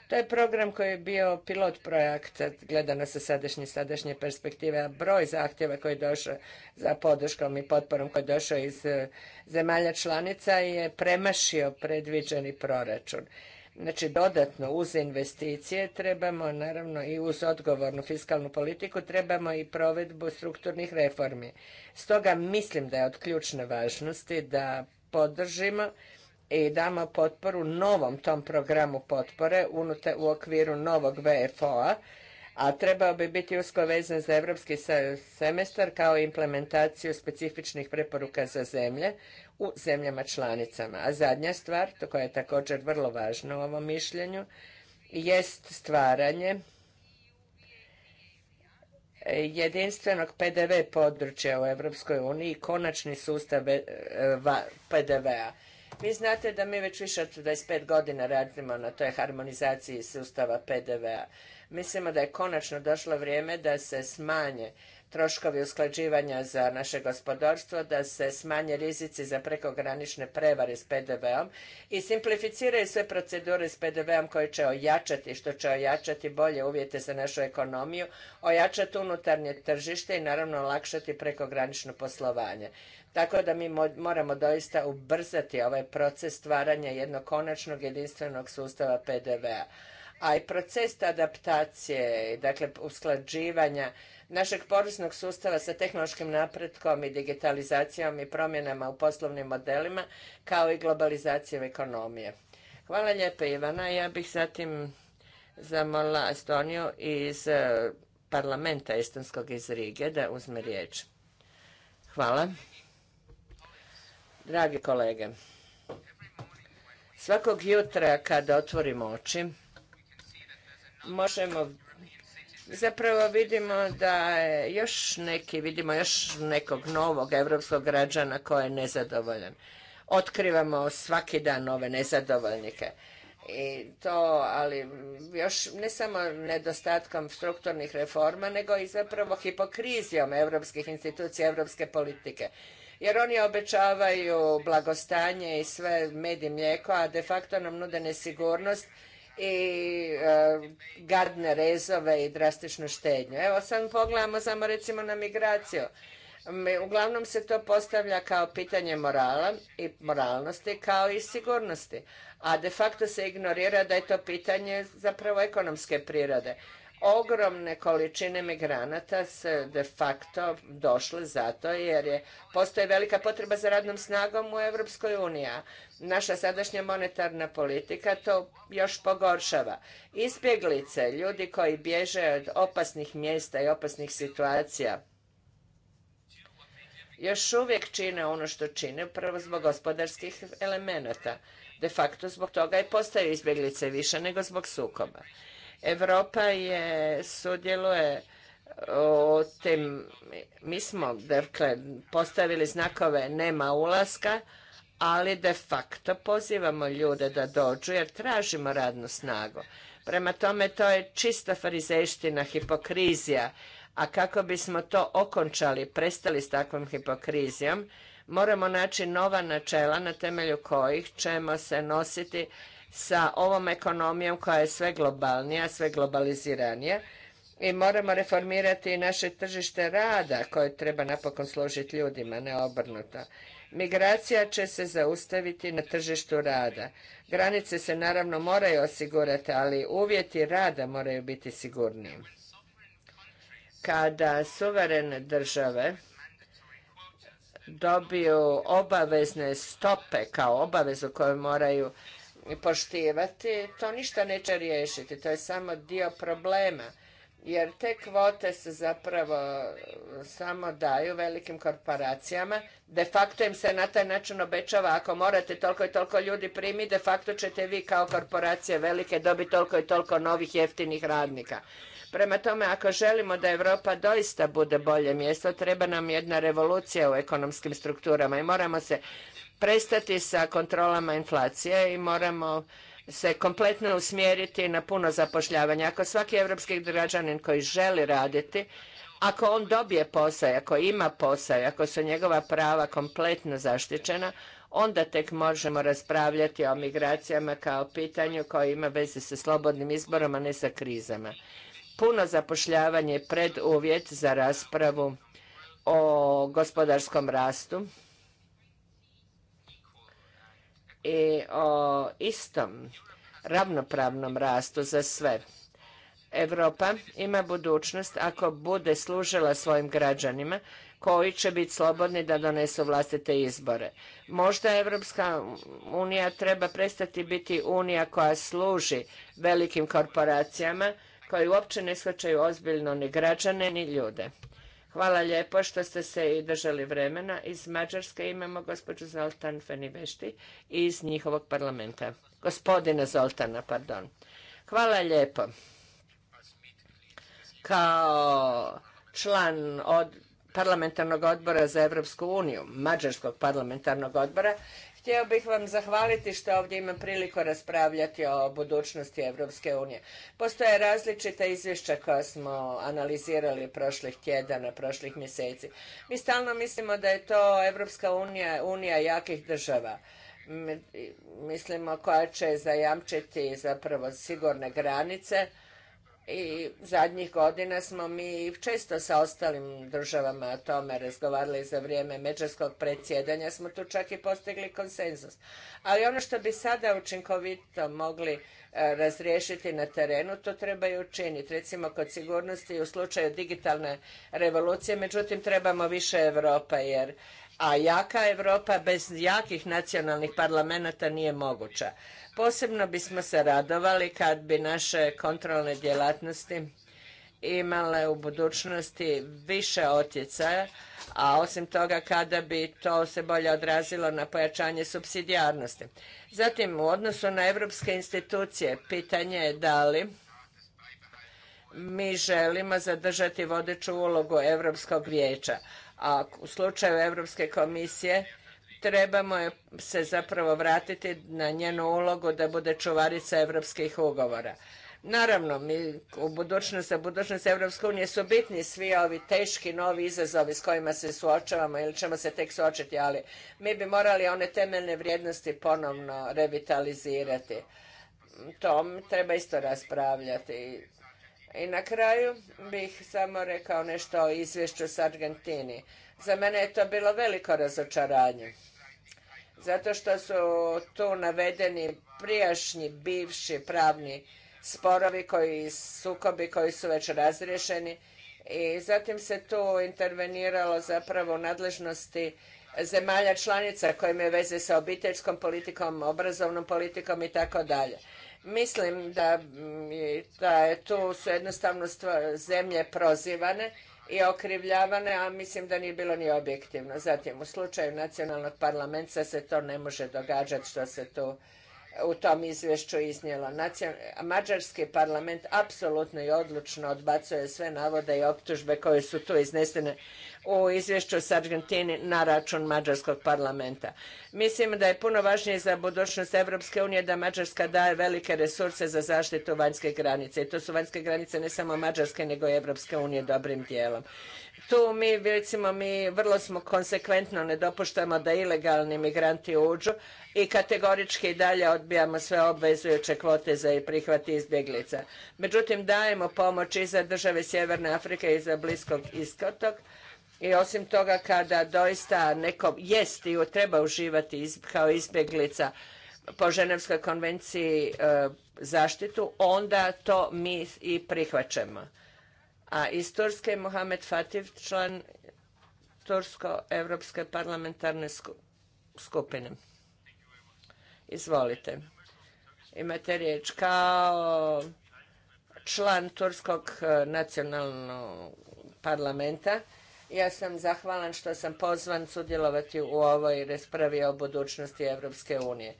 To je program koji je bio pilot projekt gledano sa sadašnje, sadašnje perspektive, a broj zahtjeva koji je došao za podrškom i potporom koji je došao iz eh, zemalja članica je premašio predviđeni proračun. Znači dodatno uz investicije trebamo naravno i uz odgovornu fiskalnu politiku trebamo i provedbu strukturnih reformi. Stoga mislim da je od ključne važnosti da podržimo i damo potporu novom tom programu potpore unutar u okviru novog VFO-a a trebao bi biti usko vezan za europski semestar kao implementaciju specifičnih preporuka za zemlje u zemljama članicama. A zadnja stvar, to koja je također vrlo važna u ovom mišljenju, jest stvaranje jedinstvenog PDV područja u Europskoj uniji i konačni sustav PDV-a. E, Vi znate da mi već više od 25 godina radimo na toj harmonizaciji sustava PDV-a Mislimo da je konačno došlo vrijeme da se smanje troškovi usklađivanja za naše gospodarstvo, da se smanje rizici za prekogranične prevare s PDV-om i simplificiraju sve procedure s PDV-om koje će ojačati, što će ojačati bolje uvjete za našu ekonomiju, ojačati unutarnje tržište i naravno olakšati prekogranično poslovanje. Tako da mi moramo doista ubrzati ovaj proces stvaranja jednog konačnog jedinstvenog sustava PDV-a a i proces adaptacije, dakle usklađivanja našeg poreznog sustava sa tehnološkim napretkom i digitalizacijom i promjenama u poslovnim modelima, kao i globalizacijom ekonomije. Hvala lijepo Ivana. Ja bih zatim zamolila Estoniju iz e, parlamenta Estonskog iz Rige da uzme riječ. Hvala. Dragi kolege, svakog jutra kada otvorim oči, možemo zapravo vidimo da je još neki, vidimo još nekog novog evropskog građana koji je nezadovoljan. Otkrivamo svaki dan nove nezadovoljnike. I to, ali još ne samo nedostatkom strukturnih reforma, nego i zapravo hipokrizijom evropskih institucija, evropske politike. Jer oni obećavaju blagostanje i sve med i mlijeko, a de facto nam nude nesigurnost i e, gardne rezove i drastičnu štednju. Evo sad pogledamo samo recimo na migraciju. Uglavnom se to postavlja kao pitanje morala i moralnosti kao i sigurnosti, a de facto se ignorira da je to pitanje zapravo ekonomske prirode ogromne količine migranata se de facto došle zato jer je postoji velika potreba za radnom snagom u Europskoj uniji. Naša sadašnja monetarna politika to još pogoršava. Izbjeglice, ljudi koji bježe od opasnih mjesta i opasnih situacija, još uvijek čine ono što čine, upravo zbog gospodarskih elemenata. De facto zbog toga i postaju izbjeglice više nego zbog sukoba. Europa je sudjeluje o tem, mi smo dakle, postavili znakove nema ulaska, ali de facto pozivamo ljude da dođu jer tražimo radnu snagu. Prema tome to je čista farizeština, hipokrizija, a kako bismo to okončali, prestali s takvom hipokrizijom, moramo naći nova načela na temelju kojih ćemo se nositi sa ovom ekonomijom koja je sve globalnija, sve globaliziranija i moramo reformirati i naše tržište rada koje treba napokon složiti ljudima, ne obrnuto. Migracija će se zaustaviti na tržištu rada. Granice se naravno moraju osigurati, ali uvjeti rada moraju biti sigurniji. Kada suverene države dobiju obavezne stope kao obavezu koju moraju poštivati, to ništa neće riješiti. To je samo dio problema. Jer te kvote se zapravo samo daju velikim korporacijama. De facto im se na taj način obećava ako morate toliko i toliko ljudi primi, de facto ćete vi kao korporacije velike dobiti toliko i toliko novih jeftinih radnika. Prema tome, ako želimo da Europa doista bude bolje mjesto, treba nam jedna revolucija u ekonomskim strukturama i moramo se prestati sa kontrolama inflacije i moramo se kompletno usmjeriti na puno zapošljavanje. Ako svaki europski građanin koji želi raditi, ako on dobije posao, ako ima posao, ako su njegova prava kompletno zaštićena, onda tek možemo raspravljati o migracijama kao pitanju koje ima veze sa slobodnim izborom, a ne sa krizama. Puno zapošljavanje je preduvjet za raspravu o gospodarskom rastu i o istom ravnopravnom rastu za sve. Europa ima budućnost ako bude služila svojim građanima koji će biti slobodni da donesu vlastite izbore. Možda Evropska unija treba prestati biti unija koja služi velikim korporacijama koji uopće ne shvaćaju ozbiljno ni građane ni ljude. Hvala lijepo što ste se i držali vremena. Iz Mađarske imamo gospođu Zoltan Fenivešti iz njihovog parlamenta. Gospodina Zoltana, pardon. Hvala lijepo. Kao član od parlamentarnog odbora za Europsku uniju, Mađarskog parlamentarnog odbora, Htio bih vam zahvaliti što ovdje imam priliku raspravljati o budućnosti Evropske unije. Postoje različita izvješća koja smo analizirali prošlih tjedana, prošlih mjeseci. Mi stalno mislimo da je to Evropska unija, unija jakih država mislimo koja će zajamčiti zapravo sigurne granice i zadnjih godina smo mi često sa ostalim državama o tome razgovarali za vrijeme međarskog predsjedanja, smo tu čak i postigli konsenzus. Ali ono što bi sada učinkovito mogli e, razriješiti na terenu, to treba i učiniti. Recimo kod sigurnosti u slučaju digitalne revolucije, međutim trebamo više Evropa. jer a jaka Europa bez jakih nacionalnih parlamenta nije moguća. Posebno bismo se radovali kad bi naše kontrolne djelatnosti imale u budućnosti više otjecaja, a osim toga kada bi to se bolje odrazilo na pojačanje subsidijarnosti. Zatim, u odnosu na evropske institucije, pitanje je da li mi želimo zadržati vodeću ulogu Europskog vijeća, a u slučaju Europske komisije trebamo se zapravo vratiti na njenu ulogu da bude čuvarica europskih ugovora. Naravno, mi u budućnost, za budućnost Evropske unije su bitni svi ovi teški novi izazovi s kojima se suočavamo ili ćemo se tek suočiti, ali mi bi morali one temeljne vrijednosti ponovno revitalizirati. To treba isto raspravljati. I na kraju bih samo rekao nešto o izvješću s Argentini. Za mene je to bilo veliko razočaranje. Zato što su tu navedeni prijašnji, bivši pravni sporovi koji sukobi koji su već razriješeni i zatim se tu interveniralo zapravo u nadležnosti zemalja članica koje imaju veze sa obiteljskom politikom, obrazovnom politikom i tako dalje. Mislim mm, da, je tu su jednostavno zemlje prozivane i okrivljavane, a mislim da nije bilo ni objektivno. Zatim, u slučaju nacionalnog parlamenta se to ne može događati što se tu e, u tom izvješću iznijelo. Mađarski parlament apsolutno i odlučno odbacuje sve navode i optužbe koje su tu iznesene u izvješću sa Argentini na račun Mađarskog parlamenta. Mislim da je puno važnije za budućnost Evropske unije da Mađarska daje velike resurse za zaštitu vanjske granice. I to su vanjske granice ne samo Mađarske nego i Evropske unije dobrim dijelom. Tu mi, recimo, mi vrlo smo konsekventno ne dopuštamo da ilegalni migranti uđu i kategorički dalje odbijamo sve obvezujuće kvote za prihvat izbjeglica. Međutim, dajemo pomoć i za države Sjeverne Afrike i za Bliskog istoka. I osim toga kada doista neko jest i treba uživati kao izbjeglica po Ženevskoj konvenciji e, zaštitu, onda to mi i prihvaćamo. A iz Turske je Mohamed Fatih član Tursko-Evropske parlamentarne skupine. Izvolite. Imate riječ kao član Turskog e, nacionalnog parlamenta ja sam zahvalan što sam pozvan sudjelovati u ovoj raspravi o budućnosti Europske unije.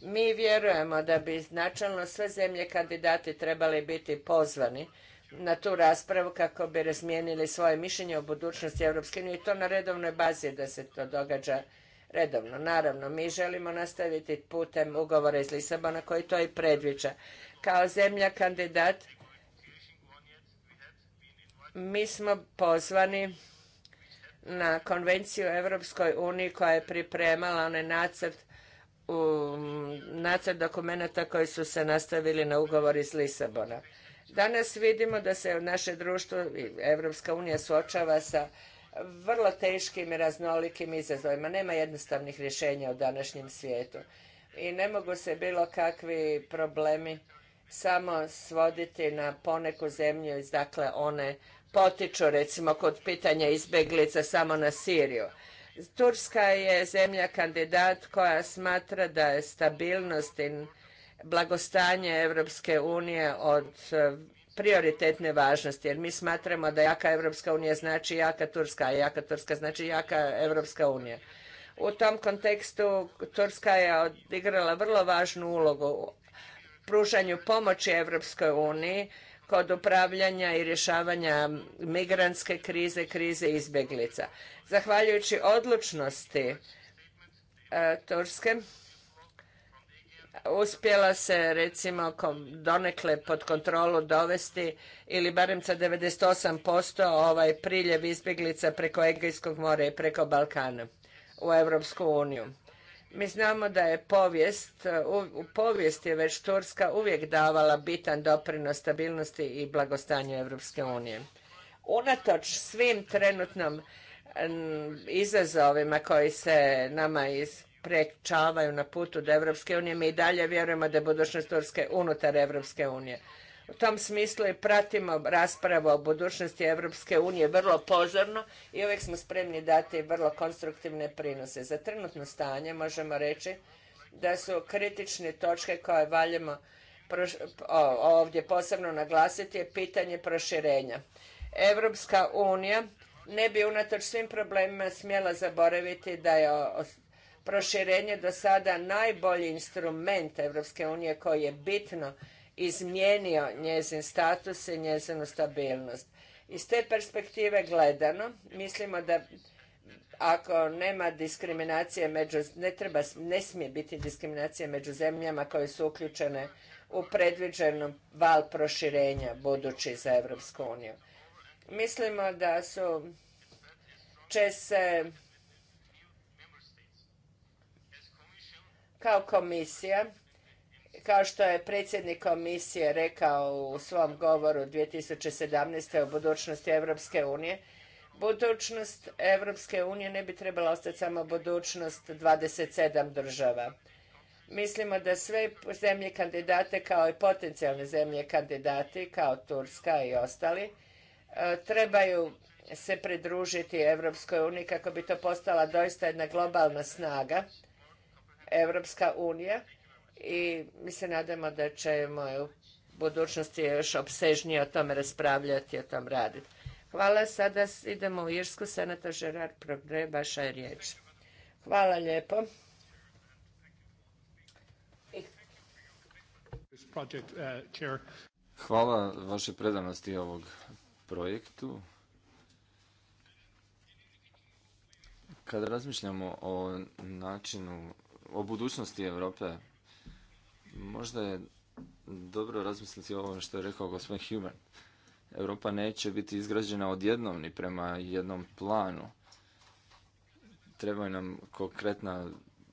Mi vjerujemo da bi značajno sve zemlje kandidati trebali biti pozvani na tu raspravu kako bi razmijenili svoje mišljenje o budućnosti Evropske unije i to na redovnoj bazi da se to događa redovno. Naravno, mi želimo nastaviti putem ugovora iz Lisabona koji to i predviđa. Kao zemlja kandidat mi smo pozvani na konvenciju Evropskoj uniji koja je pripremala onaj nacrt u um, nacrt dokumenta koji su se nastavili na ugovor iz Lisabona. Danas vidimo da se naše društvo, Evropska unija, suočava sa vrlo teškim i raznolikim izazovima. Nema jednostavnih rješenja u današnjem svijetu. I ne mogu se bilo kakvi problemi samo svoditi na poneku zemlju iz dakle one potiču recimo kod pitanja izbjeglica samo na Siriju. Turska je zemlja kandidat koja smatra da je stabilnost i blagostanje Evropske unije od e, prioritetne važnosti, jer mi smatramo da jaka Evropska unija znači jaka Turska, a jaka Turska znači jaka Evropska unija. U tom kontekstu Turska je odigrala vrlo važnu ulogu u pružanju pomoći Evropskoj uniji kod upravljanja i rješavanja migrantske krize, krize izbjeglica. Zahvaljujući odlučnosti e, Turske, uspjela se recimo donekle pod kontrolu dovesti ili barem sa 98% ovaj priljev izbjeglica preko Egejskog mora i preko Balkana u Europsku uniju. Mi znamo da je povijest, e, u, povijest je već Turska uvijek davala bitan doprinos stabilnosti i blagostanju Europske unije. Unatoč svim trenutnom izazovima koji se nama isprečavaju na putu do Europske unije, mi i dalje vjerujemo da je budućnost Turske unutar Europske unije. U tom smislu i pratimo raspravu o budućnosti Evropske unije vrlo pozorno i uvijek smo spremni dati vrlo konstruktivne prinose. Za trenutno stanje možemo reći da su kritične točke koje valjamo ovdje posebno naglasiti je pitanje proširenja. Europska unija ne bi unatoč svim problemima smjela zaboraviti da je proširenje do sada najbolji instrument Evropske unije koji je bitno izmijenio njezin status i njezinu stabilnost. Iz te perspektive gledano, mislimo da ako nema diskriminacije među, ne treba, ne smije biti diskriminacije među zemljama koje su uključene u predviđenom val proširenja budući za Europsku uniju. Mislimo da su, će se kao komisija kao što je predsjednik komisije rekao u svom govoru 2017. o budućnosti Europske unije, budućnost Europske unije ne bi trebala ostati samo budućnost 27 država. Mislimo da sve zemlje kandidate kao i potencijalne zemlje kandidati kao Turska i ostali e, trebaju se pridružiti Europskoj uniji kako bi to postala doista jedna globalna snaga Europska unija i mi se nadamo da ćemo u budućnosti još obsežnije o tome raspravljati i o tom raditi. Hvala, sada idemo u Irsku, senator Žerar Progre, vaša je riječ. Hvala lijepo. Hvala vaše predanosti ovog projektu. Kada razmišljamo o načinu, o budućnosti Europe, Možda je dobro razmisliti o što je rekao gospodin Human. Europa neće biti izgrađena odjednom ni prema jednom planu. Trebaju nam konkretna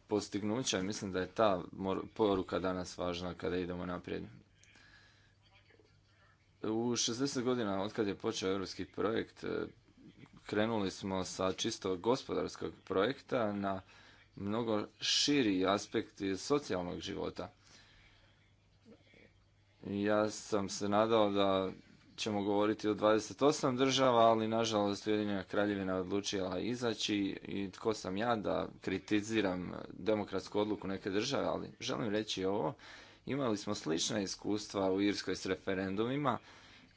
postignuća i mislim da je ta poruka danas važna kada idemo naprijed. U 60 godina od kad je počeo europski projekt, e, krenuli smo sa čisto gospodarskog projekta na mnogo širi aspekt socijalnog života. Ja sam se nadao da ćemo govoriti o 28 država, ali nažalost Ujedinjena kraljevina odlučila izaći i tko sam ja da kritiziram demokratsku odluku neke države, ali želim reći ovo. Imali smo slična iskustva u Irskoj s referendumima,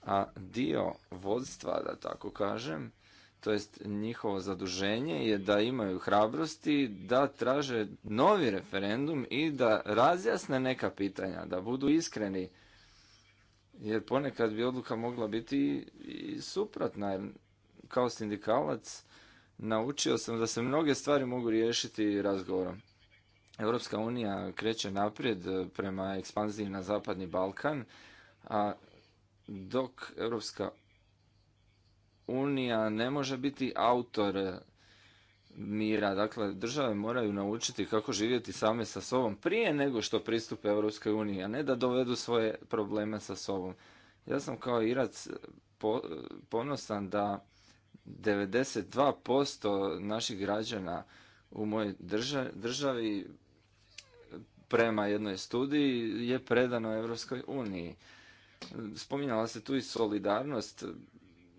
a dio vodstva, da tako kažem, to jest njihovo zaduženje je da imaju hrabrosti da traže novi referendum i da razjasne neka pitanja, da budu iskreni jer ponekad bi odluka mogla biti i suprotna. Jer kao sindikalac naučio sam da se mnoge stvari mogu riješiti razgovorom. Europska unija kreće naprijed e, prema ekspanziji na Zapadni Balkan, a dok Europska unija ne može biti autor mira. Dakle, države moraju naučiti kako živjeti same sa sobom prije nego što pristupe Europskoj uniji, a ne da dovedu svoje probleme sa sobom. Ja sam kao Irac eh, eh, ponosan da 92% naših građana u mojoj državi eh, prema jednoj studiji je predano Europskoj uniji. Spominjala se tu i solidarnost.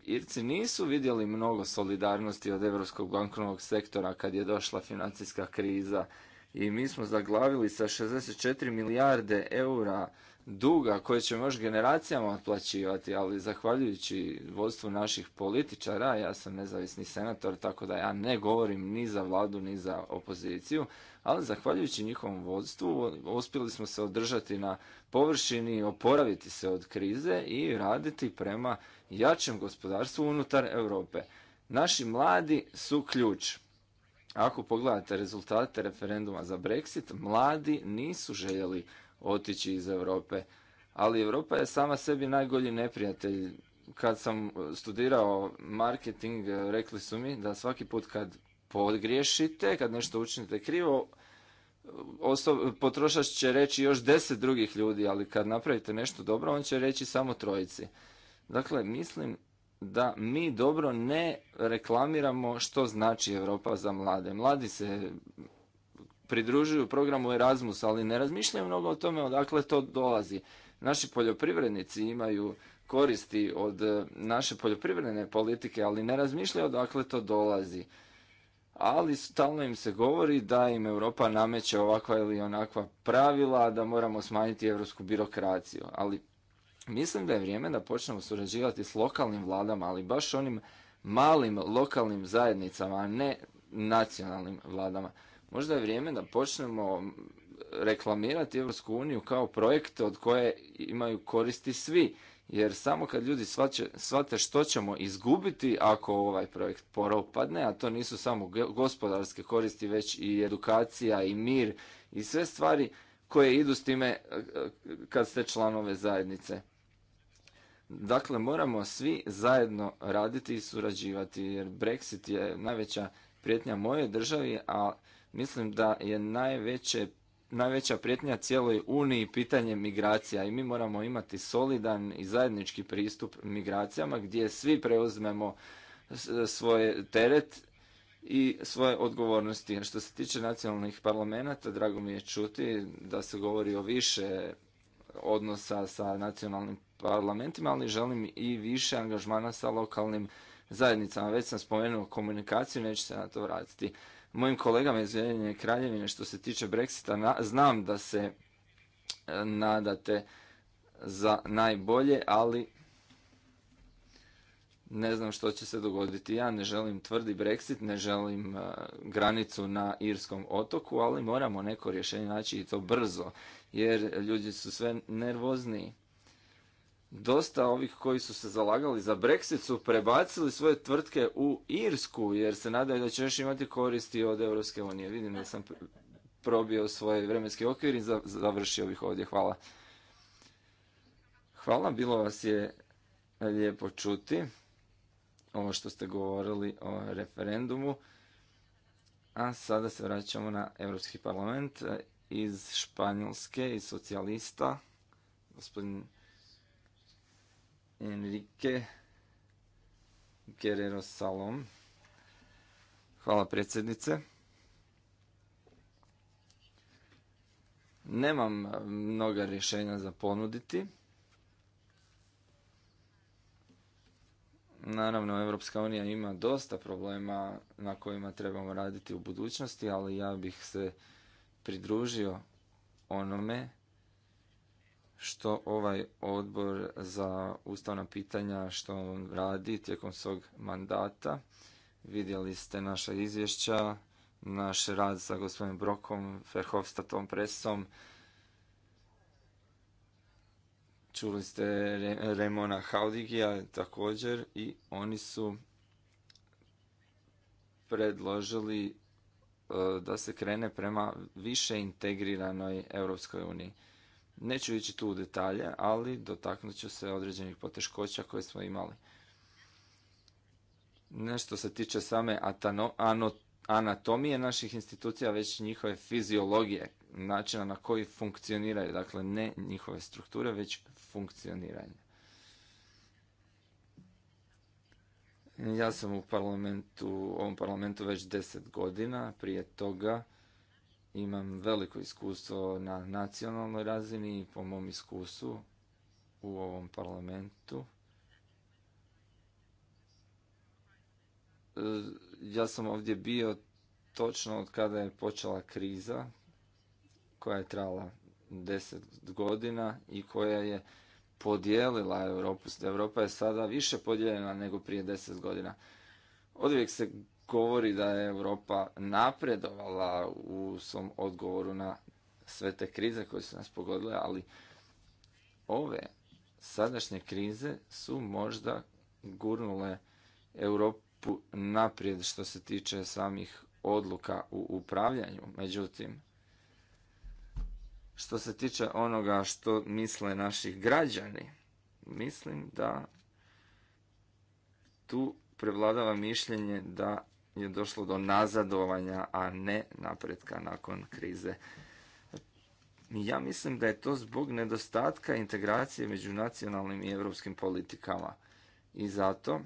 Irci nisu vidjeli mnogo solidarnosti od Europskog bankovnog sektora kad je došla financijska kriza i mi smo zaglavili sa 64 milijarde eura duga koje ćemo još generacijama otplaćivati, ali zahvaljujući vodstvu naših političara, ja sam nezavisni senator, tako da ja ne govorim ni za vladu, ni za opoziciju, ali zahvaljujući njihovom vodstvu uspjeli smo se održati na površini, oporaviti se od krize i raditi prema jačem gospodarstvu unutar Europe. Naši mladi su ključ. Ako pogledate rezultate referenduma za Brexit, mladi nisu željeli otići iz Europe, ali Europa je sama sebi najgolji neprijatelj. Kad sam studirao marketing, rekli su mi da svaki put kad podgriješite, kad nešto učinite krivo, potrošač će reći još deset drugih ljudi, ali kad napravite nešto dobro, on će reći samo trojici. Dakle, mislim da mi dobro ne reklamiramo što znači Europa za mlade. Mladi se pridružuju programu Erasmus, ali ne razmišljaju mnogo o tome odakle to dolazi. Naši poljoprivrednici imaju koristi od eh, naše poljoprivredne politike, ali ne razmišljaju odakle to dolazi ali stalno im se govori da im Europa nameće ovakva ili onakva pravila, da moramo smanjiti evropsku birokraciju. Ali mislim da je vrijeme da počnemo surađivati s lokalnim vladama, ali baš onim malim lokalnim zajednicama, a ne nacionalnim vladama. Možda je vrijeme da počnemo reklamirati Europsku uniju kao projekt od koje imaju koristi svi jer samo kad ljudi shvate što ćemo izgubiti ako ovaj projekt poropadne, a to nisu samo gospodarske koristi, već i edukacija i mir i sve stvari koje idu s time e, e, kad ste članove zajednice. Dakle, moramo svi zajedno raditi i surađivati, jer Brexit je najveća prijetnja moje državi, a mislim da je najveće najveća prijetnja cijeloj Uniji pitanje migracija i mi moramo imati solidan i zajednički pristup migracijama gdje svi preuzmemo svoj teret i svoje odgovornosti. Što se tiče nacionalnih parlamenta, drago mi je čuti da se govori o više odnosa sa nacionalnim parlamentima, ali želim i više angažmana sa lokalnim zajednicama. Već sam spomenuo komunikaciju, neću se na to vratiti mojim kolegama iz Ujedinjene kraljevine što se tiče Brexita. znam da se e, nadate za najbolje, ali ne znam što će se dogoditi. Ja ne želim tvrdi Brexit, ne želim e, granicu na Irskom otoku, ali moramo neko rješenje naći i to brzo, jer ljudi su sve nervozniji dosta ovih koji su se zalagali za Brexit su prebacili svoje tvrtke u Irsku jer se nadaju da će još imati koristi od Europske unije. Vidim da sam probio svoje vremenski okvir i završio bih ovdje. Hvala. Hvala, bilo vas je lijepo čuti ovo što ste govorili o referendumu. A sada se vraćamo na Europski parlament iz Španjolske, iz socijalista, gospodin Enrique Guerrero Salom. Hvala predsjednice. Nemam mnoga rješenja za ponuditi. Naravno, Evropska unija ima dosta problema na kojima trebamo raditi u budućnosti, ali ja bih se pridružio onome što ovaj odbor za ustavna pitanja, što on radi tijekom svog mandata. Vidjeli ste naša izvješća, naš rad sa gospodinom Brokom, Verhofstadtom, Presom. Čuli ste Remona Haudigija također i oni su predložili e, da se krene prema više integriranoj Europskoj uniji. Neću ići tu u detalje, ali dotaknut ću se određenih poteškoća koje smo imali. Nešto se tiče same anatomije naših institucija, već njihove fiziologije, načina na koji funkcioniraju, dakle ne njihove strukture, već funkcioniranje. Ja sam u parlamentu, ovom parlamentu već deset godina, prije toga imam veliko iskustvo na nacionalnoj razini i po mom iskustvu u ovom parlamentu. E, ja sam ovdje bio točno od kada je počela kriza koja je trala deset godina i koja je podijelila Europu. Europa je sada više podijeljena nego prije deset godina. Odvijek se govori da je Europa napredovala u svom odgovoru na sve te krize koje su nas pogodile, ali ove sadašnje krize su možda gurnule Europu naprijed što se tiče samih odluka u upravljanju. Međutim, što se tiče onoga što misle naši građani, mislim da tu prevladava mišljenje da je došlo do nazadovanja, a ne napretka nakon krize. Ja mislim da je to zbog nedostatka integracije među nacionalnim i europskim politikama. I zato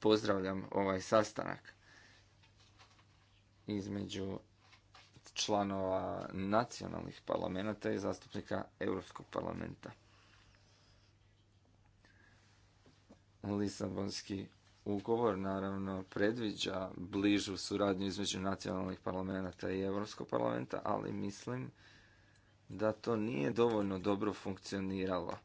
pozdravljam ovaj sastanak između članova nacionalnih parlamenta i zastupnika Europskog parlamenta. Lisabonski ugovor naravno predviđa bližu suradnju između nacionalnih parlamenta i Europskog parlamenta, ali mislim da to nije dovoljno dobro funkcioniralo.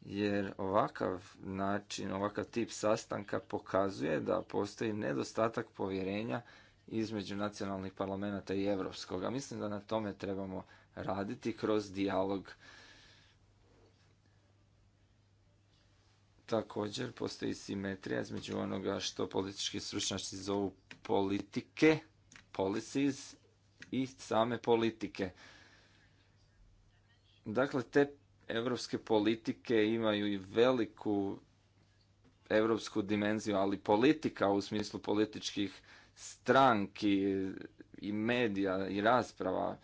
Jer ovakav način, ovakav tip sastanka pokazuje da postoji nedostatak povjerenja između nacionalnih parlamenta i A Mislim da na tome trebamo raditi kroz dijalog Također postoji simetrija između onoga što politički stručnjaci zovu politike, policies i same politike. Dakle, te evropske politike imaju i veliku evropsku dimenziju, ali politika u smislu političkih stranki i medija i rasprava.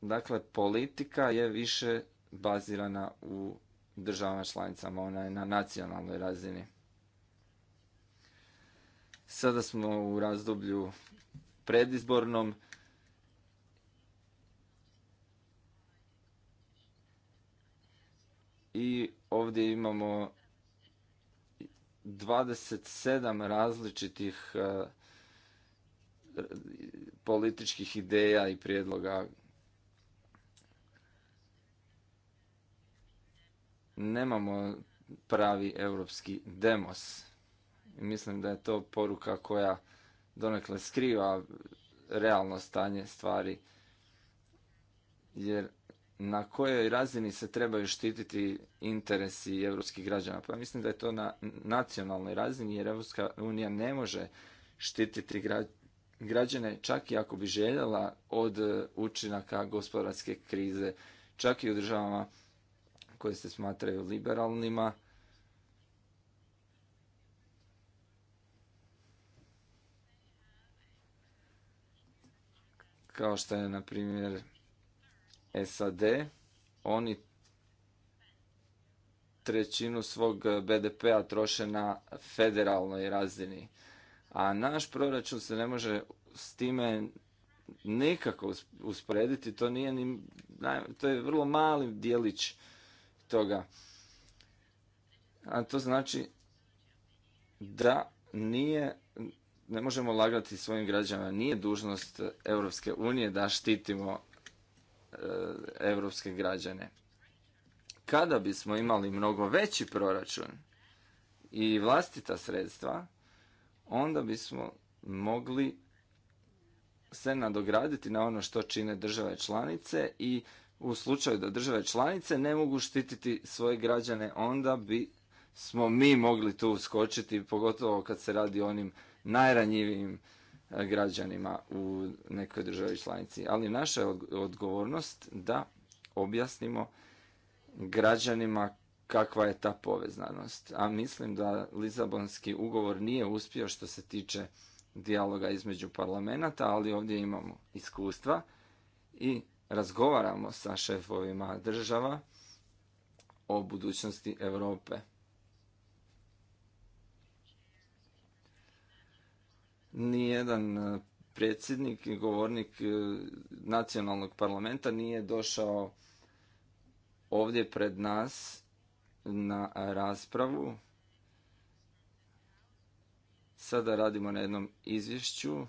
Dakle, politika je više bazirana u državama članicama, ona je na nacionalnoj razini. Sada smo u razdoblju predizbornom. I ovdje imamo 27 različitih e, političkih ideja i prijedloga nemamo pravi europski demos. Mislim da je to poruka koja donekle skriva realno stanje stvari. Jer na kojoj razini se trebaju štititi interesi europskih građana? Pa mislim da je to na nacionalnoj razini jer Europska unija ne može štititi građane čak i ako bi željela od učinaka gospodarske krize, čak i u državama koje se smatraju liberalnima. Kao što je, na primjer, SAD, oni trećinu svog BDP-a troše na federalnoj razini. A naš proračun se ne može s time nikako usporediti, to nije ni, to je vrlo mali dijelić toga. A to znači da nije, ne možemo lagati svojim građanima, nije dužnost Europske unije da štitimo europske građane. Kada bismo imali mnogo veći proračun i vlastita sredstva, onda bismo mogli se nadograditi na ono što čine države članice i u slučaju da države članice ne mogu štititi svoje građane, onda bi smo mi mogli tu uskočiti, pogotovo kad se radi o onim najranjivijim e, građanima u nekoj državi članici. Ali naša je odgovornost da objasnimo građanima kakva je ta povezanost. A mislim da Lizabonski ugovor nije uspio što se tiče dijaloga između parlamenta, ali ovdje imamo iskustva i razgovaramo sa šefovima država o budućnosti Europe. Nijedan predsjednik i govornik e, nacionalnog parlamenta nije došao ovdje pred nas na raspravu. Sada radimo na jednom izvješću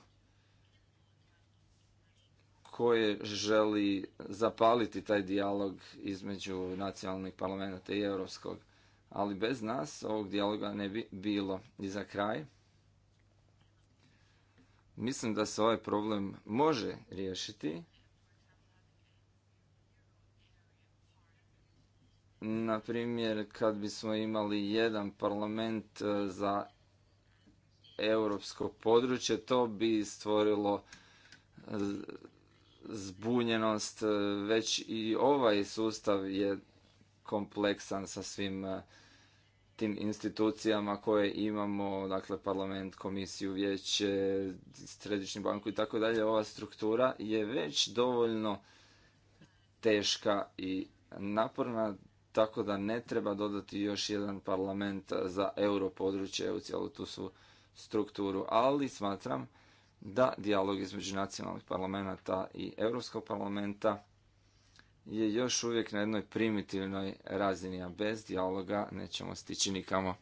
koje želi zapaliti taj dijalog između nacionalnih parlamenta i europskog. Ali bez nas ovog dijaloga ne bi bilo. I za kraj, mislim da se ovaj problem može riješiti. Na primjer, kad bismo imali jedan parlament e, za europsko područje, to bi stvorilo e, zbunjenost, e, već i ovaj sustav je kompleksan sa svim e, tim institucijama koje imamo, dakle parlament, komisiju, vijeće, središnju banku i tako dalje, ova struktura je već dovoljno teška i naporna, tako da ne treba dodati još jedan parlament za euro područje u cijelu tu svu strukturu, ali smatram da dijalog između nacionalnih parlamenta i Europskog parlamenta je još uvijek na jednoj primitivnoj razini, a bez dijaloga nećemo stići nikamo.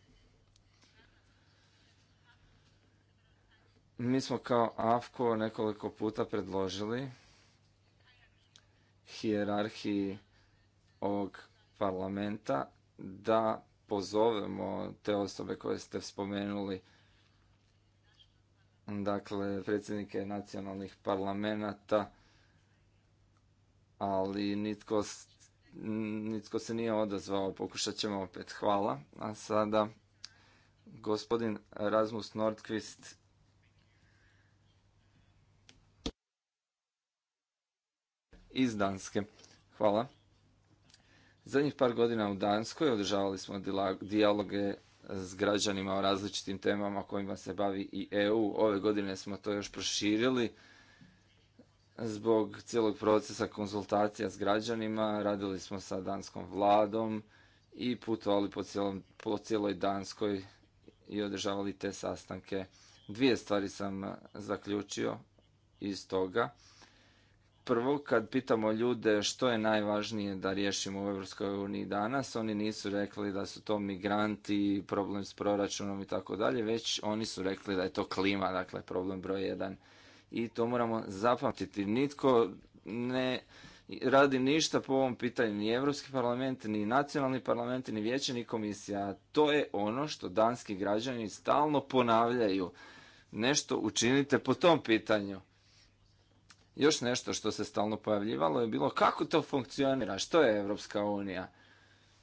Mi smo kao AFKO nekoliko puta predložili hijerarhiji ovog parlamenta da pozovemo te osobe koje ste spomenuli dakle predsjednike nacionalnih parlamenata, ali nitko, nitko se nije odazvao, pokušat ćemo opet hvala. A sada gospodin Rasmus Nordqvist iz Danske. Hvala. Zadnjih par godina u Danskoj održavali smo dijaloge s građanima o različitim temama kojima se bavi i EU. Ove godine smo to još proširili zbog cijelog procesa konzultacija s građanima. Radili smo sa danskom vladom i putovali po, po cijeloj Danskoj i održavali te sastanke. Dvije stvari sam zaključio iz toga. Prvo, kad pitamo ljude što je najvažnije da riješimo u Uniji danas, oni nisu rekli da su to migranti, problem s proračunom i tako dalje, već oni su rekli da je to klima, dakle problem broj jedan. I to moramo zapamtiti. Nitko ne radi ništa po ovom pitanju, ni Europski parlament, ni nacionalni parlament, ni vijeće, ni komisija. To je ono što danski građani stalno ponavljaju. Nešto učinite po tom pitanju još nešto što se stalno pojavljivalo je bilo kako to funkcionira, što je Europska unija.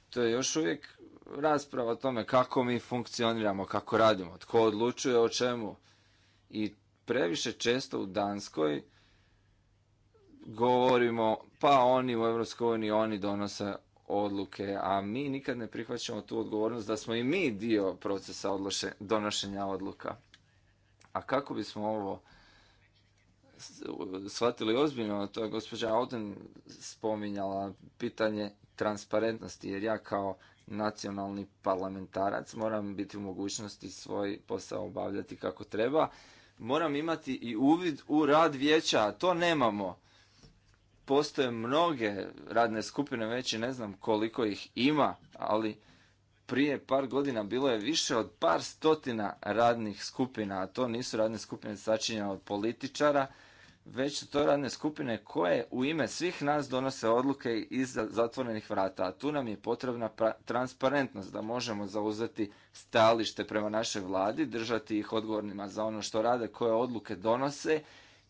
To je još uvijek rasprava o tome kako mi funkcioniramo, kako radimo, tko odlučuje o čemu. I previše često u Danskoj govorimo pa oni u Europskoj uniji, oni donose odluke, a mi nikad ne prihvaćamo tu odgovornost da smo i mi dio procesa donošenja odluka. A kako bismo ovo shvatili ozbiljno, to je gospođa Auden spominjala pitanje transparentnosti, jer ja kao nacionalni parlamentarac moram biti u mogućnosti svoj posao obavljati kako treba. Moram imati i uvid u rad vijeća, a to nemamo. Postoje mnoge radne skupine, već i ne znam koliko ih ima, ali prije par godina bilo je više od par stotina radnih skupina, a to nisu radne skupine sačinjene od političara, već su to radne skupine koje u ime svih nas donose odluke iza zatvorenih vrata, a tu nam je potrebna transparentnost da možemo zauzeti stajalište prema našoj vladi, držati ih odgovornima za ono što rade, koje odluke donose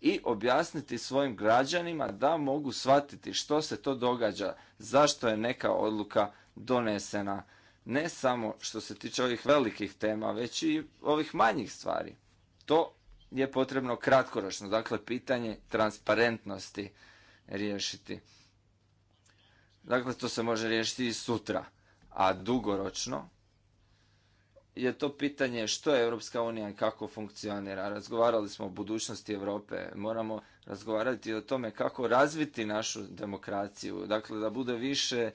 i objasniti svojim građanima da mogu shvatiti što se to događa, zašto je neka odluka donesena, ne samo što se tiče ovih velikih tema, već i ovih manjih stvari. To je potrebno kratkoročno, dakle pitanje transparentnosti riješiti. Dakle, to se može riješiti i sutra, a dugoročno je to pitanje što je Europska unija i kako funkcionira. Razgovarali smo o budućnosti Europe, moramo razgovarati o tome kako razviti našu demokraciju, dakle da bude više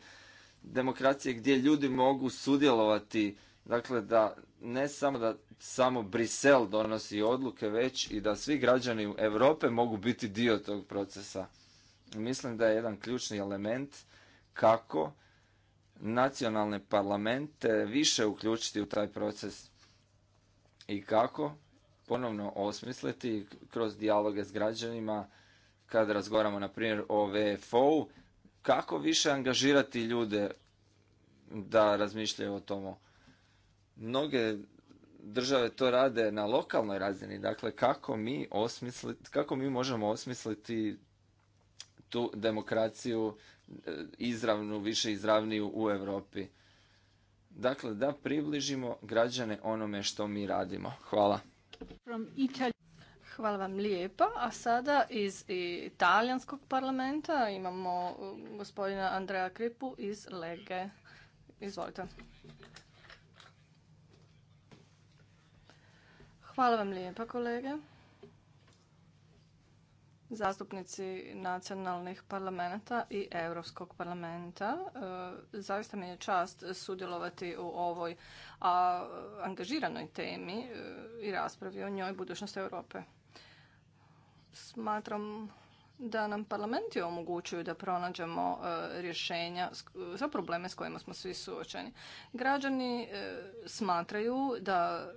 demokracije gdje ljudi mogu sudjelovati, dakle da ne samo da samo Brisel donosi odluke, već i da svi građani Europe mogu biti dio tog procesa. Mislim da je jedan ključni element kako nacionalne parlamente više uključiti u taj proces i kako ponovno osmisliti kroz dijaloge s građanima kad razgovaramo na primjer o VFO-u, kako više angažirati ljude da razmišljaju o tomu mnoge države to rade na lokalnoj razini. Dakle, kako mi, osmisliti, kako mi možemo osmisliti tu demokraciju e, izravnu, više izravniju u Europi. Dakle, da približimo građane onome što mi radimo. Hvala. Hvala vam lijepo, A sada iz italijanskog parlamenta imamo e, gospodina Andrea Kripu iz Lege. Izvolite. Hvala vam lijepa kolege. Zastupnici nacionalnih parlamenta i Europskog parlamenta. E, zaista mi je čast sudjelovati u ovoj angažiranoj temi e, i raspravi o njoj budućnosti Europe. Smatram da nam parlamenti omogućuju da pronađemo e, rješenja za probleme s kojima smo svi suočeni. Građani smatraju da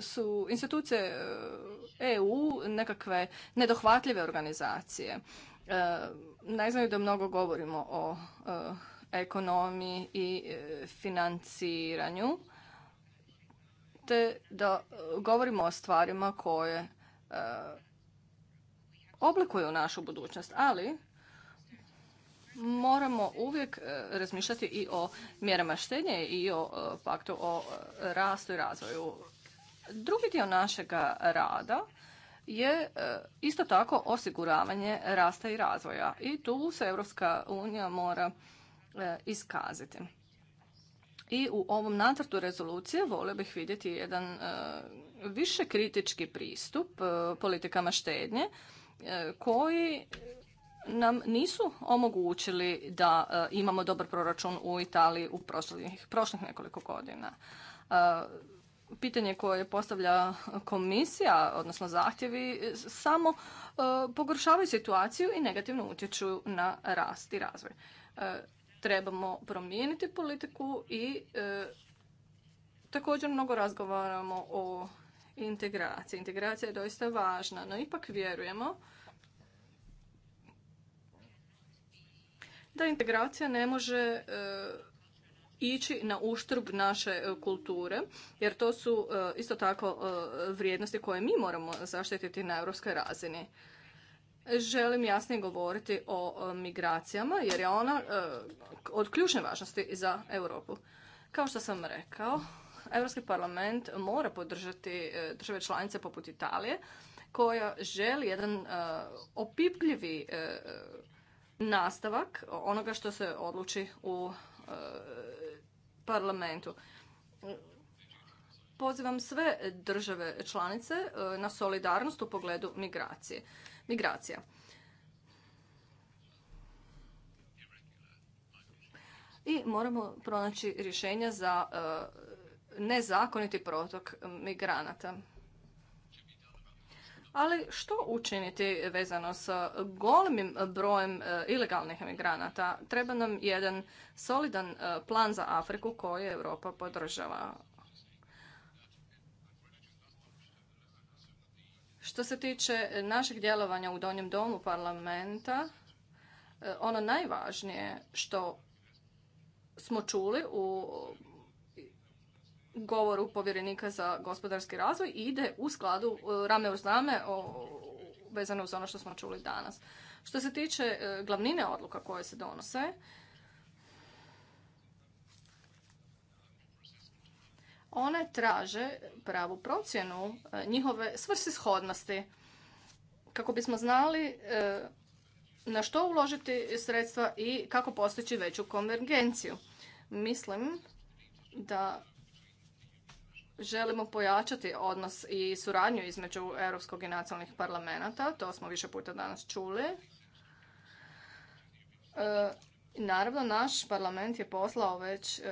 su institucije EU eh, e nekakve nedohvatljive organizacije. Eh, ne znaju da mnogo govorimo o eh, ekonomiji i financiranju, te da govorimo o stvarima koje oblikuju našu budućnost, ali moramo uvijek razmišljati i o mjerama štednje i o paktu o rastu i razvoju. Drugi dio našega rada je e, isto tako osiguravanje rasta i razvoja i tu se Europska unija mora e, iskazati. I u ovom nacrtu rezolucije volio bih vidjeti jedan e, više kritički pristup politikama štednje koji nam nisu omogućili da imamo dobar proračun u Italiji u prošlih nekoliko godina pitanje koje postavlja komisija, odnosno zahtjevi, samo e, pogoršavaju situaciju i negativno utječu na rast i razvoj. E, trebamo promijeniti politiku i e, također mnogo razgovaramo o integraciji. Integracija je doista važna, no ipak vjerujemo da integracija ne može ići na uštrb naše e, kulture, jer to su e, isto tako e, vrijednosti koje mi moramo zaštititi na europskoj razini. Želim jasnije govoriti o migracijama, jer je ona od ključne važnosti za Europu. Kao što sam rekao, Europski parlament mora podržati države članice poput Italije, koja želi jedan opipljivi nastavak onoga što se odluči u parlamentu. Pozivam sve države članice e, na solidarnost u pogledu migracije. Migracija. I moramo pronaći rješenja za e, nezakoniti protok migranata. Ali što učiniti vezano sa golemim brojem e, ilegalnih emigranata? Treba nam jedan solidan e, plan za Afriku koji Europa podržava. Što se tiče našeg djelovanja u Donjem domu parlamenta, e, ono najvažnije što smo čuli u govoru povjerenika za gospodarski razvoj ide u skladu e, rame uz rame vezano uz ono što smo čuli danas. Što se tiče e, glavnine odluka koje se donose, one traže pravu procjenu e, njihove svrsishodnosti kako bismo znali na što uložiti sredstva i kako postići veću konvergenciju. Mislim da želimo pojačati odnos i suradnju između Europskog i nacionalnih parlamenta, to smo više puta danas čuli. E, naravno, naš parlament je poslao već e,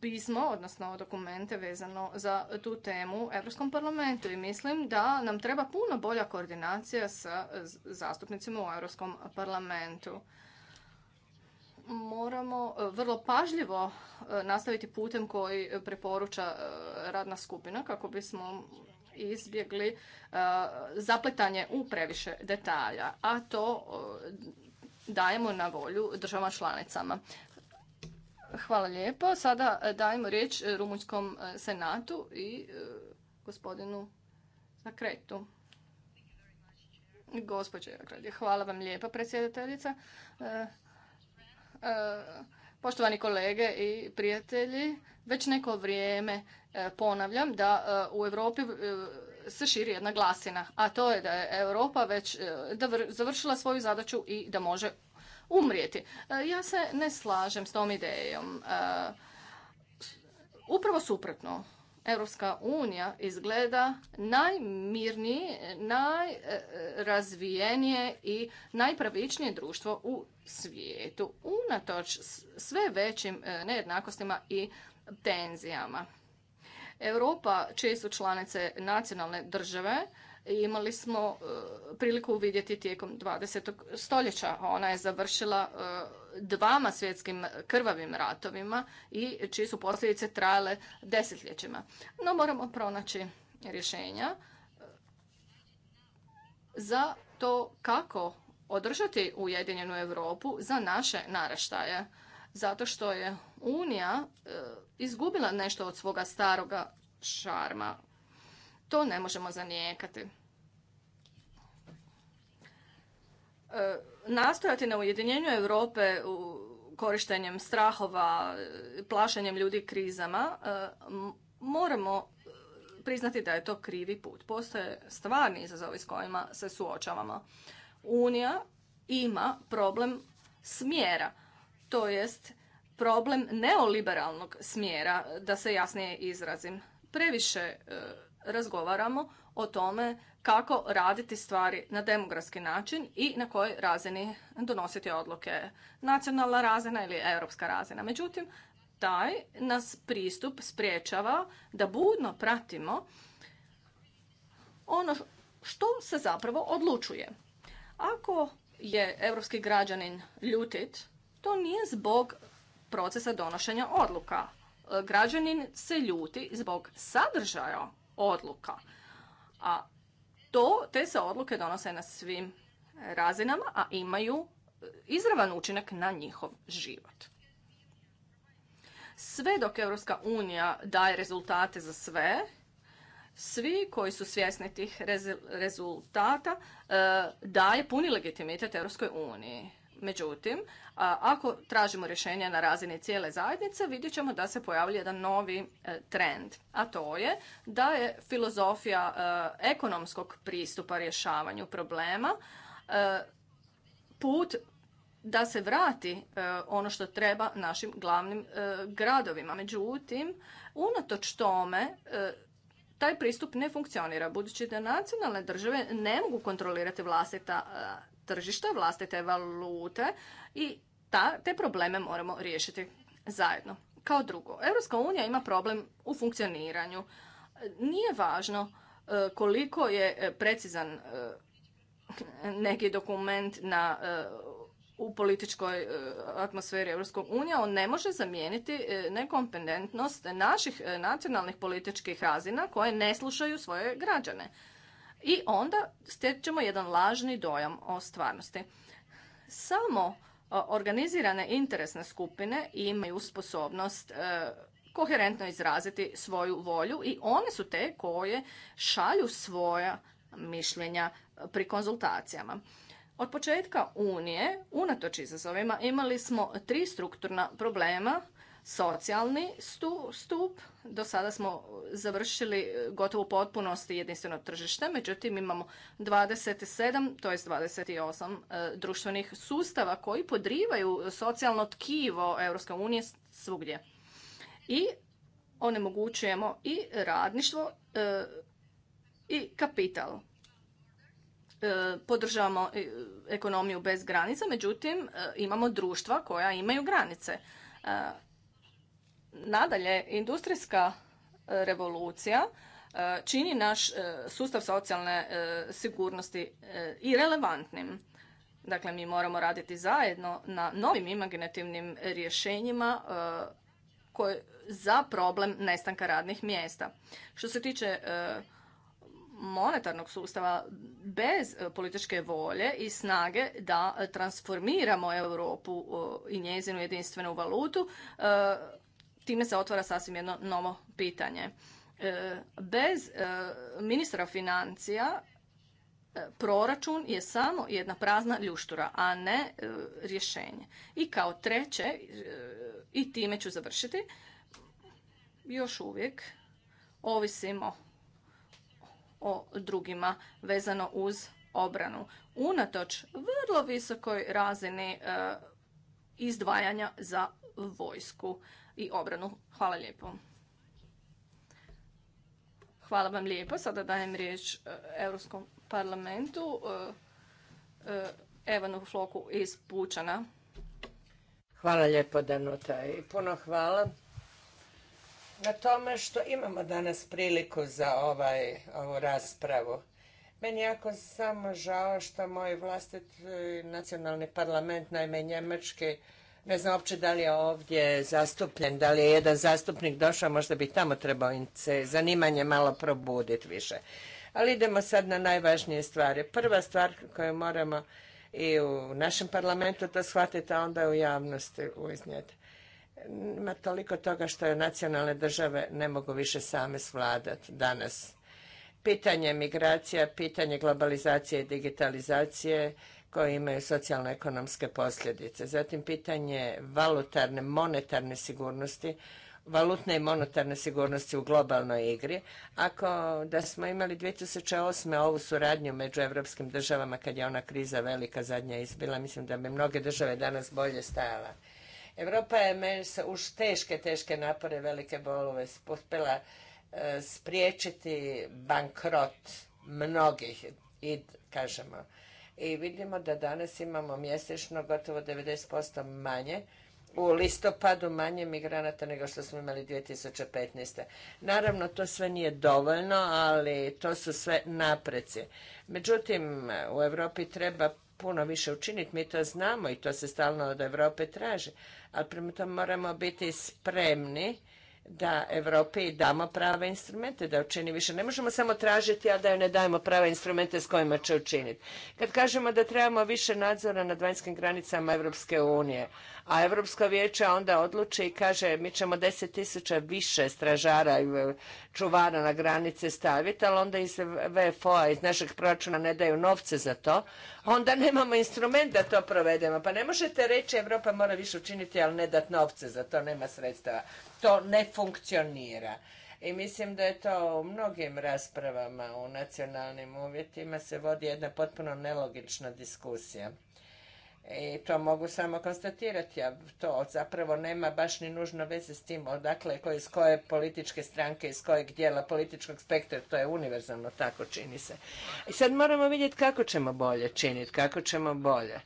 pismo, odnosno dokumente vezano za tu temu u Europskom parlamentu i mislim da nam treba puno bolja koordinacija sa zastupnicima u Europskom parlamentu moramo e, vrlo pažljivo e, nastaviti putem koji preporuča e, radna skupina kako bismo izbjegli zapletanje u previše detalja, a to dajemo na volju državama članicama. Hvala lijepo. Sada dajemo riječ Rumunjskom senatu i gospodinu Zakretu. Gospođe hvala vam lijepa predsjedateljica. E, poštovani kolege i prijatelji, već neko vrijeme e, ponavljam da e, u Europi se širi jedna glasina, a to je da je Europa već završila svoju zadaću i da može umrijeti. Ja se ne slažem s tom idejom. Upravo suprotno. Europska unija izgleda najmirnije, najrazvijenije i najpravičnije društvo u svijetu, unatoč sve većim e, nejednakostima i tenzijama. Europa, čije su članice nacionalne države, imali smo e, priliku vidjeti tijekom 20. stoljeća. Ona je završila e, dvama svjetskim krvavim ratovima i čiji su posljedice trajale desetljećima. No moramo pronaći rješenja e, za to kako održati Ujedinjenu Europu za naše naraštaje. Zato što je Unija e, izgubila nešto od svoga staroga šarma. To ne možemo zanijekati. E, nastojati na ujedinjenju Europe u korištenjem strahova, e, plašenjem ljudi krizama, e, moramo priznati da je to krivi put. Postoje stvarni izazovi s kojima se suočavamo. Unija ima problem smjera, to jest problem neoliberalnog smjera, da se jasnije izrazim. Previše razgovaramo o tome kako raditi stvari na demografski način i na kojoj razini donositi odluke, nacionalna razina ili europska razina. Međutim, taj nas pristup spriječava da budno pratimo ono što se zapravo odlučuje. Ako je europski građanin ljutit, to nije zbog procesa donošenja odluka. Građanin se ljuti zbog sadržaja odluka. A to, te se odluke donose na svim razinama, a imaju e, izravan učinak na njihov život. Sve dok Europska unija daje rezultate za sve, svi koji su svjesni tih rezultata e, daje puni legitimitet Europskoj uniji. Međutim, ako tražimo rješenje na razini cijele zajednice, vidjet ćemo da se pojavlja jedan novi e, trend, a to je da je filozofija e, ekonomskog pristupa rješavanju problema e, put da se vrati ono što treba našim glavnim gradovima. Međutim, unatoč tome, taj pristup ne funkcionira, budući da nacionalne države ne mogu kontrolirati vlastita tržišta, vlastite valute i ta, te probleme moramo riješiti zajedno. Kao drugo, Europska unija ima problem u funkcioniranju. Nije važno e, koliko je e, precizan e, neki dokument na u političkoj atmosferi Europskog unija, on ne može zamijeniti nekompetentnost naših nacionalnih političkih razina koje ne slušaju svoje građane i onda stječemo jedan lažni dojam o stvarnosti. Samo organizirane interesne skupine imaju sposobnost e, koherentno izraziti svoju volju i one su te koje šalju svoja mišljenja e, pri konzultacijama. Od početka Unije, unatoč izazovima, imali smo tri strukturna problema socijalni stup. Do sada smo završili e, gotovo u potpunosti jedinstveno tržište, međutim imamo 27, to je 28 e, društvenih sustava koji podrivaju socijalno tkivo Europske unije svugdje. I onemogućujemo i radništvo e, i kapital podržavamo ekonomiju bez granica, međutim imamo društva koja imaju granice. Nadalje, industrijska e, revolucija e, čini naš e, sustav socijalne sigurnosti i relevantnim. Dakle, mi moramo raditi zajedno na novim imaginativnim rješenjima za problem nestanka radnih mjesta. Što se tiče monetarnog sustava, bez političke volje i snage da transformiramo Europu i njezinu jedinstvenu valutu, time se otvara sasvim jedno novo pitanje. E, bez e, ministra financija e, proračun je samo jedna prazna ljuštura, a ne rješenje. I kao treće, i time ću završiti, još uvijek ovisimo o drugima vezano uz obranu. Unatoč vrlo visokoj razini izdvajanja za vojsku i obranu. Hvala lijepo. Hvala vam lijepo. Sada dajem riječ e, Europskom parlamentu e, e, Evanu Floku iz Pučana. Hvala lijepo Danuta i puno hvala na tome što imamo danas priliku za ovaj, ovu raspravu. Meni jako samo žao što moj vlastiti nacionalni parlament, najme njemački, ne znam uopće da li je ovdje zastupljen, da li je jedan zastupnik došao, možda bi tamo trebao se zanimanje malo probuditi više. Ali idemo sad na najvažnije stvari. Prva stvar koju moramo i u našem parlamentu to shvatiti, a onda u javnosti uiznijeti. Ima toliko toga što je nacionalne države ne mogu više same svladati danas. Pitanje migracija, pitanje globalizacije i digitalizacije koje imaju socijalno-ekonomske posljedice. Zatim pitanje valutarne, monetarne sigurnosti, valutne i monetarne sigurnosti u globalnoj igri. Ako da smo imali 2008. ovu suradnju među evropskim državama kad je ona kriza velika zadnja izbila, mislim da bi mnoge države danas bolje stajala. Europa je uz teške, teške napore, velike bolove uspjela e, spriječiti bankrot mnogih i kažemo i vidimo da danas imamo mjesečno gotovo 90% manje u listopadu manje migranata nego što smo imali 2015. Naravno, to sve nije dovoljno, ali to su sve napreci. Međutim, u Europi treba puno više učiniti, mi to znamo i to se stalno od Europe traži, ali prema tome moramo biti spremni da Europi damo prave instrumente da učini više. Ne možemo samo tražiti, a da joj ne dajemo prave instrumente s kojima će učiniti. Kad kažemo da trebamo više nadzora nad vanjskim granicama Europske unije, a Europsko vijeće onda odluči i kaže mi ćemo deset tisuća više stražara i čuvara na granice staviti, ali onda iz VFO-a, iz našeg proračuna ne daju novce za to, onda nemamo instrument da to provedemo. Pa ne možete reći Europa mora više učiniti, ali ne dati novce za to, nema sredstava to ne funkcionira. I mislim da je to u mnogim raspravama u nacionalnim uvjetima se vodi jedna potpuno nelogična diskusija. I to mogu samo konstatirati, a to zapravo nema baš ni nužno veze s tim odakle, ko iz koje političke stranke, iz kojeg dijela političkog spektra, to je univerzalno tako čini se. I sad moramo vidjeti kako ćemo bolje činiti, kako ćemo bolje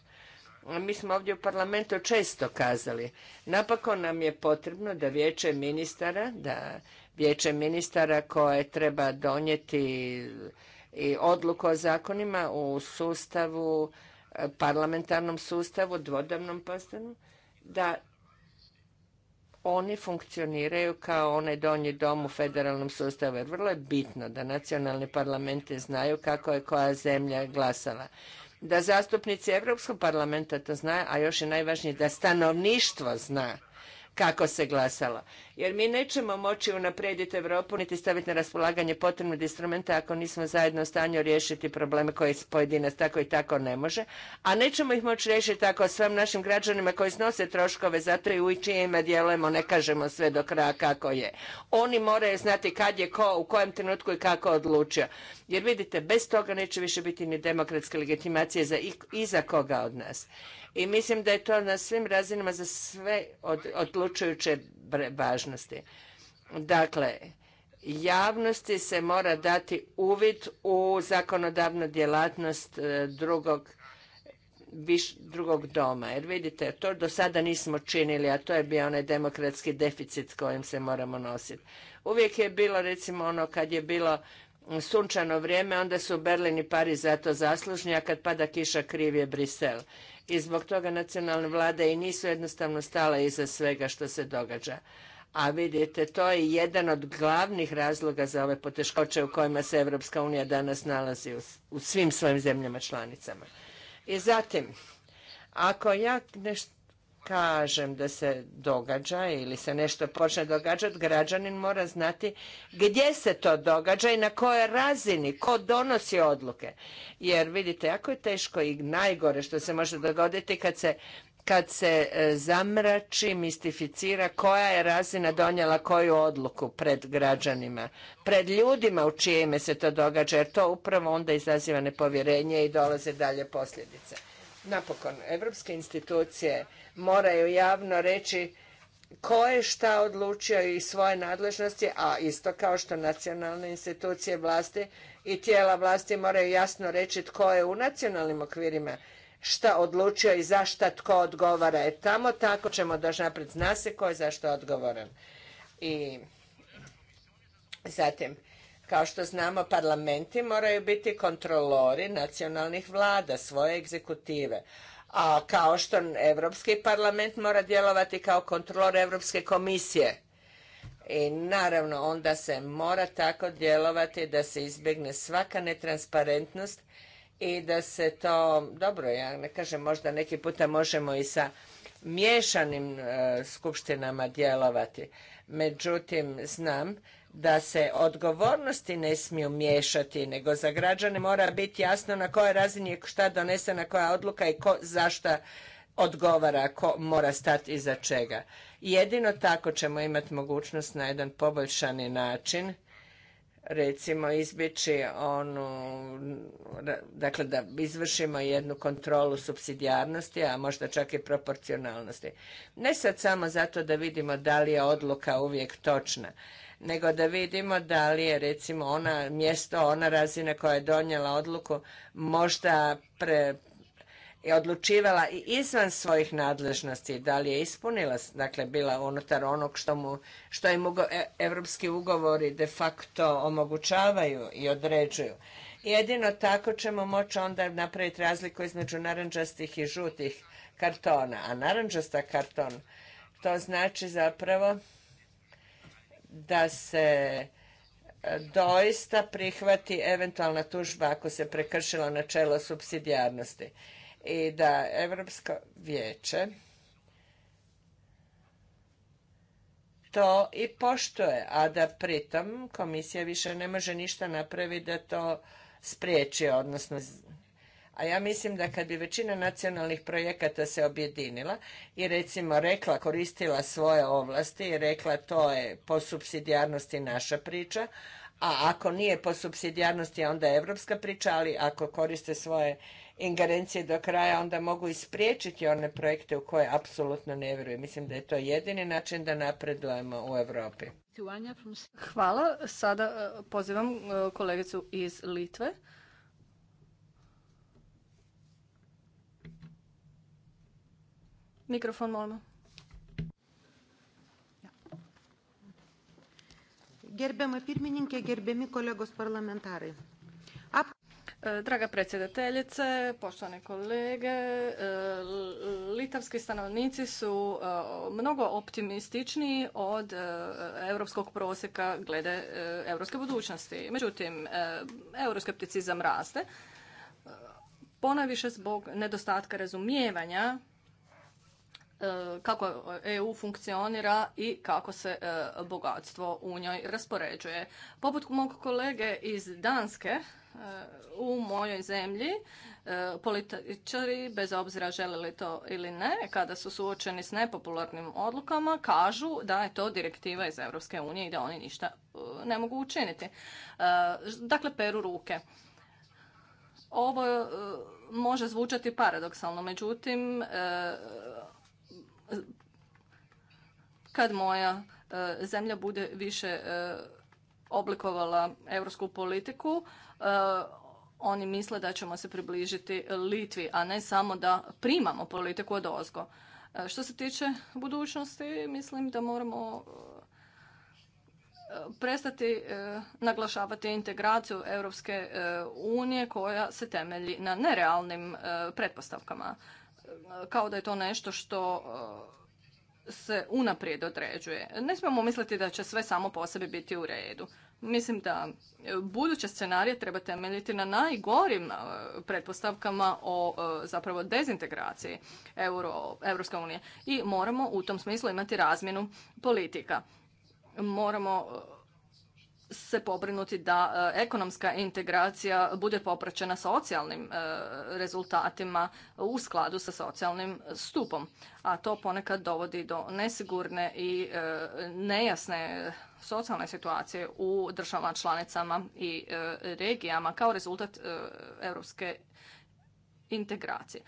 mi smo ovdje u parlamentu često kazali, napako nam je potrebno da vijeće ministara, da vijeće ministara koje treba donijeti i odluku o zakonima u sustavu, parlamentarnom sustavu, dvodavnom postanu, da oni funkcioniraju kao onaj donji dom u federalnom sustavu. Vrlo je bitno da nacionalni parlamenti znaju kako je koja zemlja glasala da zastupnici Europskog parlamenta to znaju, a još je najvažnije da stanovništvo zna kako se glasalo. Jer mi nećemo moći unaprijediti Europu niti staviti na raspolaganje potrebne instrumente ako nismo zajedno u stanju riješiti probleme koje pojedinac tako i tako ne može. A nećemo ih moći riješiti ako svim našim građanima koji snose troškove zato i u čije djelujemo ne kažemo sve do kraja kako je. Oni moraju znati kad je ko, u kojem trenutku i kako odlučio. Jer vidite, bez toga neće više biti ni demokratske legitimacije za i za koga od nas i mislim da je to na svim razinama za sve od, odlučujuće važnosti. Dakle, javnosti se mora dati uvid u zakonodavnu djelatnost e, drugog viš, drugog doma. Jer vidite, to do sada nismo činili, a to je bio onaj demokratski deficit s kojim se moramo nositi. Uvijek je bilo, recimo, ono kad je bilo sunčano vrijeme, onda su Berlin i Pariz za to zaslužni, a kad pada kiša kriv je Brisel i zbog toga nacionalne vlade i nisu jednostavno stale iza svega što se događa. A vidite, to je jedan od glavnih razloga za ove poteškoće u kojima se Evropska unija danas nalazi u, svim svojim zemljama članicama. I zatim, ako ja nešto kažem da se događa ili se nešto počne događati, građanin mora znati gdje se to događa i na kojoj razini, ko donosi odluke. Jer vidite, jako je teško i najgore što se može dogoditi kad se kad se e, zamrači, mistificira koja je razina donijela koju odluku pred građanima, pred ljudima u čije se to događa, jer to upravo onda izaziva nepovjerenje i dolaze dalje posljedice. Napokon, evropske institucije moraju javno reći ko je šta odlučio i svoje nadležnosti, a isto kao što nacionalne institucije vlasti i tijela vlasti moraju jasno reći tko je u nacionalnim okvirima šta odlučio i za šta tko odgovara. E tamo tako ćemo doći naprijed. Zna se ko je zašto odgovoran. I zatim, kao što znamo, parlamenti moraju biti kontrolori nacionalnih vlada, svoje egzekutive. A kao što Europski parlament mora djelovati kao kontrolor Europske komisije. I naravno, onda se mora tako djelovati da se izbjegne svaka netransparentnost i da se to, dobro, ja ne kažem, možda neki puta možemo i sa miješanim e, skupštinama djelovati. Međutim, znam da se odgovornosti ne smiju miješati, nego za građane mora biti jasno na kojoj razini je šta donesena, koja odluka i ko odgovara, ko mora stati iza čega. Jedino tako ćemo imati mogućnost na jedan poboljšani način recimo izbjeći onu, dakle da izvršimo jednu kontrolu subsidijarnosti, a možda čak i proporcionalnosti. Ne sad samo zato da vidimo da li je odluka uvijek točna, nego da vidimo da li je recimo ona mjesto, ona razina koja je donijela odluku možda pre, je odlučivala i izvan svojih nadležnosti, da li je ispunila, dakle bila unutar onog što, mu, što im ugo, e, evropski ugovori de facto omogućavaju i određuju. Jedino tako ćemo moći onda napraviti razliku između naranđastih i žutih kartona, a naranđasta karton to znači zapravo da se e, doista prihvati eventualna tužba ako se prekršilo načelo subsidijarnosti i da Europsko vijeće to i poštuje, a da pritom komisija više ne može ništa napraviti da to spriječi, odnosno a ja mislim da kad bi većina nacionalnih projekata se objedinila i recimo rekla, koristila svoje ovlasti i rekla to je po subsidijarnosti naša priča, a ako nije po subsidijarnosti onda je evropska priča, ali ako koriste svoje ingerencije do kraja onda mogu ispriječiti one projekte u koje apsolutno ne vjerujem. Mislim da je to jedini način da napredujemo u Europi. Hvala. Sada e, pozivam e, kolegicu iz Litve. Mikrofon, molimo. Gerbema pirmininkė, gerbiami kolegos parlamentarai. E, draga predsjedateljice, poštovane kolege, e, litavski stanovnici su e, mnogo optimističniji od europskog prosjeka glede europske budućnosti. Međutim, euroskepticizam raste, ponaviše zbog nedostatka razumijevanja E, kako EU funkcionira i kako se e, bogatstvo u njoj raspoređuje. Poput mog kolege iz Danske, e, u mojoj zemlji političari, bez obzira žele li to ili ne, kada su suočeni s nepopularnim odlukama, kažu da je to direktiva iz Europske unije i da oni ništa ne mogu učiniti. Dakle, peru ruke. Ovo može zvučati paradoksalno, međutim, kad moja e, zemlja bude više e, oblikovala europsku politiku, e, oni misle da ćemo se približiti Litvi, a ne samo da primamo politiku od ozgo. Što se tiče budućnosti, mislim da moramo prestati naglašavati integraciju Europske unije koja se temelji na nerealnim pretpostavkama kao da je to nešto što e, se unaprijed određuje. Ne smijemo misliti da će sve samo po sebi biti u redu. Mislim da e, buduće scenarije treba temeljiti na najgorim e, pretpostavkama o zapravo dezintegraciji Euro, Europske unije i moramo u tom smislu imati razmjenu politika. Moramo se pobrinuti da e, ekonomska integracija bude popraćena socijalnim e, rezultatima u skladu sa socijalnim stupom. A to ponekad dovodi do nesigurne i e, nejasne socijalne situacije u državama članicama i regijama kao rezultat europske integracije.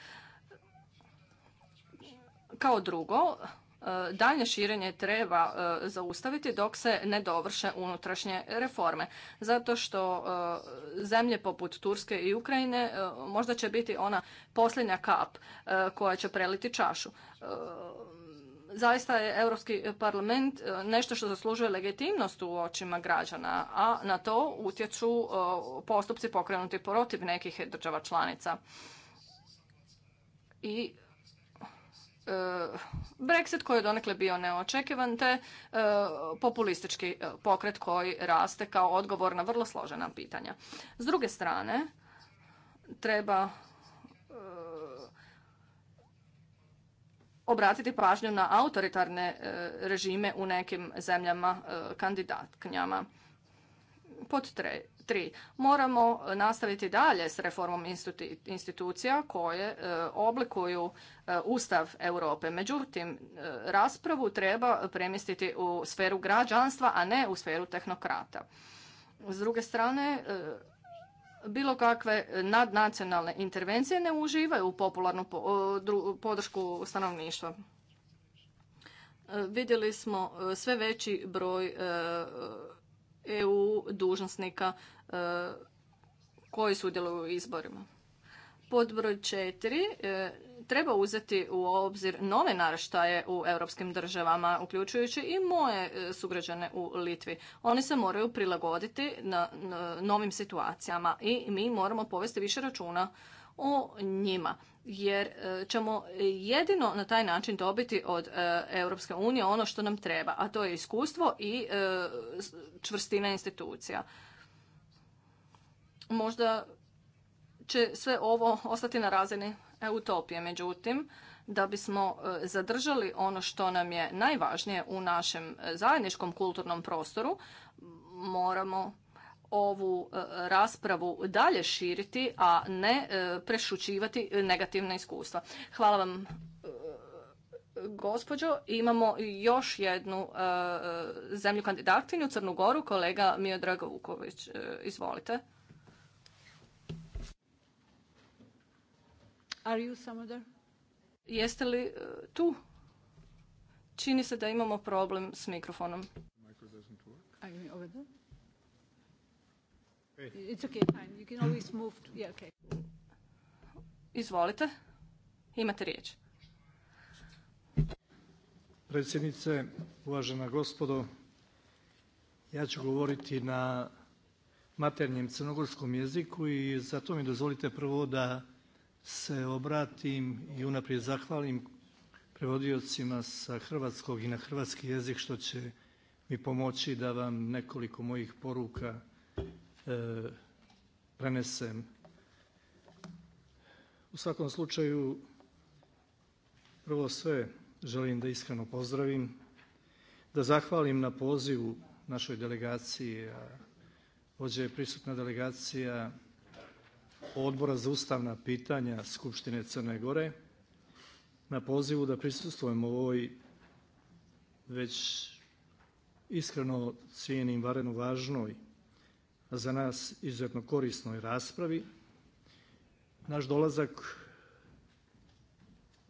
Kao drugo, E, daljnje širenje treba e, zaustaviti dok se ne dovrše unutrašnje reforme. Zato što e, zemlje poput Turske i Ukrajine možda će biti ona posljednja kap koja će preliti čašu zaista je Europski parlament nešto što zaslužuje legitimnost u očima građana, a na to utječu postupci pokrenuti protiv nekih država članica. I E, Brexit koji je donekle bio neočekivan te e, populistički e, pokret koji raste kao odgovor na vrlo složena pitanja. S druge strane, treba obratiti pažnju na autoritarne režime u nekim zemljama kandidatkinjama. Pod tre, tri, Moramo e, nastaviti dalje s reformom institucija koje e, oblikuju e, Ustav Europe. Međutim, raspravu treba premjestiti u sferu građanstva, a ne u sferu tehnokrata. S druge strane, bilo kakve nadnacionalne intervencije ne uživaju popularnu podršku stanovništva. Vidjeli smo sve veći broj EU dužnosnika e, koji sudjeluju u izborima. Pod broj četiri, e, treba uzeti u obzir nove naraštaje u europskim državama, uključujući i moje e, sugrađane u Litvi. Oni se moraju prilagoditi na novim situacijama i mi moramo povesti više računa o njima jer e, ćemo jedino na taj način dobiti od e, Europske unije ono što nam treba, a to je iskustvo i e, čvrstina institucija. Možda će sve ovo ostati na razini utopije, međutim, da bismo zadržali ono što nam je najvažnije u našem zajedničkom kulturnom prostoru, moramo ovu e, raspravu dalje širiti, a ne e, prešućivati negativna iskustva. Hvala vam e, gospođo. Imamo još jednu zemlju kandidatinju, Crnu Goru, kolega Miodrag Vuković. Izvolite. Are Jeste li tu? Čini se da imamo problem s mikrofonom. It's Izvolite. Imate riječ. Predsjednice, uvažena gospodo, ja ću govoriti na maternjem crnogorskom jeziku i zato mi dozvolite prvo da se obratim i unaprijed zahvalim prevodiocima sa hrvatskog i na hrvatski jezik što će mi pomoći da vam nekoliko mojih poruka E, prenesem. U svakom slučaju prvo sve želim da iskreno pozdravim, da zahvalim na pozivu našoj delegaciji, ovdje je prisutna delegacija Odbora za ustavna pitanja Skupštine Crne Gore na pozivu da prisustvujemo ovoj već iskreno cijenim varenu važnoj za nas izuzetno korisnoj raspravi. Naš dolazak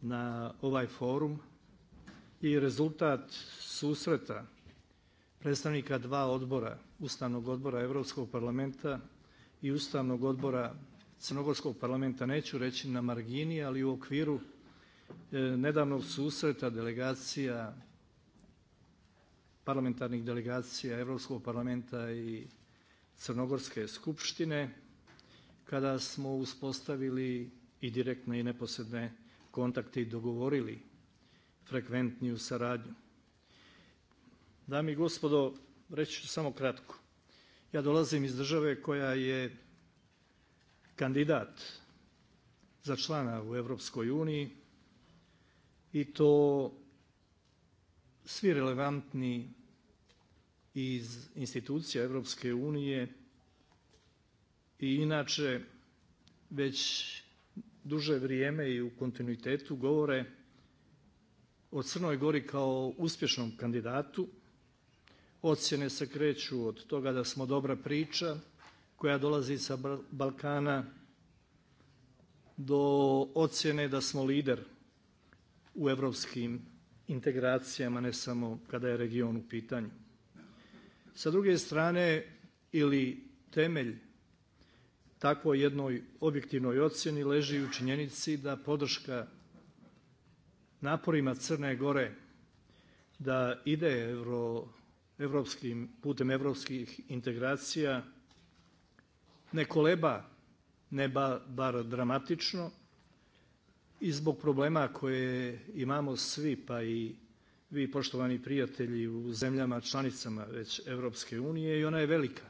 na ovaj forum i rezultat susreta predstavnika dva odbora, Ustavnog odbora Europskog parlamenta i Ustavnog odbora Crnogorskog parlamenta, neću reći na margini, ali u okviru e, nedavnog susreta delegacija, parlamentarnih delegacija Europskog parlamenta i Crnogorske skupštine kada smo uspostavili i direktne i neposredne kontakte i dogovorili frekventniju saradnju. Dame i gospodo, reći ću samo kratko. Ja dolazim iz države koja je kandidat za člana u Europskoj uniji i to svi relevantni iz institucija Europske unije i inače već duže vrijeme i u kontinuitetu govore o Crnoj Gori kao uspješnom kandidatu. Ocjene se kreću od toga da smo dobra priča koja dolazi sa Balkana do ocjene da smo lider u europskim integracijama ne samo kada je region u pitanju. Sa druge strane ili temelj takvoj jednoj objektivnoj ocjeni leži u činjenici da podrška naporima Crne Gore da ide euro, putem evropskih integracija ne koleba, ne bar dramatično i zbog problema koje imamo svi pa i vi poštovani prijatelji u zemljama članicama već Europske unije i ona je velika,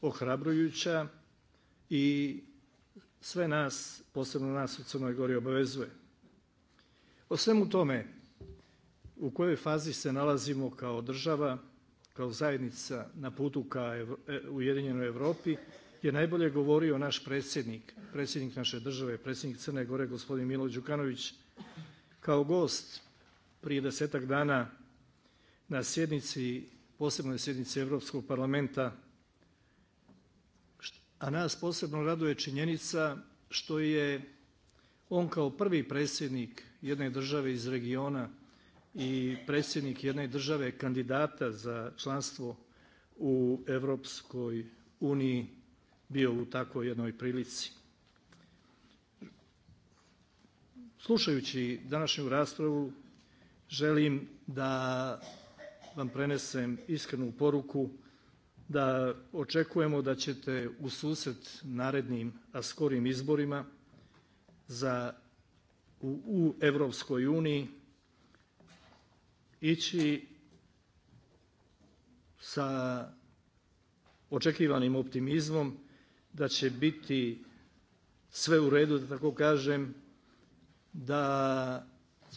ohrabrujuća i sve nas, posebno nas u Crnoj Gori obavezuje. O svemu tome u kojoj fazi se nalazimo kao država, kao zajednica na putu ka e, Ujedinjenoj Europi je najbolje govorio naš predsjednik, predsjednik naše države, predsjednik Crne Gore gospodin Milo Đukanović kao gost prije desetak dana na sjednici, posebnoj sjednici Europskog parlamenta, a nas posebno raduje činjenica što je on kao prvi predsjednik jedne države iz regiona i predsjednik jedne države kandidata za članstvo u Europskoj uniji bio u takvoj jednoj prilici. Slušajući današnju raspravu želim da vam prenesem iskrenu poruku da očekujemo da ćete u susret narednim, a skorim izborima za, u, u Evropskoj uniji ići sa očekivanim optimizmom da će biti sve u redu, da tako kažem, da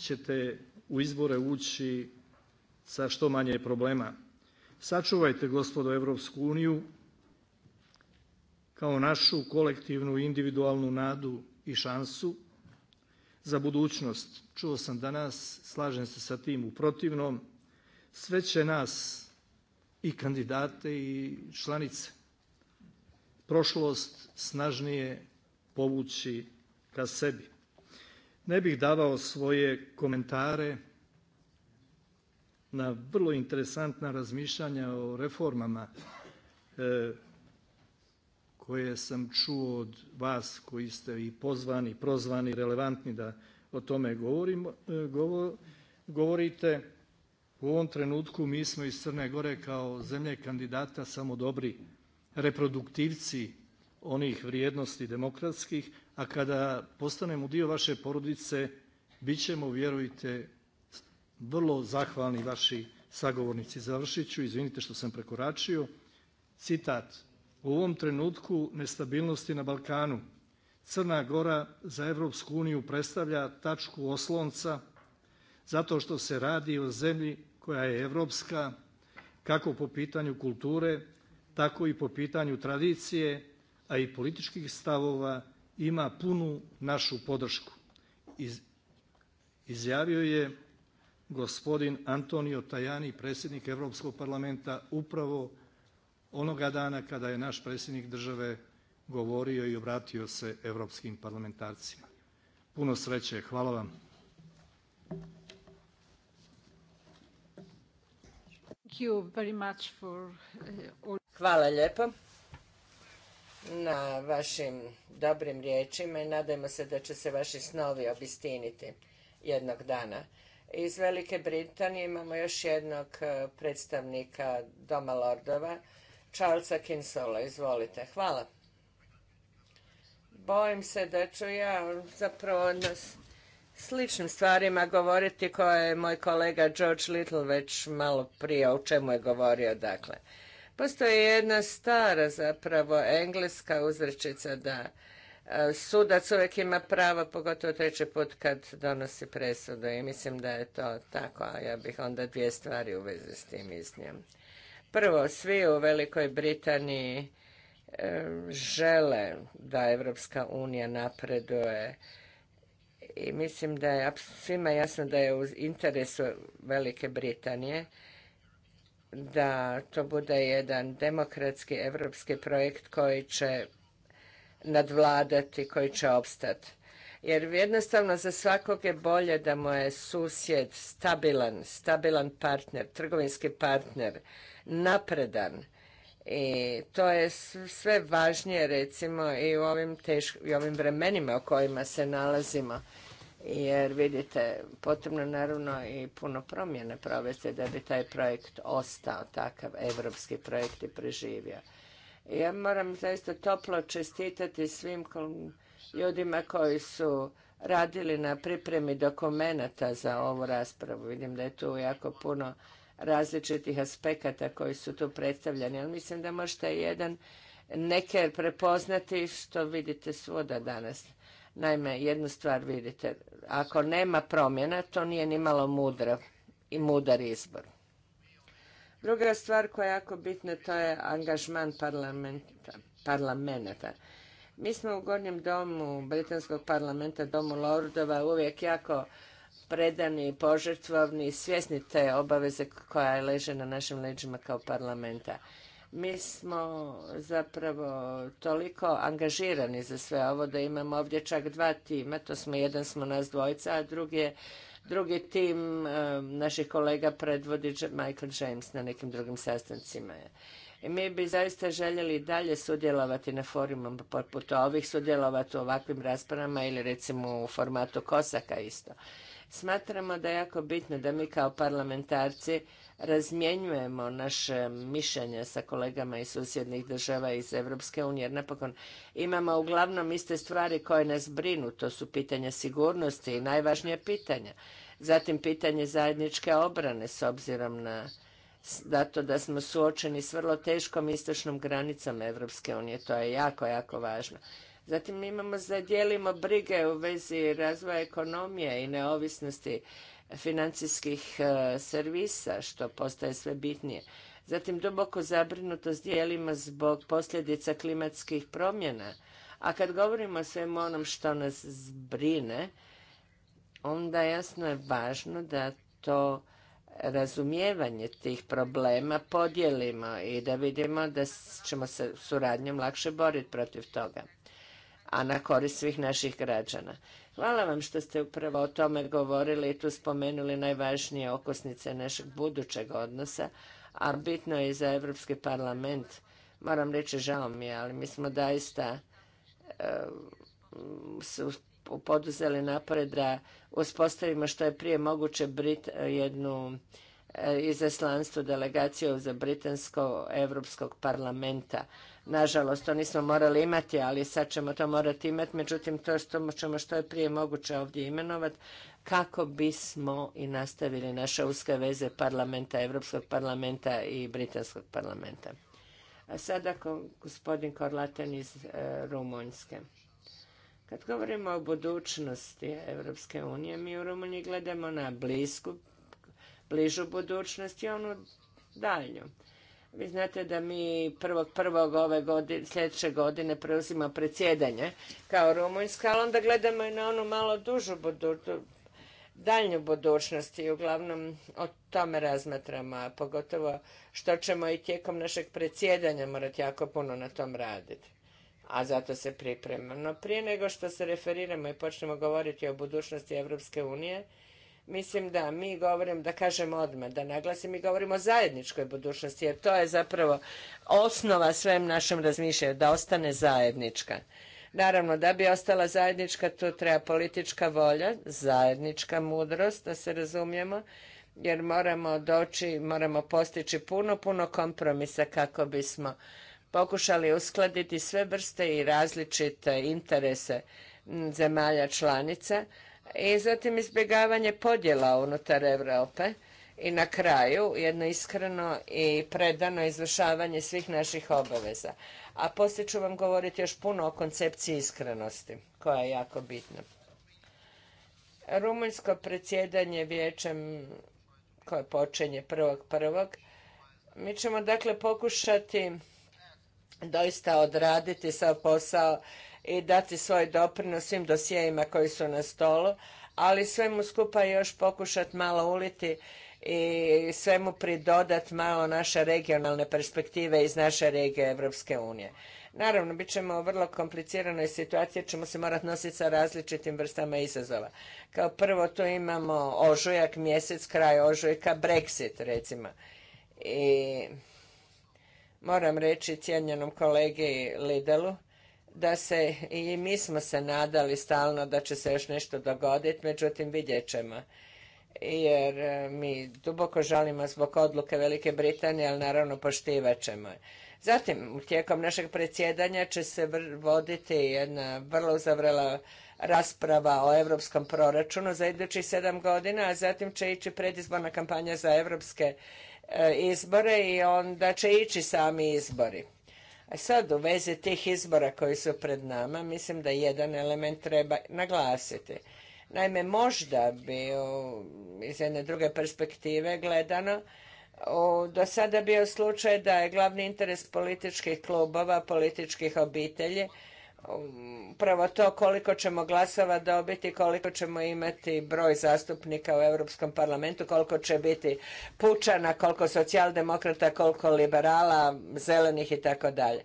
ćete u izbore ući sa što manje problema. Sačuvajte gospodo Europsku uniju kao našu kolektivnu i individualnu nadu i šansu za budućnost. Čuo sam danas, slažem se sa tim, u protivnom sve će nas i kandidate i članice prošlost snažnije povući ka sebi ne bih davao svoje komentare na vrlo interesantna razmišljanja o reformama e, koje sam čuo od vas koji ste i pozvani, prozvani, relevantni da o tome e, govorite. U ovom trenutku mi smo iz Crne Gore kao zemlje kandidata samo dobri reproduktivci onih vrijednosti demokratskih a kada postanemo dio vaše porodice bit ćemo vjerujte vrlo zahvalni vaši sagovornici. Završit ću, izvinite što sam prekoračio, citat. U ovom trenutku nestabilnosti na Balkanu Crna Gora za Europsku uniju predstavlja tačku oslonca zato što se radi o zemlji koja je europska kako po pitanju kulture, tako i po pitanju tradicije, a i političkih stavova ima punu našu podršku. izjavio je gospodin Antonio Tajani, predsjednik Europskog parlamenta, upravo onoga dana kada je naš predsjednik države govorio i obratio se europskim parlamentarcima. Puno sreće. Hvala vam. Uh, hvala lijepo na vašim dobrim riječima i nadajmo se da će se vaši snovi obistiniti jednog dana. Iz Velike Britanije imamo još jednog e, predstavnika Doma Lordova, Charlesa Kinsola. Izvolite. Hvala. Bojim se da ću ja zapravo na sličnim stvarima govoriti koje je moj kolega George Little već malo prije o čemu je govorio. Dakle, Postoji jedna stara zapravo engleska uzrečica da e, sudac uvijek ima pravo, pogotovo treći put kad donosi presudu i mislim da je to tako, a ja bih onda dvije stvari u vezi s tim iznio. Prvo, svi u Velikoj Britaniji e, žele da Evropska unija napreduje i mislim da je svima jasno da je u interesu Velike Britanije da to bude jedan demokratski evropski projekt koji će nadvladati, koji će opstati. Jer jednostavno za svakog je bolje da mu je susjed stabilan, stabilan partner, trgovinski partner, napredan. I to je sve važnije recimo i u ovim, i ovim vremenima u kojima se nalazimo jer vidite, potrebno naravno i puno promjene provesti da bi taj projekt ostao takav, evropski projekt i preživio. Ja moram zaista toplo čestitati svim ljudima koji su radili na pripremi dokumenata za ovu raspravu. Vidim da je tu jako puno različitih aspekata koji su tu predstavljeni, ali mislim da možete jedan neke prepoznati što vidite svuda danas Naime, jednu stvar vidite, ako nema promjena, to nije ni malo mudra i mudar izbor. Druga stvar koja je jako bitna, to je angažman parlamenta. Mi smo u gornjem domu Britanskog parlamenta, domu Lordova, uvijek jako predani, požrtvovni, svjesni te obaveze koja je leže na našim leđima kao parlamenta mi smo zapravo toliko angažirani za sve ovo da imamo ovdje čak dva tima, to smo jedan smo nas dvojica, a drugi je drugi tim eh, naših kolega predvodi Michael James na nekim drugim sastancima. I mi bi zaista željeli dalje sudjelovati na forumu, poput ovih, sudjelovati u ovakvim raspravama ili recimo u formatu Kosaka isto. Smatramo da je jako bitno da mi kao parlamentarci razmjenjujemo naše mišljenje sa kolegama iz susjednih država iz Europske unije, jer napokon imamo uglavnom iste stvari koje nas brinu, to su pitanja sigurnosti i najvažnija pitanja. Zatim pitanje zajedničke obrane s obzirom na to da smo suočeni s vrlo teškom istočnom granicom Evropske unije. To je jako, jako važno. Zatim imamo da dijelimo brige u vezi razvoja ekonomije i neovisnosti financijskih e, servisa, što postaje sve bitnije. Zatim duboko zabrinutost dijelima zbog posljedica klimatskih promjena. A kad govorimo o svemu onom što nas brine, onda jasno je važno da to razumijevanje tih problema podijelimo i da vidimo da ćemo se suradnjom lakše boriti protiv toga, a na korist svih naših građana. Hvala vam što ste upravo o tome govorili i tu spomenuli najvažnije okosnice našeg budućeg odnosa, a bitno je i za Europski parlament. Moram reći, žao mi je, ali mi smo daista e, poduzeli napore da uspostavimo što je prije moguće e, jednu e, izaslanstvo delegaciju za Britansko-Evropskog parlamenta Nažalost, to nismo morali imati, ali sad ćemo to morati imati. Međutim, to ćemo što je prije moguće ovdje imenovati kako bismo i nastavili naše uske veze parlamenta, Europskog parlamenta i Britanskog parlamenta. A sada gospodin Korlaten iz e, Rumunjske. Kad govorimo o budućnosti Europske unije, mi u Rumunji gledamo na blisku, bližu budućnost i onu dalju. Vi znate da mi prvog prvog ove godine, sljedeće godine preuzima predsjedanje kao Rumunjska, ali onda gledamo i na onu malo dužu budu, daljnju budućnost i uglavnom o tome razmatramo, a pogotovo što ćemo i tijekom našeg predsjedanja morati jako puno na tom raditi. A zato se pripremamo. No prije nego što se referiramo i počnemo govoriti o budućnosti Europske unije, Mislim da mi govorim, da kažem odmah, da naglasim, mi govorimo o zajedničkoj budućnosti, jer to je zapravo osnova svem našem razmišljanju, da ostane zajednička. Naravno, da bi ostala zajednička, tu treba politička volja, zajednička mudrost, da se razumijemo, jer moramo doći, moramo postići puno, puno kompromisa kako bismo pokušali uskladiti sve vrste i različite interese zemalja članica, i zatim izbjegavanje podjela unutar Europe i na kraju jedno iskreno i predano izvršavanje svih naših obaveza. A poslije ću vam govoriti još puno o koncepciji iskrenosti koja je jako bitna. Rumunjsko predsjedanje vijećem koje počinje 1.1. Mi ćemo dakle pokušati doista odraditi sav posao i dati svoj doprinos svim dosjejima koji su na stolu, ali svemu skupa još pokušati malo uliti i svemu pridodati malo naše regionalne perspektive iz naše regije Evropske unije. Naravno, bit ćemo u vrlo kompliciranoj situaciji ćemo se morati nositi sa različitim vrstama izazova. Kao prvo tu imamo ožujak mjesec, kraj ožujka, Brexit recimo. I moram reći cijenjenom kolegi Lidelu da se i mi smo se nadali stalno da će se još nešto dogoditi, međutim vidjet ćemo. Jer e, mi duboko žalimo zbog odluke Velike Britanije, ali naravno poštivat ćemo. Zatim, tijekom našeg predsjedanja će se voditi jedna vrlo uzavrela rasprava o europskom proračunu za idućih sedam godina, a zatim će ići predizborna kampanja za europske e, izbore i onda će ići sami izbori. A sad u vezi tih izbora koji su pred nama, mislim da jedan element treba naglasiti. Naime, možda bi iz jedne druge perspektive gledano, do sada bio slučaj da je glavni interes političkih klubova, političkih obitelji upravo to koliko ćemo glasova dobiti, koliko ćemo imati broj zastupnika u Europskom parlamentu, koliko će biti pučana, koliko socijaldemokrata, koliko liberala, zelenih i tako dalje.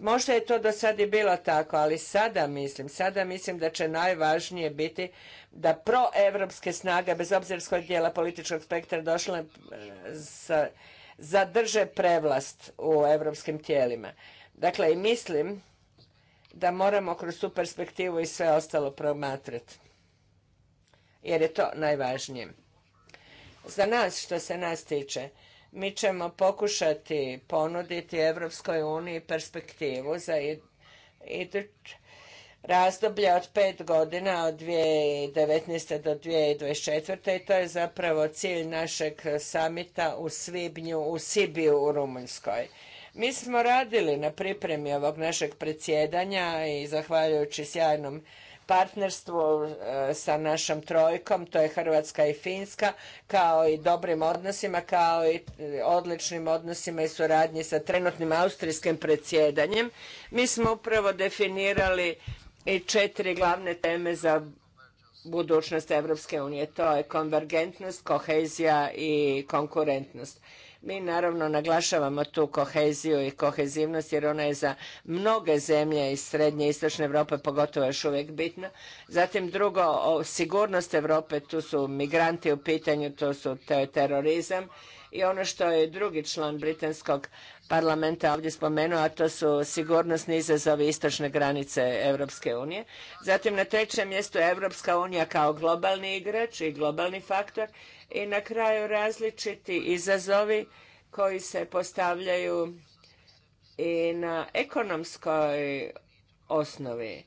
Možda je to do sad i bilo tako, ali sada mislim, sada mislim da će najvažnije biti da proevropske snage, bez obzira s kojeg dijela političkog spektra došle, zadrže prevlast u europskim tijelima. Dakle, i mislim da moramo kroz tu perspektivu i sve ostalo promatrati. Jer je to najvažnije. Za nas, što se nas tiče, mi ćemo pokušati ponuditi Evropskoj uniji perspektivu za razdoblje od pet godina od 2019. do 2024. i to je zapravo cilj našeg samita u Svibnju u Sibiju u Rumunjskoj. Mi smo radili na pripremi ovog našeg predsjedanja i zahvaljujući sjajnom partnerstvu e, sa našom trojkom, to je Hrvatska i Finska, kao i dobrim odnosima, kao i e, odličnim odnosima i suradnji sa trenutnim austrijskim predsjedanjem. Mi smo upravo definirali i četiri glavne teme za budućnost Evropske unije. To je konvergentnost, kohezija i konkurentnost. Mi naravno naglašavamo tu koheziju i kohezivnost jer ona je za mnoge zemlje iz srednje i istočne Europe pogotovo još uvijek bitna. Zatim drugo, sigurnost Europe, tu su migranti u pitanju, tu su terorizam i ono što je drugi član britanskog parlamenta ovdje spomenuo, a to su sigurnosni izazovi istočne granice Europske unije. Zatim na trećem mjestu Europska unija kao globalni igrač i globalni faktor i na kraju različiti izazovi koji se postavljaju i na ekonomskoj osnovi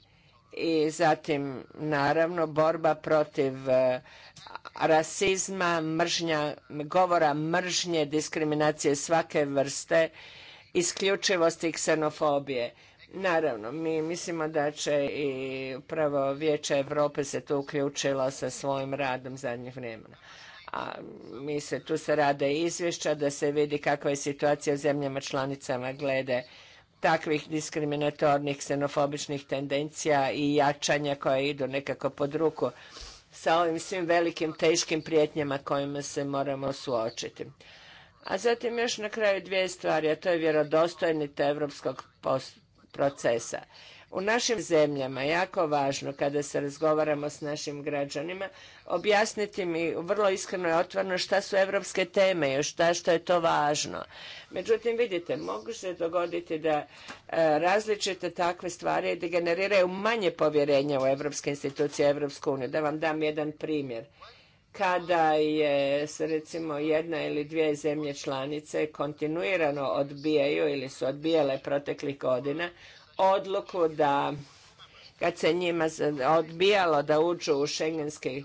i zatim naravno borba protiv rasizma, mržnja, govora mržnje, diskriminacije svake vrste, isključivosti i ksenofobije. Naravno, mi mislimo da će i upravo Vijeće Europe se tu uključilo sa svojim radom zadnjih vremena. A mi se tu se rade izvješća da se vidi kakva je situacija u zemljama članicama glede takvih diskriminatornih, ksenofobičnih tendencija i jačanja koja idu nekako pod ruku sa ovim svim velikim teškim prijetnjama kojima se moramo suočiti. A zatim još na kraju dvije stvari, a to je vjerodostojnita europskog procesa. U našim zemljama jako važno kada se razgovaramo s našim građanima objasniti mi vrlo iskreno i otvoreno šta su evropske teme i šta je to važno. Međutim, vidite, mogu se dogoditi da e, različite takve stvari degeneriraju manje povjerenja u evropske institucije, Evropsku uniju. Da vam dam jedan primjer kada je recimo jedna ili dvije zemlje članice kontinuirano odbijaju ili su odbijale proteklih godina odluku da kad se njima odbijalo da uđu u šengenski,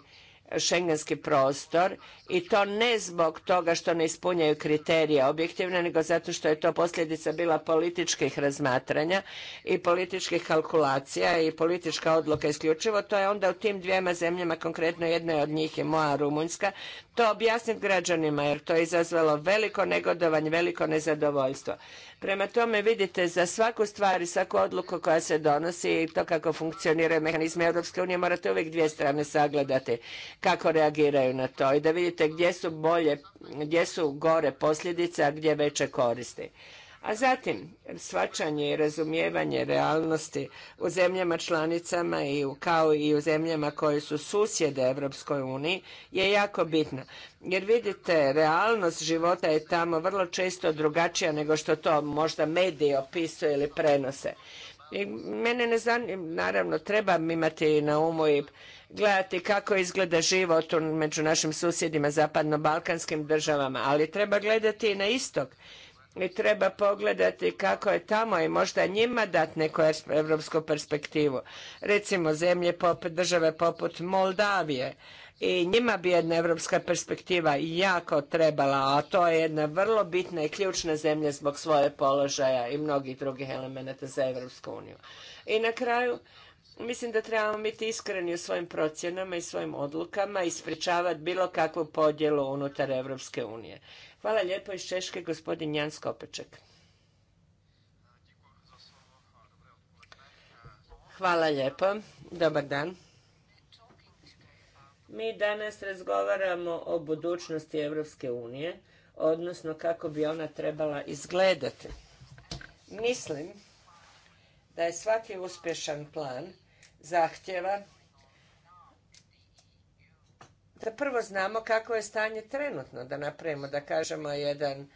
šengenski prostor i to ne zbog toga što ne ispunjaju kriterije objektivne, nego zato što je to posljedica bila političkih razmatranja i političkih kalkulacija i politička odluka isključivo. To je onda u tim dvijema zemljama, konkretno jedna od njih je moja Rumunjska, to objasniti građanima jer to je izazvalo veliko negodovanje, veliko nezadovoljstvo. Prema tome vidite za svaku stvar i svaku odluku koja se donosi i to kako funkcioniraju mehanizme Europske unije morate uvijek dvije strane sagledati kako reagiraju na to i da vidite gdje su bolje, gdje su gore posljedice, a gdje veće koristi. A zatim, svačanje i razumijevanje realnosti u zemljama članicama i u, kao i u zemljama koje su susjede Europskoj uniji je jako bitno. Jer vidite, realnost života je tamo vrlo često drugačija nego što to možda mediji opisuje ili prenose. I mene ne zanima, naravno, trebam imati na umu i gledati kako izgleda život među našim susjedima zapadno-balkanskim državama, ali treba gledati i na istok i treba pogledati kako je tamo i možda njima dati neku europsku perspektivu. Recimo zemlje poput države poput Moldavije i njima bi jedna europska perspektiva jako trebala, a to je jedna vrlo bitna i ključna zemlja zbog svoje položaja i mnogih drugih elemenata za Europsku uniju. I na kraju, mislim da trebamo biti iskreni u svojim procjenama i svojim odlukama i spričavati bilo kakvu podjelu unutar Evropske unije. Hvala lijepo iz Češke, gospodin Jan Skopeček. Hvala lijepo. Dobar dan. Mi danas razgovaramo o budućnosti Europske unije, odnosno kako bi ona trebala izgledati. Mislim da je svaki uspješan plan zahtjeva da prvo znamo kako je stanje trenutno, da napravimo, da kažemo jedan,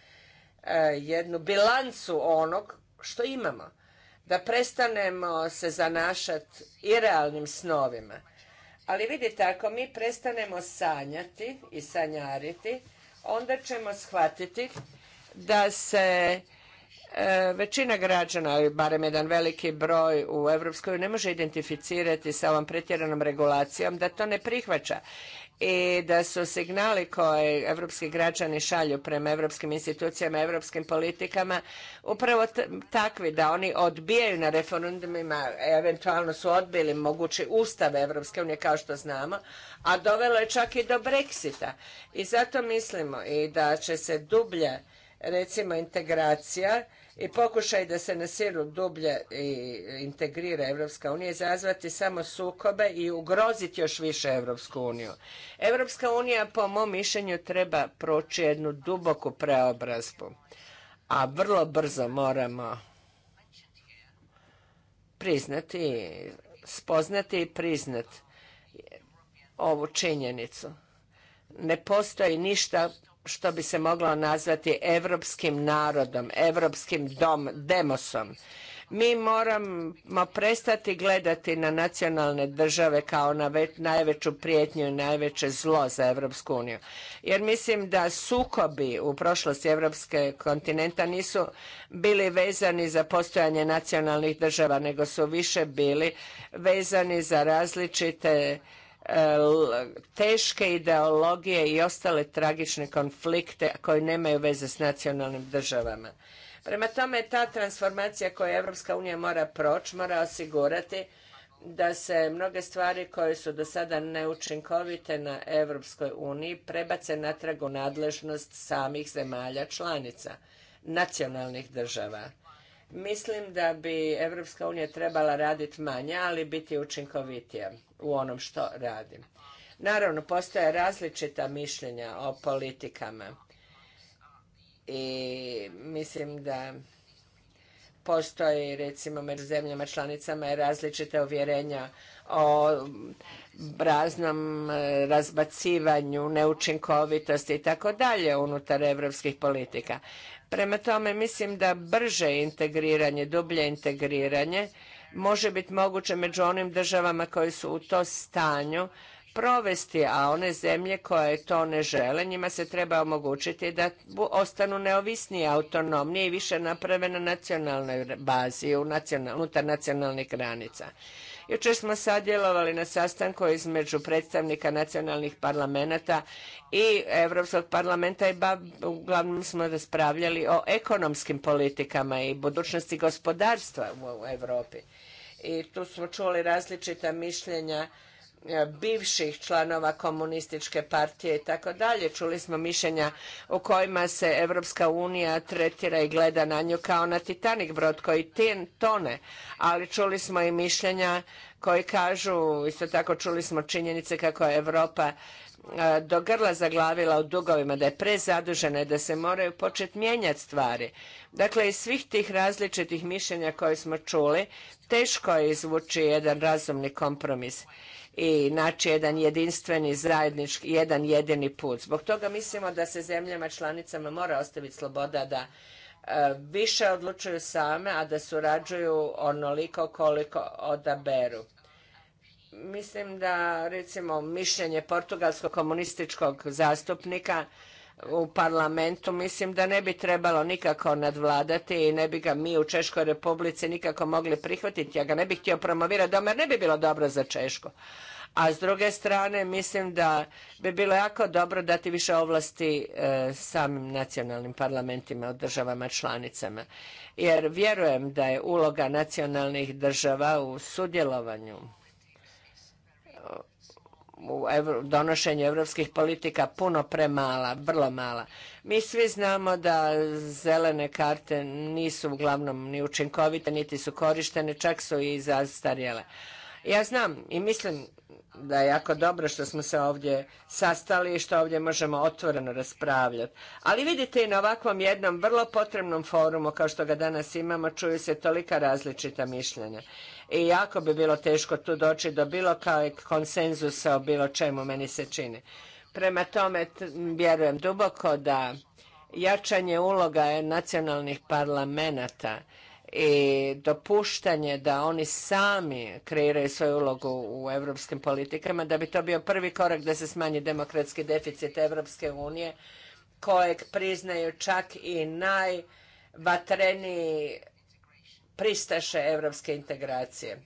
e, jednu bilancu onog što imamo. Da prestanemo se zanašati realnim snovima. Ali vidite, ako mi prestanemo sanjati i sanjariti, onda ćemo shvatiti da se e, većina građana, ili barem jedan veliki broj u Evropskoj ne može identificirati sa ovom pretjeranom regulacijom, da to ne prihvaća i da su signali koje evropski građani šalju prema evropskim institucijama, evropskim politikama upravo takvi da oni odbijaju na referendumima, eventualno su odbili mogući ustav Evropske unije kao što znamo, a dovelo je čak i do Brexita. I zato mislimo i da će se dublje recimo integracija i pokušaj da se na silu dublje i integrira Evropska unija izazvati samo sukobe i ugroziti još više Evropsku uniju. Evropska unija po mom mišljenju treba proći jednu duboku preobrazbu, a vrlo brzo moramo priznati, spoznati i priznati ovu činjenicu. Ne postoji ništa što bi se moglo nazvati evropskim narodom, evropskim dom, demosom. Mi moramo prestati gledati na nacionalne države kao na najveću prijetnju i najveće zlo za Evropsku uniju. Jer mislim da sukobi u prošlosti Evropske kontinenta nisu bili vezani za postojanje nacionalnih država, nego su više bili vezani za različite teške ideologije i ostale tragične konflikte koji nemaju veze s nacionalnim državama. Prema tome, ta transformacija koju Evropska unija mora proći, mora osigurati da se mnoge stvari koje su do sada neučinkovite na Evropskoj uniji prebace natrag u nadležnost samih zemalja članica, nacionalnih država. Mislim da bi Evropska unija trebala raditi manje, ali biti učinkovitija u onom što radim. Naravno, postoje različita mišljenja o politikama i mislim da postoji recimo među zemljama članicama je različita uvjerenja o raznom e, razbacivanju, neučinkovitosti i tako dalje unutar evropskih politika. Prema tome mislim da brže integriranje, dublje integriranje može biti moguće među onim državama koje su u to stanju provesti, a one zemlje koje to ne žele, njima se treba omogućiti da ostanu neovisnije, autonomnije i više naprave na nacionalnoj bazi, unutar nacionalnih granica. Jučer smo sadjelovali na sastanku između predstavnika nacionalnih parlamenta i Europskog parlamenta i uglavnom smo raspravljali o ekonomskim politikama i budućnosti gospodarstva u Europi. I tu smo čuli različita mišljenja E, bivših članova komunističke partije i tako dalje. Čuli smo mišljenja u kojima se Evropska unija tretira i gleda na nju kao na Titanic brod koji tone, ali čuli smo i mišljenja koji kažu, isto tako čuli smo činjenice kako je Europa e, do grla zaglavila u dugovima, da je prezadužena i da se moraju početi mijenjati stvari. Dakle, iz svih tih različitih mišljenja koje smo čuli, teško je izvući jedan razumni kompromis i naći jedan jedinstveni zajednički, jedan jedini put. Zbog toga mislimo da se zemljama članicama mora ostaviti sloboda da e, više odlučuju same, a da surađuju onoliko koliko odaberu. Mislim da recimo mišljenje portugalskog komunističkog zastupnika u parlamentu, mislim da ne bi trebalo nikako nadvladati i ne bi ga mi u Češkoj republici nikako mogli prihvatiti. Ja ga ne bih htio promovirati doma jer ne bi bilo dobro za Češko. A s druge strane, mislim da bi bilo jako dobro dati više ovlasti e, samim nacionalnim parlamentima od državama članicama. Jer vjerujem da je uloga nacionalnih država u sudjelovanju u donošenju europskih politika puno premala, vrlo mala. Mi svi znamo da zelene karte nisu uglavnom ni učinkovite, niti su korištene, čak su i zastarjele. Ja znam i mislim da je jako dobro što smo se ovdje sastali i što ovdje možemo otvoreno raspravljati. Ali vidite i na ovakvom jednom vrlo potrebnom forumu kao što ga danas imamo čuju se tolika različita mišljenja i jako bi bilo teško tu doći do bilo kakvog konsenzusa o bilo čemu, meni se čini. Prema tome, vjerujem duboko da jačanje uloga nacionalnih parlamenta i dopuštanje da oni sami kreiraju svoju ulogu u europskim politikama, da bi to bio prvi korak da se smanji demokratski deficit Europske unije, kojeg priznaju čak i najvatreniji pristaše europske integracije.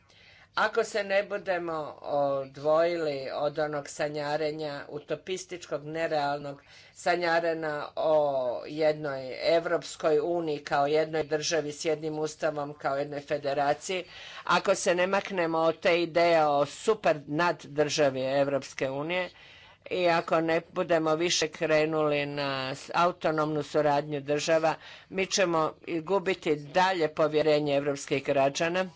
Ako se ne budemo odvojili od onog sanjarenja utopističkog, nerealnog sanjarena o jednoj Evropskoj uniji kao jednoj državi s jednim ustavom, kao jednoj federaciji, ako se ne maknemo od te ideje o super naddržavi Evropske unije, i ako ne budemo više krenuli na autonomnu suradnju država, mi ćemo gubiti dalje povjerenje europskih građana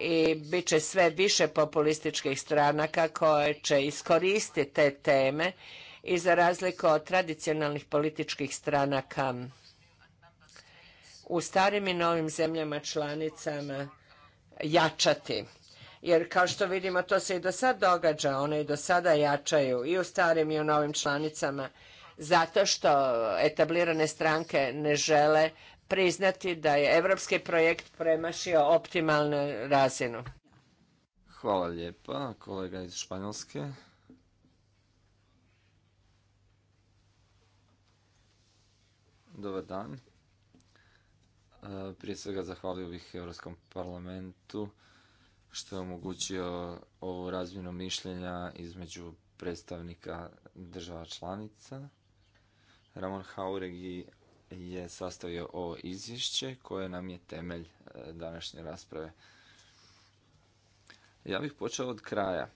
i bit će sve više populističkih stranaka koje će iskoristiti te teme i za razliku od tradicionalnih političkih stranaka u starim i novim zemljama članicama jačati jer kao što vidimo to se i do sad događa, one i do sada jačaju i u starim i u novim članicama zato što etablirane stranke ne žele priznati da je evropski projekt premašio optimalnu razinu. Hvala lijepa, kolega iz Španjolske. Dobar dan. E, prije svega zahvalio bih Europskom parlamentu što je omogućio ovu razmjenu mišljenja između predstavnika država članica. Ramon Hauregi je sastavio ovo izvješće koje nam je temelj e, današnje rasprave. Ja bih počeo od kraja.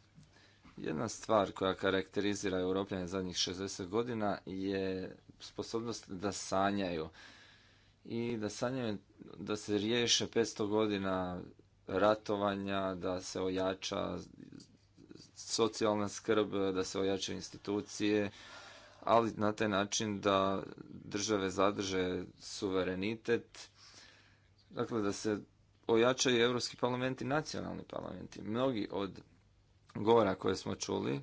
Jedna stvar koja karakterizira Europljane zadnjih 60 godina je sposobnost da sanjaju i da sanjaju da se riješe 500 godina ratovanja, da se ojača socijalna skrb, da se ojačaju institucije, ali na taj način da države zadrže suverenitet, dakle da se ojačaju Europski parlament i nacionalni parlamenti. Mnogi od govora koje smo čuli e,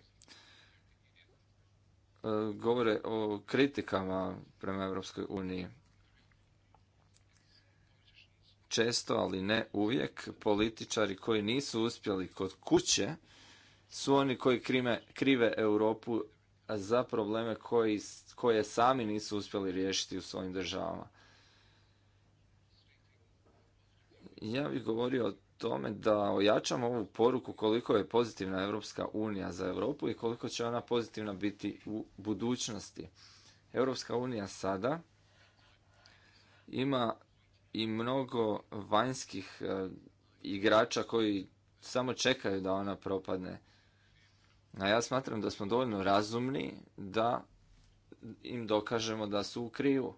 govore o kritikama prema Europskoj uniji često, ali ne uvijek, političari koji nisu uspjeli kod kuće su oni koji krime, krive Europu za probleme koji, koje sami nisu uspjeli riješiti u svojim državama. Ja bih govorio o tome da ojačam ovu poruku koliko je pozitivna Europska unija za Europu i koliko će ona pozitivna biti u budućnosti. Europska unija sada ima i mnogo vanjskih e, igrača koji samo čekaju da ona propadne. A ja smatram da smo dovoljno razumni da im dokažemo da su u krivu.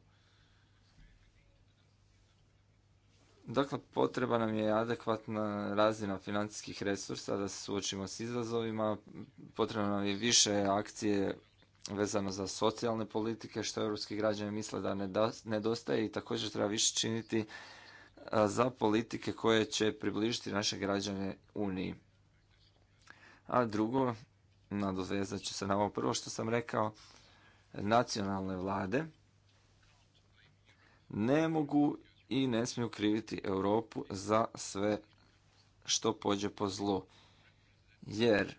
Dakle, potreba nam je adekvatna razina financijskih resursa da se suočimo s izazovima, potrebno nam je više akcije vezano za socijalne politike, što europski građani misle da nedostaje i također treba više činiti e, za politike koje će približiti naše građane Uniji. A drugo, nadovezat ću se na ovo prvo što sam rekao, nacionalne vlade ne mogu i ne smiju kriviti Europu za sve što pođe po zlu. Jer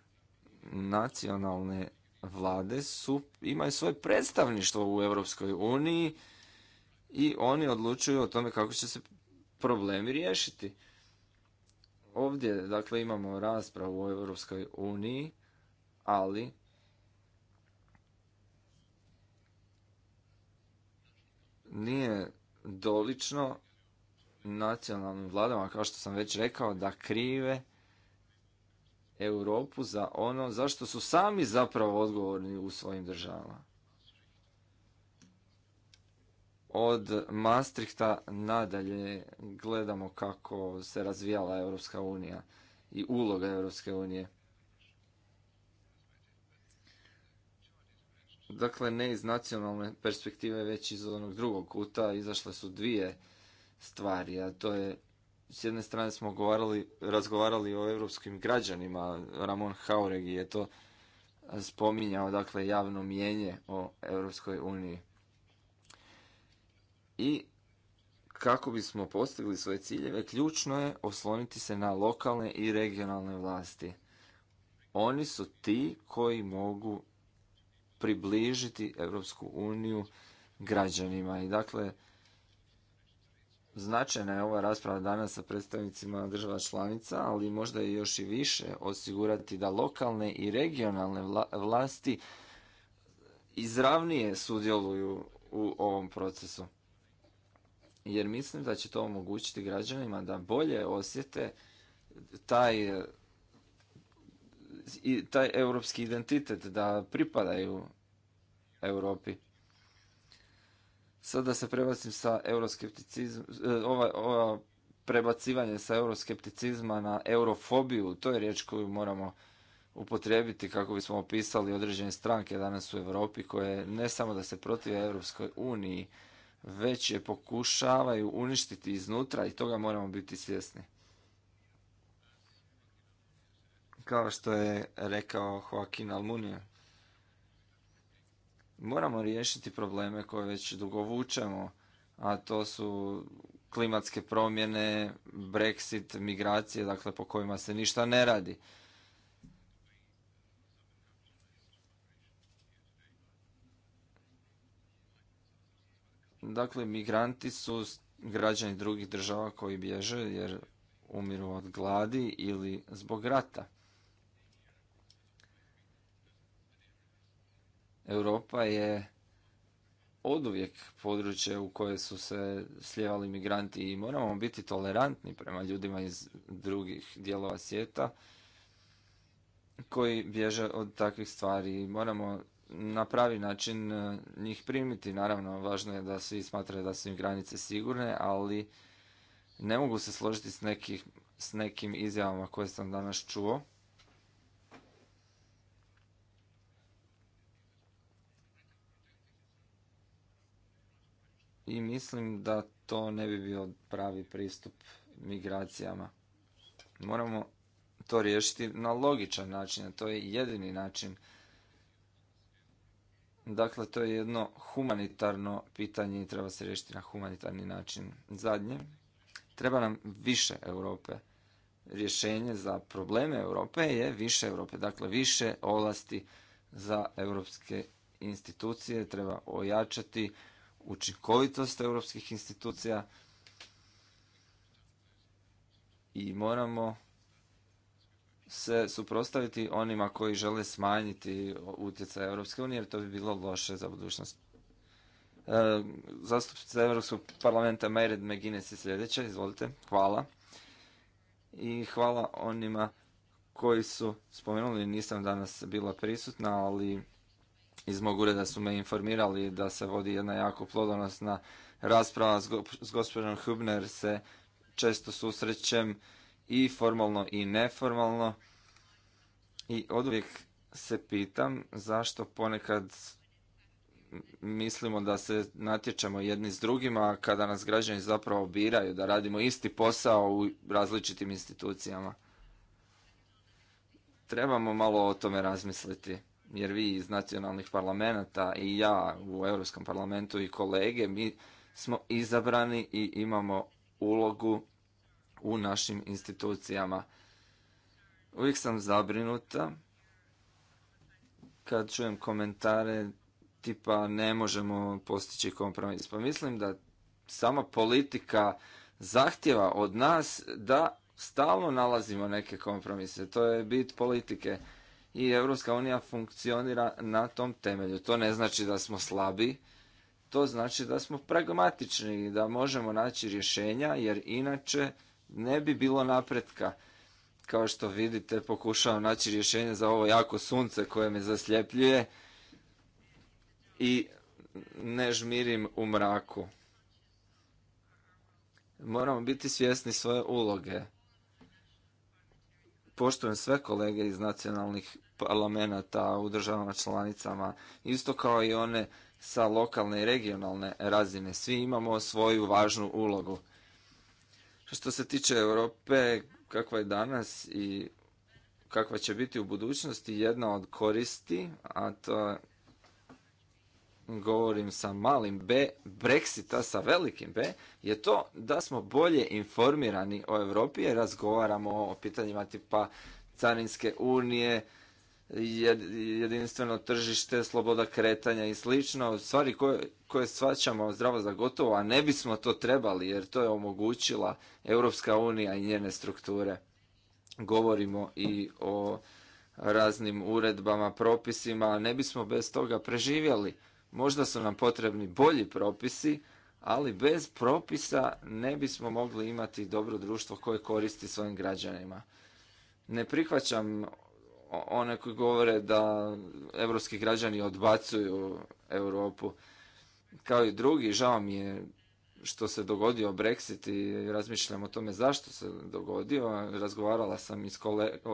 nacionalne vlade su, imaju svoje predstavništvo u Europskoj uniji i oni odlučuju o tome kako će se problemi riješiti. Ovdje, dakle, imamo raspravu u Europskoj uniji, ali nije dolično nacionalnim vladama, kao što sam već rekao, da krive Europu za ono zašto su sami zapravo odgovorni u svojim državama. Od Maastrichta nadalje gledamo kako se razvijala Europska unija i uloga Europske unije. Dakle, ne iz nacionalne perspektive, već iz onog drugog kuta izašle su dvije stvari, a to je s jedne strane smo razgovarali o europskim građanima, Ramon Hauregi je to spominjao, dakle, javno mijenje o Europskoj uniji. I kako bismo postigli svoje ciljeve, ključno je osloniti se na lokalne i regionalne vlasti. Oni su ti koji mogu približiti Europsku uniju građanima i dakle Značajna je ova rasprava danas sa predstavnicima država članica, ali možda i još i više osigurati da lokalne i regionalne vlasti izravnije sudjeluju u ovom procesu. Jer mislim da će to omogućiti građanima da bolje osjete taj, taj europski identitet, da pripadaju Europi. Sada se prebacim sa euroskepticizma, e, ova, prebacivanje sa euroskepticizma na eurofobiju, to je riječ koju moramo upotrijebiti kako bismo opisali određene stranke danas u Europi koje ne samo da se protive Europskoj uniji, već je pokušavaju uništiti iznutra i toga moramo biti svjesni. Kao što je rekao Joaquin Almunia, moramo riješiti probleme koje već dugo vučemo, a to su klimatske promjene, Brexit, migracije, dakle po kojima se ništa ne radi. Dakle, migranti su građani drugih država koji bježe jer umiru od gladi ili zbog rata. Europa je oduvijek područje u koje su se slijevali migranti i moramo biti tolerantni prema ljudima iz drugih dijelova svijeta koji bježe od takvih stvari. Moramo na pravi način e, njih primiti. Naravno, važno je da svi smatraju da su im granice sigurne, ali ne mogu se složiti s, s nekim izjavama koje sam danas čuo. i mislim da to ne bi bio pravi pristup migracijama. Moramo to riješiti na logičan način, a to je jedini način. Dakle, to je jedno humanitarno pitanje i treba se riješiti na humanitarni način. Zadnje, treba nam više Europe. Rješenje za probleme Europe je više Europe, dakle više ovlasti za europske institucije, treba ojačati učinkovitost europskih institucija i moramo se suprostaviti onima koji žele smanjiti utjecaj Europske unije jer to bi bilo loše za budućnost. E, zastupnica Europskog parlamenta Mered McGuinness je sljedeća, izvolite. Hvala. I hvala onima koji su spomenuli, nisam danas bila prisutna, ali iz mog ureda su me informirali da se vodi jedna jako plodonosna rasprava s gospođom Hübner se često susrećem i formalno i neformalno i oduvijek se pitam zašto ponekad mislimo da se natječemo jedni s drugima kada nas građani zapravo biraju da radimo isti posao u različitim institucijama. Trebamo malo o tome razmisliti jer vi iz nacionalnih parlamenta i ja u Europskom parlamentu i kolege, mi smo izabrani i imamo ulogu u našim institucijama. Uvijek sam zabrinuta kad čujem komentare tipa ne možemo postići kompromis. Pa mislim da sama politika zahtjeva od nas da stalno nalazimo neke kompromise. To je bit politike i Europska unija funkcionira na tom temelju. To ne znači da smo slabi, to znači da smo pragmatični i da možemo naći rješenja jer inače ne bi bilo napretka. Kao što vidite pokušavam naći rješenje za ovo jako sunce koje me zasljepljuje i ne žmirim u mraku. Moramo biti svjesni svoje uloge poštujem sve kolege iz nacionalnih parlamenta u državama članicama, isto kao i one sa lokalne i regionalne razine. Svi imamo svoju važnu ulogu. Što se tiče Europe, kakva je danas i kakva će biti u budućnosti, jedna od koristi, a to je govorim sa malim B, Brexita sa velikim B, je to da smo bolje informirani o Europi jer razgovaramo o pitanjima tipa carinske unije, jedinstveno tržište, sloboda kretanja i slično, stvari koje, koje zdravo za gotovo, a ne bismo to trebali jer to je omogućila Europska unija i njene strukture. Govorimo i o raznim uredbama, propisima, ne bismo bez toga preživjeli. Možda su nam potrebni bolji propisi, ali bez propisa ne bismo mogli imati dobro društvo koje koristi svojim građanima. Ne prihvaćam one koji govore da evropski građani odbacuju Europu. Kao i drugi, žao mi je što se dogodio Brexit i razmišljam o tome zašto se dogodio. Razgovarala sam i s,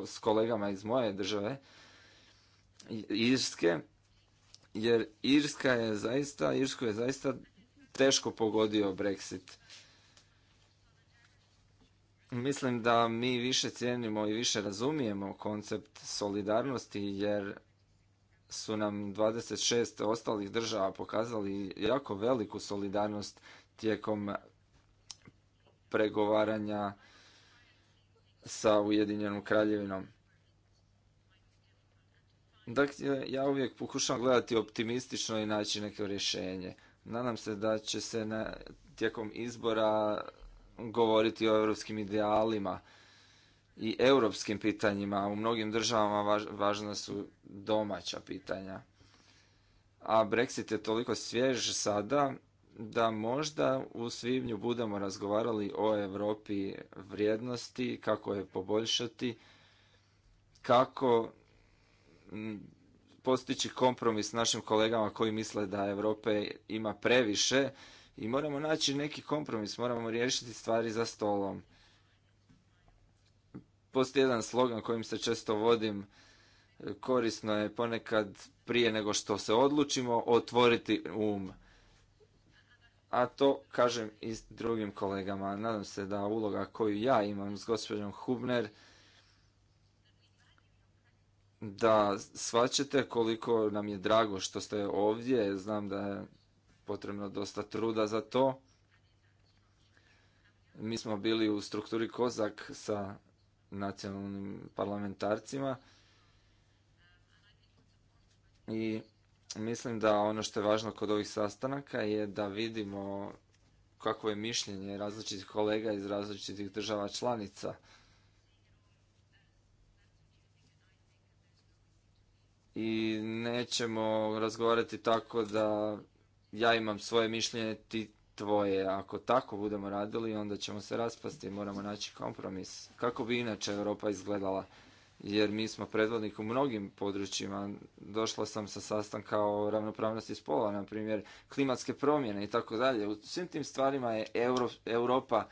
s kolegama iz moje države, Irske, jer Irska je zaista, Irsku je zaista teško pogodio Brexit. Mislim da mi više cijenimo i više razumijemo koncept solidarnosti jer su nam 26 ostalih država pokazali jako veliku solidarnost tijekom pregovaranja sa Ujedinjenom kraljevinom. Dakle, ja uvijek pokušavam gledati optimistično i naći neko rješenje. Nadam se da će se na, tijekom izbora govoriti o europskim idealima i europskim pitanjima. U mnogim državama važna su domaća pitanja. A Brexit je toliko svjež sada da možda u svibnju budemo razgovarali o Europi vrijednosti, kako je poboljšati, kako postići kompromis s našim kolegama koji misle da Europe ima previše i moramo naći neki kompromis, moramo riješiti stvari za stolom. Postoji jedan slogan kojim se često vodim, korisno je ponekad prije nego što se odlučimo otvoriti um. A to kažem i drugim kolegama. Nadam se da uloga koju ja imam s gospođom Hubner da svačete koliko nam je drago što ste ovdje, znam da je potrebno dosta truda za to. Mi smo bili u strukturi Kozak sa nacionalnim parlamentarcima i mislim da ono što je važno kod ovih sastanaka je da vidimo kako je mišljenje različitih kolega iz različitih država članica i nećemo razgovarati tako da ja imam svoje mišljenje, ti tvoje. Ako tako budemo radili, onda ćemo se raspasti i moramo naći kompromis. Kako bi inače Europa izgledala? Jer mi smo predvodnik u mnogim područjima. Došla sam sa sastanka o ravnopravnosti spolova, na primjer klimatske promjene i tako dalje. U svim tim stvarima je Europa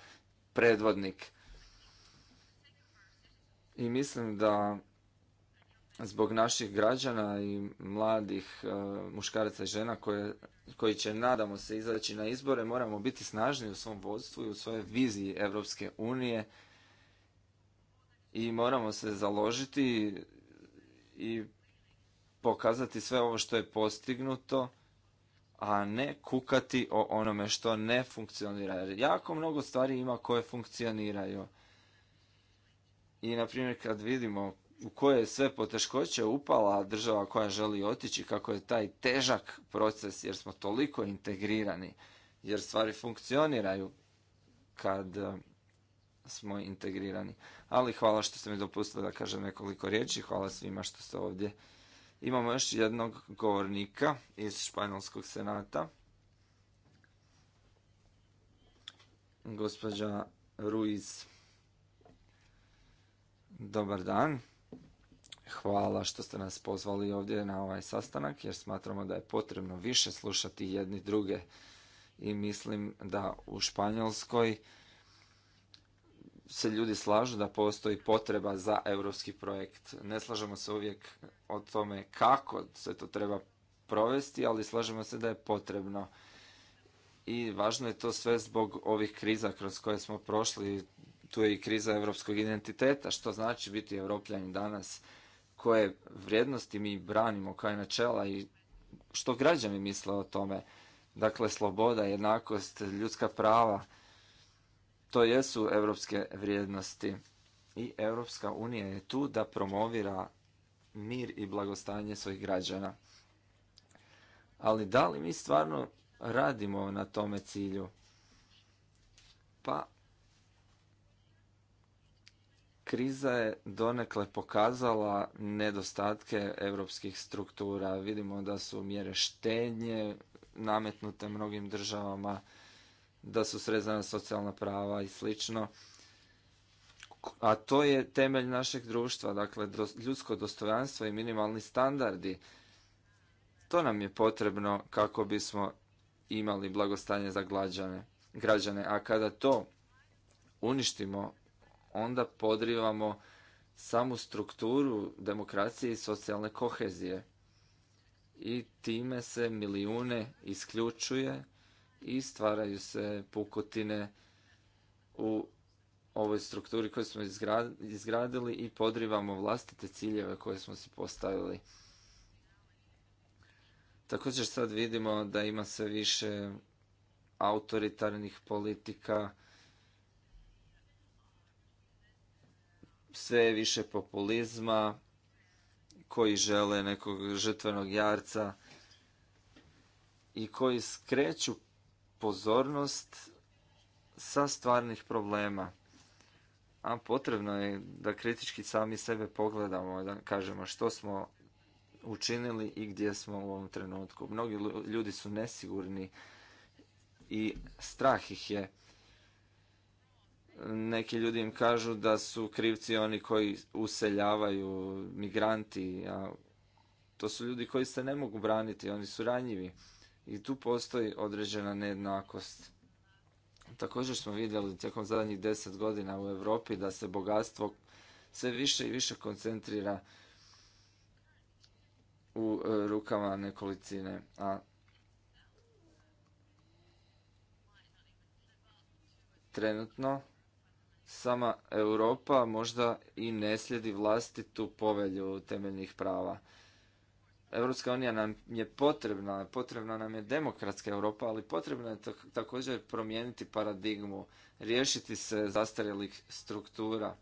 predvodnik. I mislim da zbog naših građana i mladih e, muškaraca i žena koji će, nadamo se, izaći na izbore, moramo biti snažni u svom vodstvu i u svojoj viziji Europske unije i moramo se založiti i pokazati sve ovo što je postignuto, a ne kukati o onome što ne funkcionira. Jer jako mnogo stvari ima koje funkcioniraju. I, na primjer, kad vidimo u koje je sve poteškoće upala država koja želi otići, kako je taj težak proces jer smo toliko integrirani, jer stvari funkcioniraju kad e, smo integrirani. Ali hvala što ste mi dopustili da kažem nekoliko riječi, hvala svima što ste ovdje. Imamo još jednog govornika iz Španjolskog senata. Gospođa Ruiz. Dobar dan. Hvala što ste nas pozvali ovdje na ovaj sastanak jer smatramo da je potrebno više slušati jedni druge i mislim da u Španjolskoj se ljudi slažu da postoji potreba za europski projekt. Ne slažemo se uvijek o tome kako se to treba provesti, ali slažemo se da je potrebno. I važno je to sve zbog ovih kriza kroz koje smo prošli. Tu je i kriza europskog identiteta, što znači biti europljanin danas koje vrijednosti mi branimo, koje načela i što građani misle o tome. Dakle, sloboda, jednakost, ljudska prava, to jesu europske vrijednosti. I Europska unija je tu da promovira mir i blagostanje svojih građana. Ali da li mi stvarno radimo na tome cilju? Pa kriza je donekle pokazala nedostatke europskih struktura. Vidimo da su mjere štednje nametnute mnogim državama, da su srezana socijalna prava i slično. A to je temelj našeg društva, dakle ljudsko dostojanstvo i minimalni standardi. To nam je potrebno kako bismo imali blagostanje za građane. A kada to uništimo onda podrivamo samu strukturu demokracije i socijalne kohezije. I time se milijune isključuje i stvaraju se pukotine u ovoj strukturi koju smo izgradili i podrivamo vlastite ciljeve koje smo si postavili. Također sad vidimo da ima sve više autoritarnih politika, sve više populizma koji žele nekog žrtvenog jarca i koji skreću pozornost sa stvarnih problema. A potrebno je da kritički sami sebe pogledamo, da kažemo što smo učinili i gdje smo u ovom trenutku. Mnogi ljudi su nesigurni i strah ih je neki ljudi im kažu da su krivci oni koji useljavaju migranti, a to su ljudi koji se ne mogu braniti, oni su ranjivi. I tu postoji određena nejednakost. Također smo vidjeli tijekom zadnjih deset godina u Europi da se bogatstvo sve više i više koncentrira u e, rukama nekolicine, a trenutno sama Europa možda i ne slijedi vlastitu povelju temeljnih prava. Europska unija nam je potrebna, potrebna nam je demokratska Europa, ali potrebno je također promijeniti paradigmu, riješiti se zastarjelih struktura.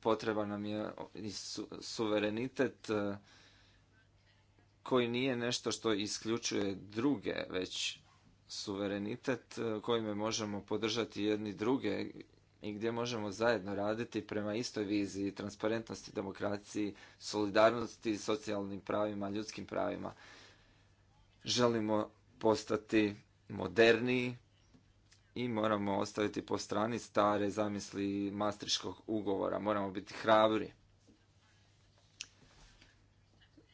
Potreban nam je suverenitet eh, koji nije nešto što isključuje druge, već suverenitet e, kojime možemo podržati jedni druge i gdje možemo zajedno raditi prema istoj viziji, transparentnosti, demokraciji, solidarnosti, socijalnim pravima, ljudskim pravima. Želimo postati moderniji i moramo ostaviti po strani stare zamisli mastriškog ugovora. Moramo biti hrabri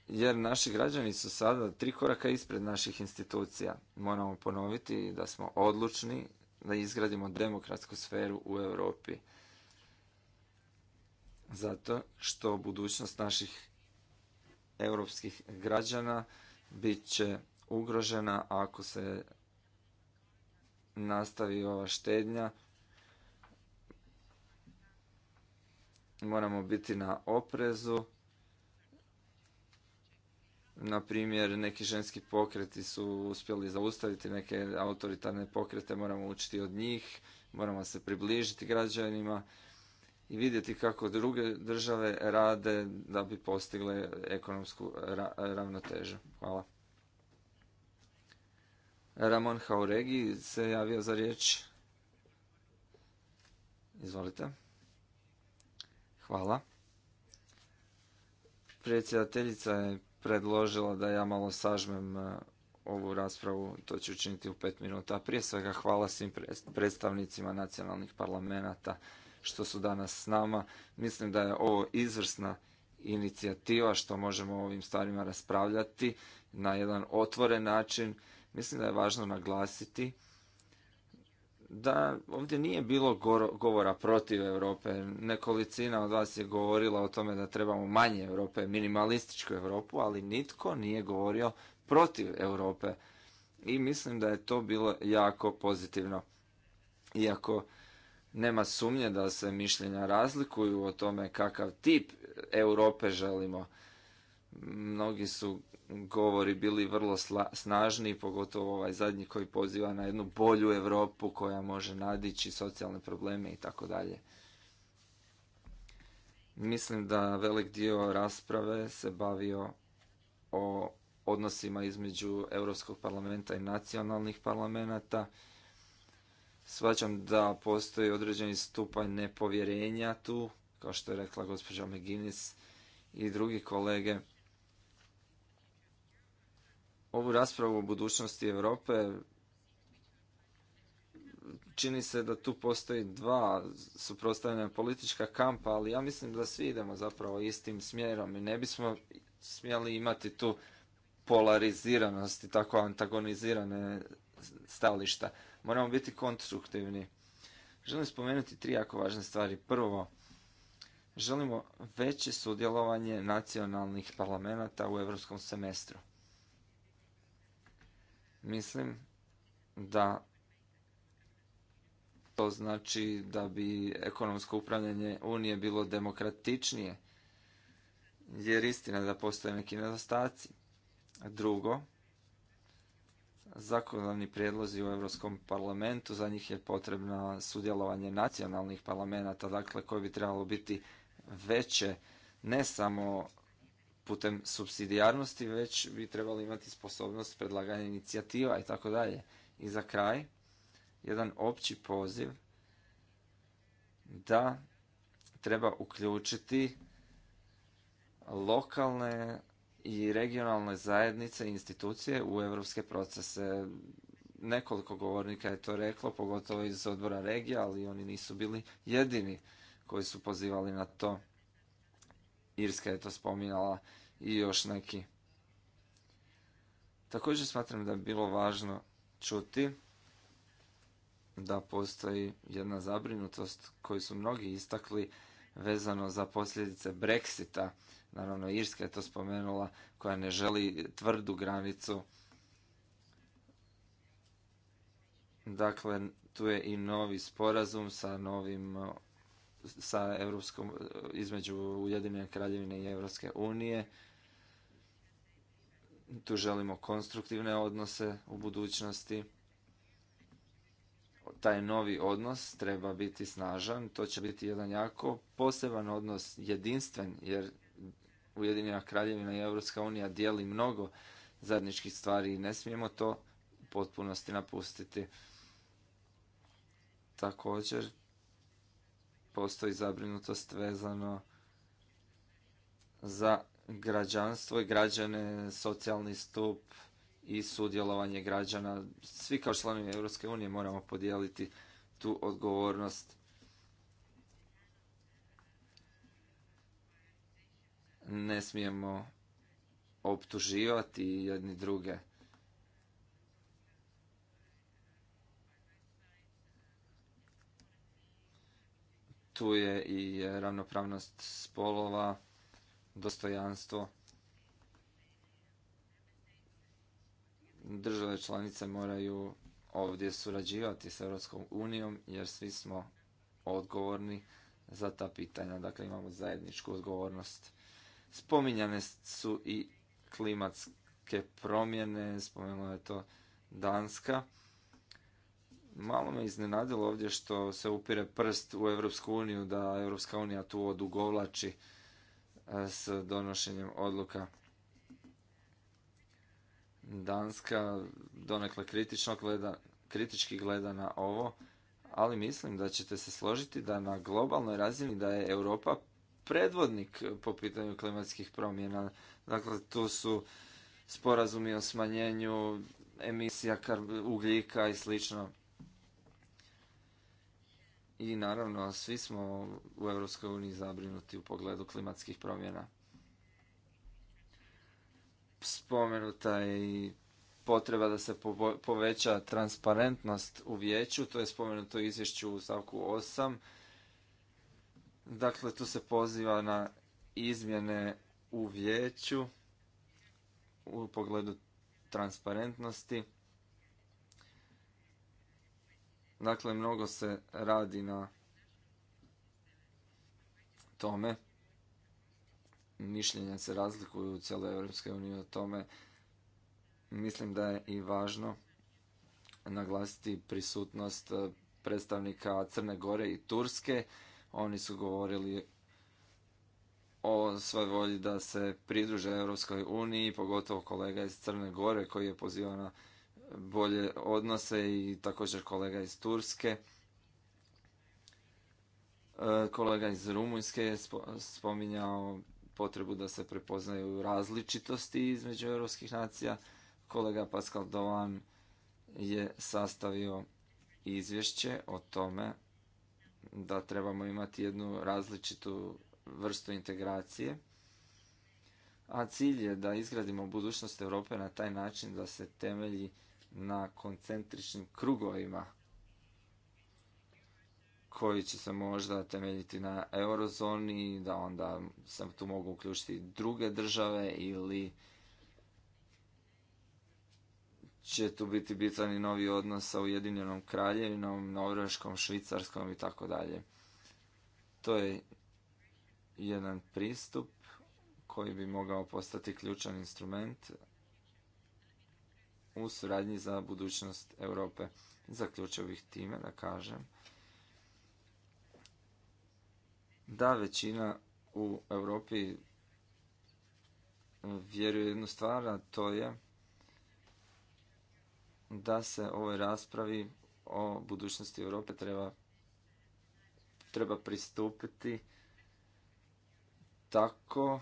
jer naši građani su sada tri koraka ispred naših institucija. Moramo ponoviti da smo odlučni da izgradimo demokratsku sferu u Europi. Zato što budućnost naših europskih građana bit će ugrožena ako se nastavi ova štednja. Moramo biti na oprezu na primjer neki ženski pokreti su uspjeli zaustaviti neke autoritarne pokrete, moramo učiti od njih, moramo se približiti građanima i vidjeti kako druge države rade da bi postigle ekonomsku ravnotežu. Hvala. Ramon Hauregi se javio za riječ. Izvolite. Hvala. Predsjedateljica je predložila da ja malo sažmem e, ovu raspravu, to ću učiniti u pet minuta. Prije svega hvala svim predstavnicima nacionalnih parlamenta što su danas s nama. Mislim da je ovo izvrsna inicijativa što možemo o ovim stvarima raspravljati na jedan otvoren način. Mislim da je važno naglasiti da ovdje nije bilo govora protiv Europe. Nekolicina od vas je govorila o tome da trebamo manje Europe, minimalističku Europu, ali nitko nije govorio protiv Europe. I mislim da je to bilo jako pozitivno. Iako nema sumnje da se mišljenja razlikuju o tome kakav tip Europe želimo mnogi su govori bili vrlo snažni, pogotovo ovaj zadnji koji poziva na jednu bolju Europu koja može nadići socijalne probleme i tako dalje. Mislim da velik dio rasprave se bavio o odnosima između Europskog parlamenta i nacionalnih parlamenta. Svaćam da postoji određeni stupanj nepovjerenja tu, kao što je rekla gospođa McGuinness i drugi kolege ovu raspravu o budućnosti Europe čini se da tu postoji dva suprotstavljena politička kampa, ali ja mislim da svi idemo zapravo istim smjerom i ne bismo smjeli imati tu polariziranost i tako antagonizirane stališta. Moramo biti konstruktivni. Želim spomenuti tri jako važne stvari. Prvo, želimo veće sudjelovanje nacionalnih parlamenta u europskom semestru. Mislim da to znači da bi ekonomsko upravljanje Unije bilo demokratičnije, jer istina da postoje neki nedostaci. Drugo, zakonodavni prijedlozi u Europskom parlamentu, za njih je potrebno sudjelovanje nacionalnih parlamenta, dakle koje bi trebalo biti veće, ne samo putem subsidijarnosti, već bi trebali imati sposobnost predlaganja inicijativa i tako dalje. I za kraj, jedan opći poziv da treba uključiti lokalne i regionalne zajednice i institucije u evropske procese. Nekoliko govornika je to reklo, pogotovo iz odbora regija, ali oni nisu bili jedini koji su pozivali na to. Irska je to spominjala i još neki. Također smatram da je bilo važno čuti da postoji jedna zabrinutost koju su mnogi istakli vezano za posljedice Brexita. Naravno, Irska je to spomenula koja ne želi tvrdu granicu. Dakle, tu je i novi sporazum sa novim sa Europskom, između Ujedinjene kraljevine i Europske unije. Tu želimo konstruktivne odnose u budućnosti. Taj novi odnos treba biti snažan, to će biti jedan jako poseban odnos, jedinstven, jer Ujedinjena kraljevina i Europska unija dijeli mnogo zajedničkih stvari i ne smijemo to u potpunosti napustiti. Također, postoji zabrinutost vezano za građanstvo i građane, socijalni stup i sudjelovanje građana. Svi kao članovi EU moramo podijeliti tu odgovornost. Ne smijemo optuživati jedni druge. tu je i e, ravnopravnost spolova, dostojanstvo. Države članice moraju ovdje surađivati s Europskom unijom jer svi smo odgovorni za ta pitanja, dakle imamo zajedničku odgovornost. Spominjane su i klimatske promjene, spomenula je to Danska. Malo me iznenadilo ovdje što se upire prst u Europsku uniju, da Europska unija tu odugovlači e, s donošenjem odluka. Danska donekle kritično gleda, kritički gleda na ovo, ali mislim da ćete se složiti da na globalnoj razini da je Europa predvodnik po pitanju klimatskih promjena. Dakle, tu su sporazumi o smanjenju emisija ugljika i slično i naravno svi smo u EU zabrinuti u pogledu klimatskih promjena. Spomenuta je i potreba da se poveća transparentnost u vijeću, to je spomenuto u izvješću u stavku 8. Dakle, tu se poziva na izmjene u vijeću u pogledu transparentnosti. Dakle, mnogo se radi na tome. Mišljenja se razlikuju u cijeloj Europskoj uniji o tome. Mislim da je i važno naglasiti prisutnost eh, predstavnika Crne Gore i Turske. Oni su govorili o svojoj volji da se pridruže Europskoj uniji, pogotovo kolega iz Crne Gore koji je pozivao na bolje odnose i također kolega iz Turske. E, kolega iz Rumunjske je spominjao potrebu da se prepoznaju različitosti između europskih nacija. Kolega Pascal je sastavio izvješće o tome da trebamo imati jednu različitu vrstu integracije. A cilj je da izgradimo budućnost Europe na taj način da se temelji na koncentričnim krugovima koji će se možda temeljiti na eurozoni, da onda se tu mogu uključiti druge države ili će tu biti bitan i novi odnos sa Ujedinjenom kraljevinom, Norveškom, Švicarskom i tako dalje. To je jedan pristup koji bi mogao postati ključan instrument u suradnji za budućnost Europe. Zaključio bih time da kažem da većina u Europi vjeruje jednu stvar, a to je da se ovoj raspravi o budućnosti Europe treba, treba pristupiti tako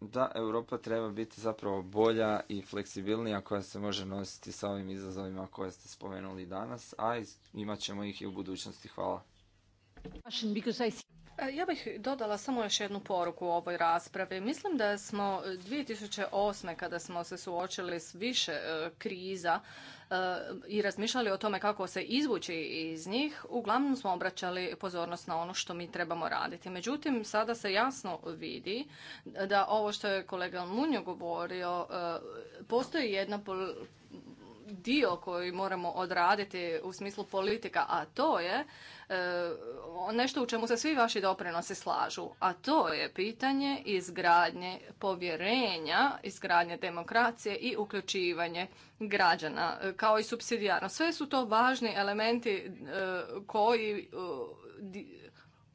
da Europa treba biti zapravo bolja i fleksibilnija koja se može nositi sa ovim izazovima koje ste spomenuli danas, a imat ćemo ih i u budućnosti. Hvala. E, ja bih dodala samo još jednu poruku u ovoj raspravi. Mislim da smo 2008. E, kada smo se suočili s više e, kriza i razmišljali o tome kako se izvući iz njih, uglavnom smo obraćali pozornost na ono što mi trebamo raditi. Međutim, sada se jasno vidi da ovo što je kolega Munjo govorio, postoji jedna dio koji moramo odraditi u smislu politika, a to je e, nešto u čemu se svi vaši doprinosi slažu, a to je pitanje izgradnje povjerenja, izgradnje demokracije i uključivanje građana, e, kao i subsidijarno. Sve su to važni elementi e, koji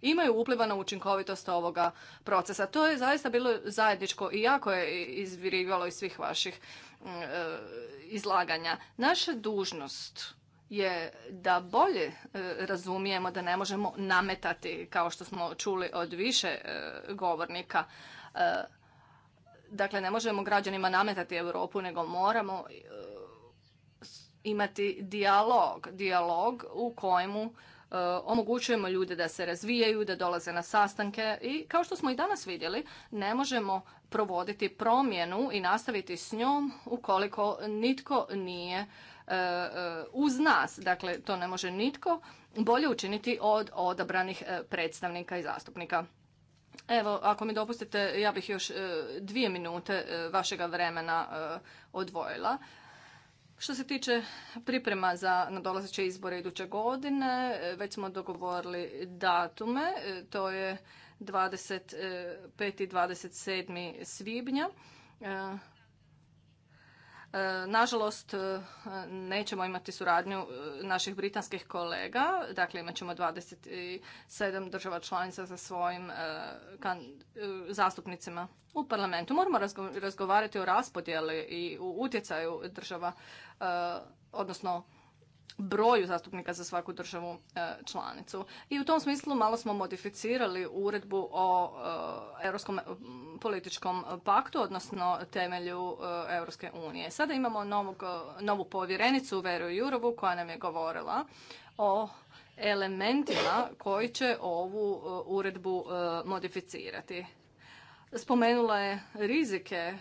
imaju upliva na učinkovitost ovoga procesa. To je zaista bilo zajedničko i jako je izvirivalo iz svih vaših mm, izlaganja. Naša dužnost je da bolje e, razumijemo da ne možemo nametati, kao što smo čuli od više e, govornika, e, dakle ne možemo građanima nametati Europu, nego moramo imati dijalog, dijalog u kojemu E, omogućujemo ljude da se razvijaju, da dolaze na sastanke i kao što smo i danas vidjeli, ne možemo provoditi promjenu i nastaviti s njom ukoliko nitko nije e, e, uz nas, dakle to ne može nitko, bolje učiniti od odabranih predstavnika i zastupnika. Evo, ako mi dopustite, ja bih još dvije minute vašega vremena odvojila. Što se tiče priprema za nadolazeće izbore iduće godine, već smo dogovorili datume, to je 25. i 27. svibnja. Nažalost, e, nećemo imati suradnju e, naših britanskih kolega, dakle imat ćemo 27 država članica sa svojim e, zastupnicima u parlamentu. Moramo razgovarati o raspodjeli i utjecaju država, odnosno broju zastupnika za svaku državu e, članicu. I u tom smislu malo smo modificirali uredbu o e, Europskom političkom paktu, odnosno temelju e, Europske unije. Sada imamo novog, novu povjerenicu Veru Jurovu koja nam je govorila o elementima koji će ovu uredbu modificirati. Spomenula je rizike e,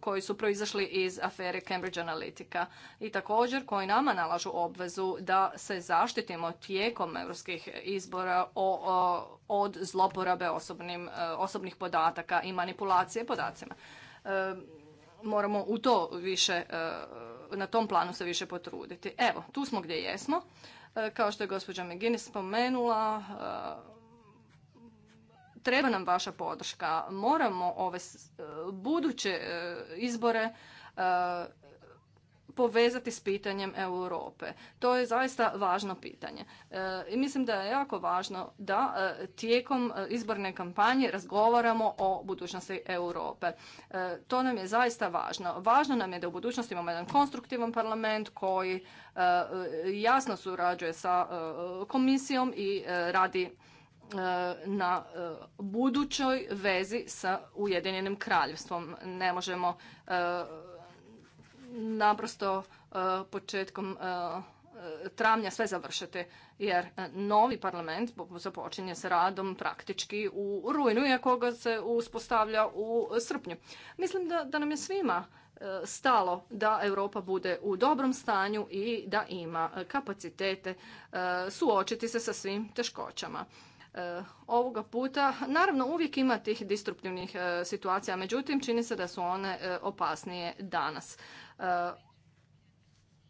koji su proizašli iz afere Cambridge Analytica i također koji nama nalažu obvezu da se zaštitimo tijekom europskih izbora od zloporabe e, osobnih podataka i manipulacije podacima. E, moramo u to više, na tom planu se više potruditi. Evo, tu smo gdje jesmo. Kao što je gospođa McGinnis spomenula, Treba nam vaša podrška. Moramo ove e, buduće e, izbore e, povezati s pitanjem Europe. To je zaista važno pitanje. I mislim da je jako važno da tijekom izborne kampanje razgovaramo o budućnosti Europe. To nam je zaista važno. Važno nam je da u budućnosti imamo jedan konstruktivan parlament koji jasno surađuje sa komisijom i radi E, na e, budućoj vezi sa Ujedinjenim kraljevstvom. Ne možemo e, naprosto početkom travnja sve završiti, jer novi parlament započinje s radom praktički u rujnu, iako ga se uspostavlja u srpnju. Mislim da, da nam je svima stalo da Europa bude u dobrom stanju i da ima kapacitete suočiti se sa svim teškoćama. E, ovoga puta, naravno uvijek ima tih distruptivnih e, situacija, međutim čini se da su one e, opasnije danas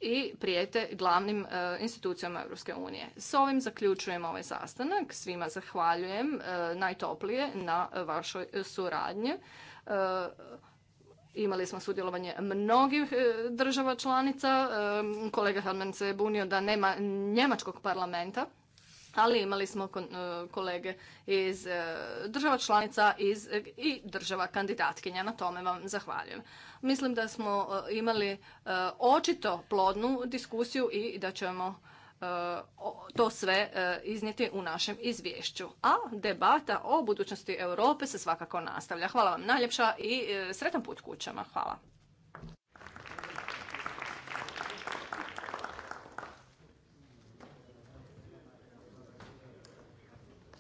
i prijete glavnim institucijama Europske unije. S ovim zaključujem ovaj sastanak. Svima zahvaljujem najtoplije na vašoj suradnji. Imali smo sudjelovanje mnogih država članica. Kolega Helmen se je bunio da nema njemačkog parlamenta ali imali smo e, kolege iz e, država članica e, i država kandidatkinja. Na tome vam zahvaljujem. Mislim da smo imali očito plodnu diskusiju i da ćemo to sve iznijeti u našem izvješću. A debata o budućnosti Europe se svakako nastavlja. Hvala vam najljepša i sretan put kućama. Hvala.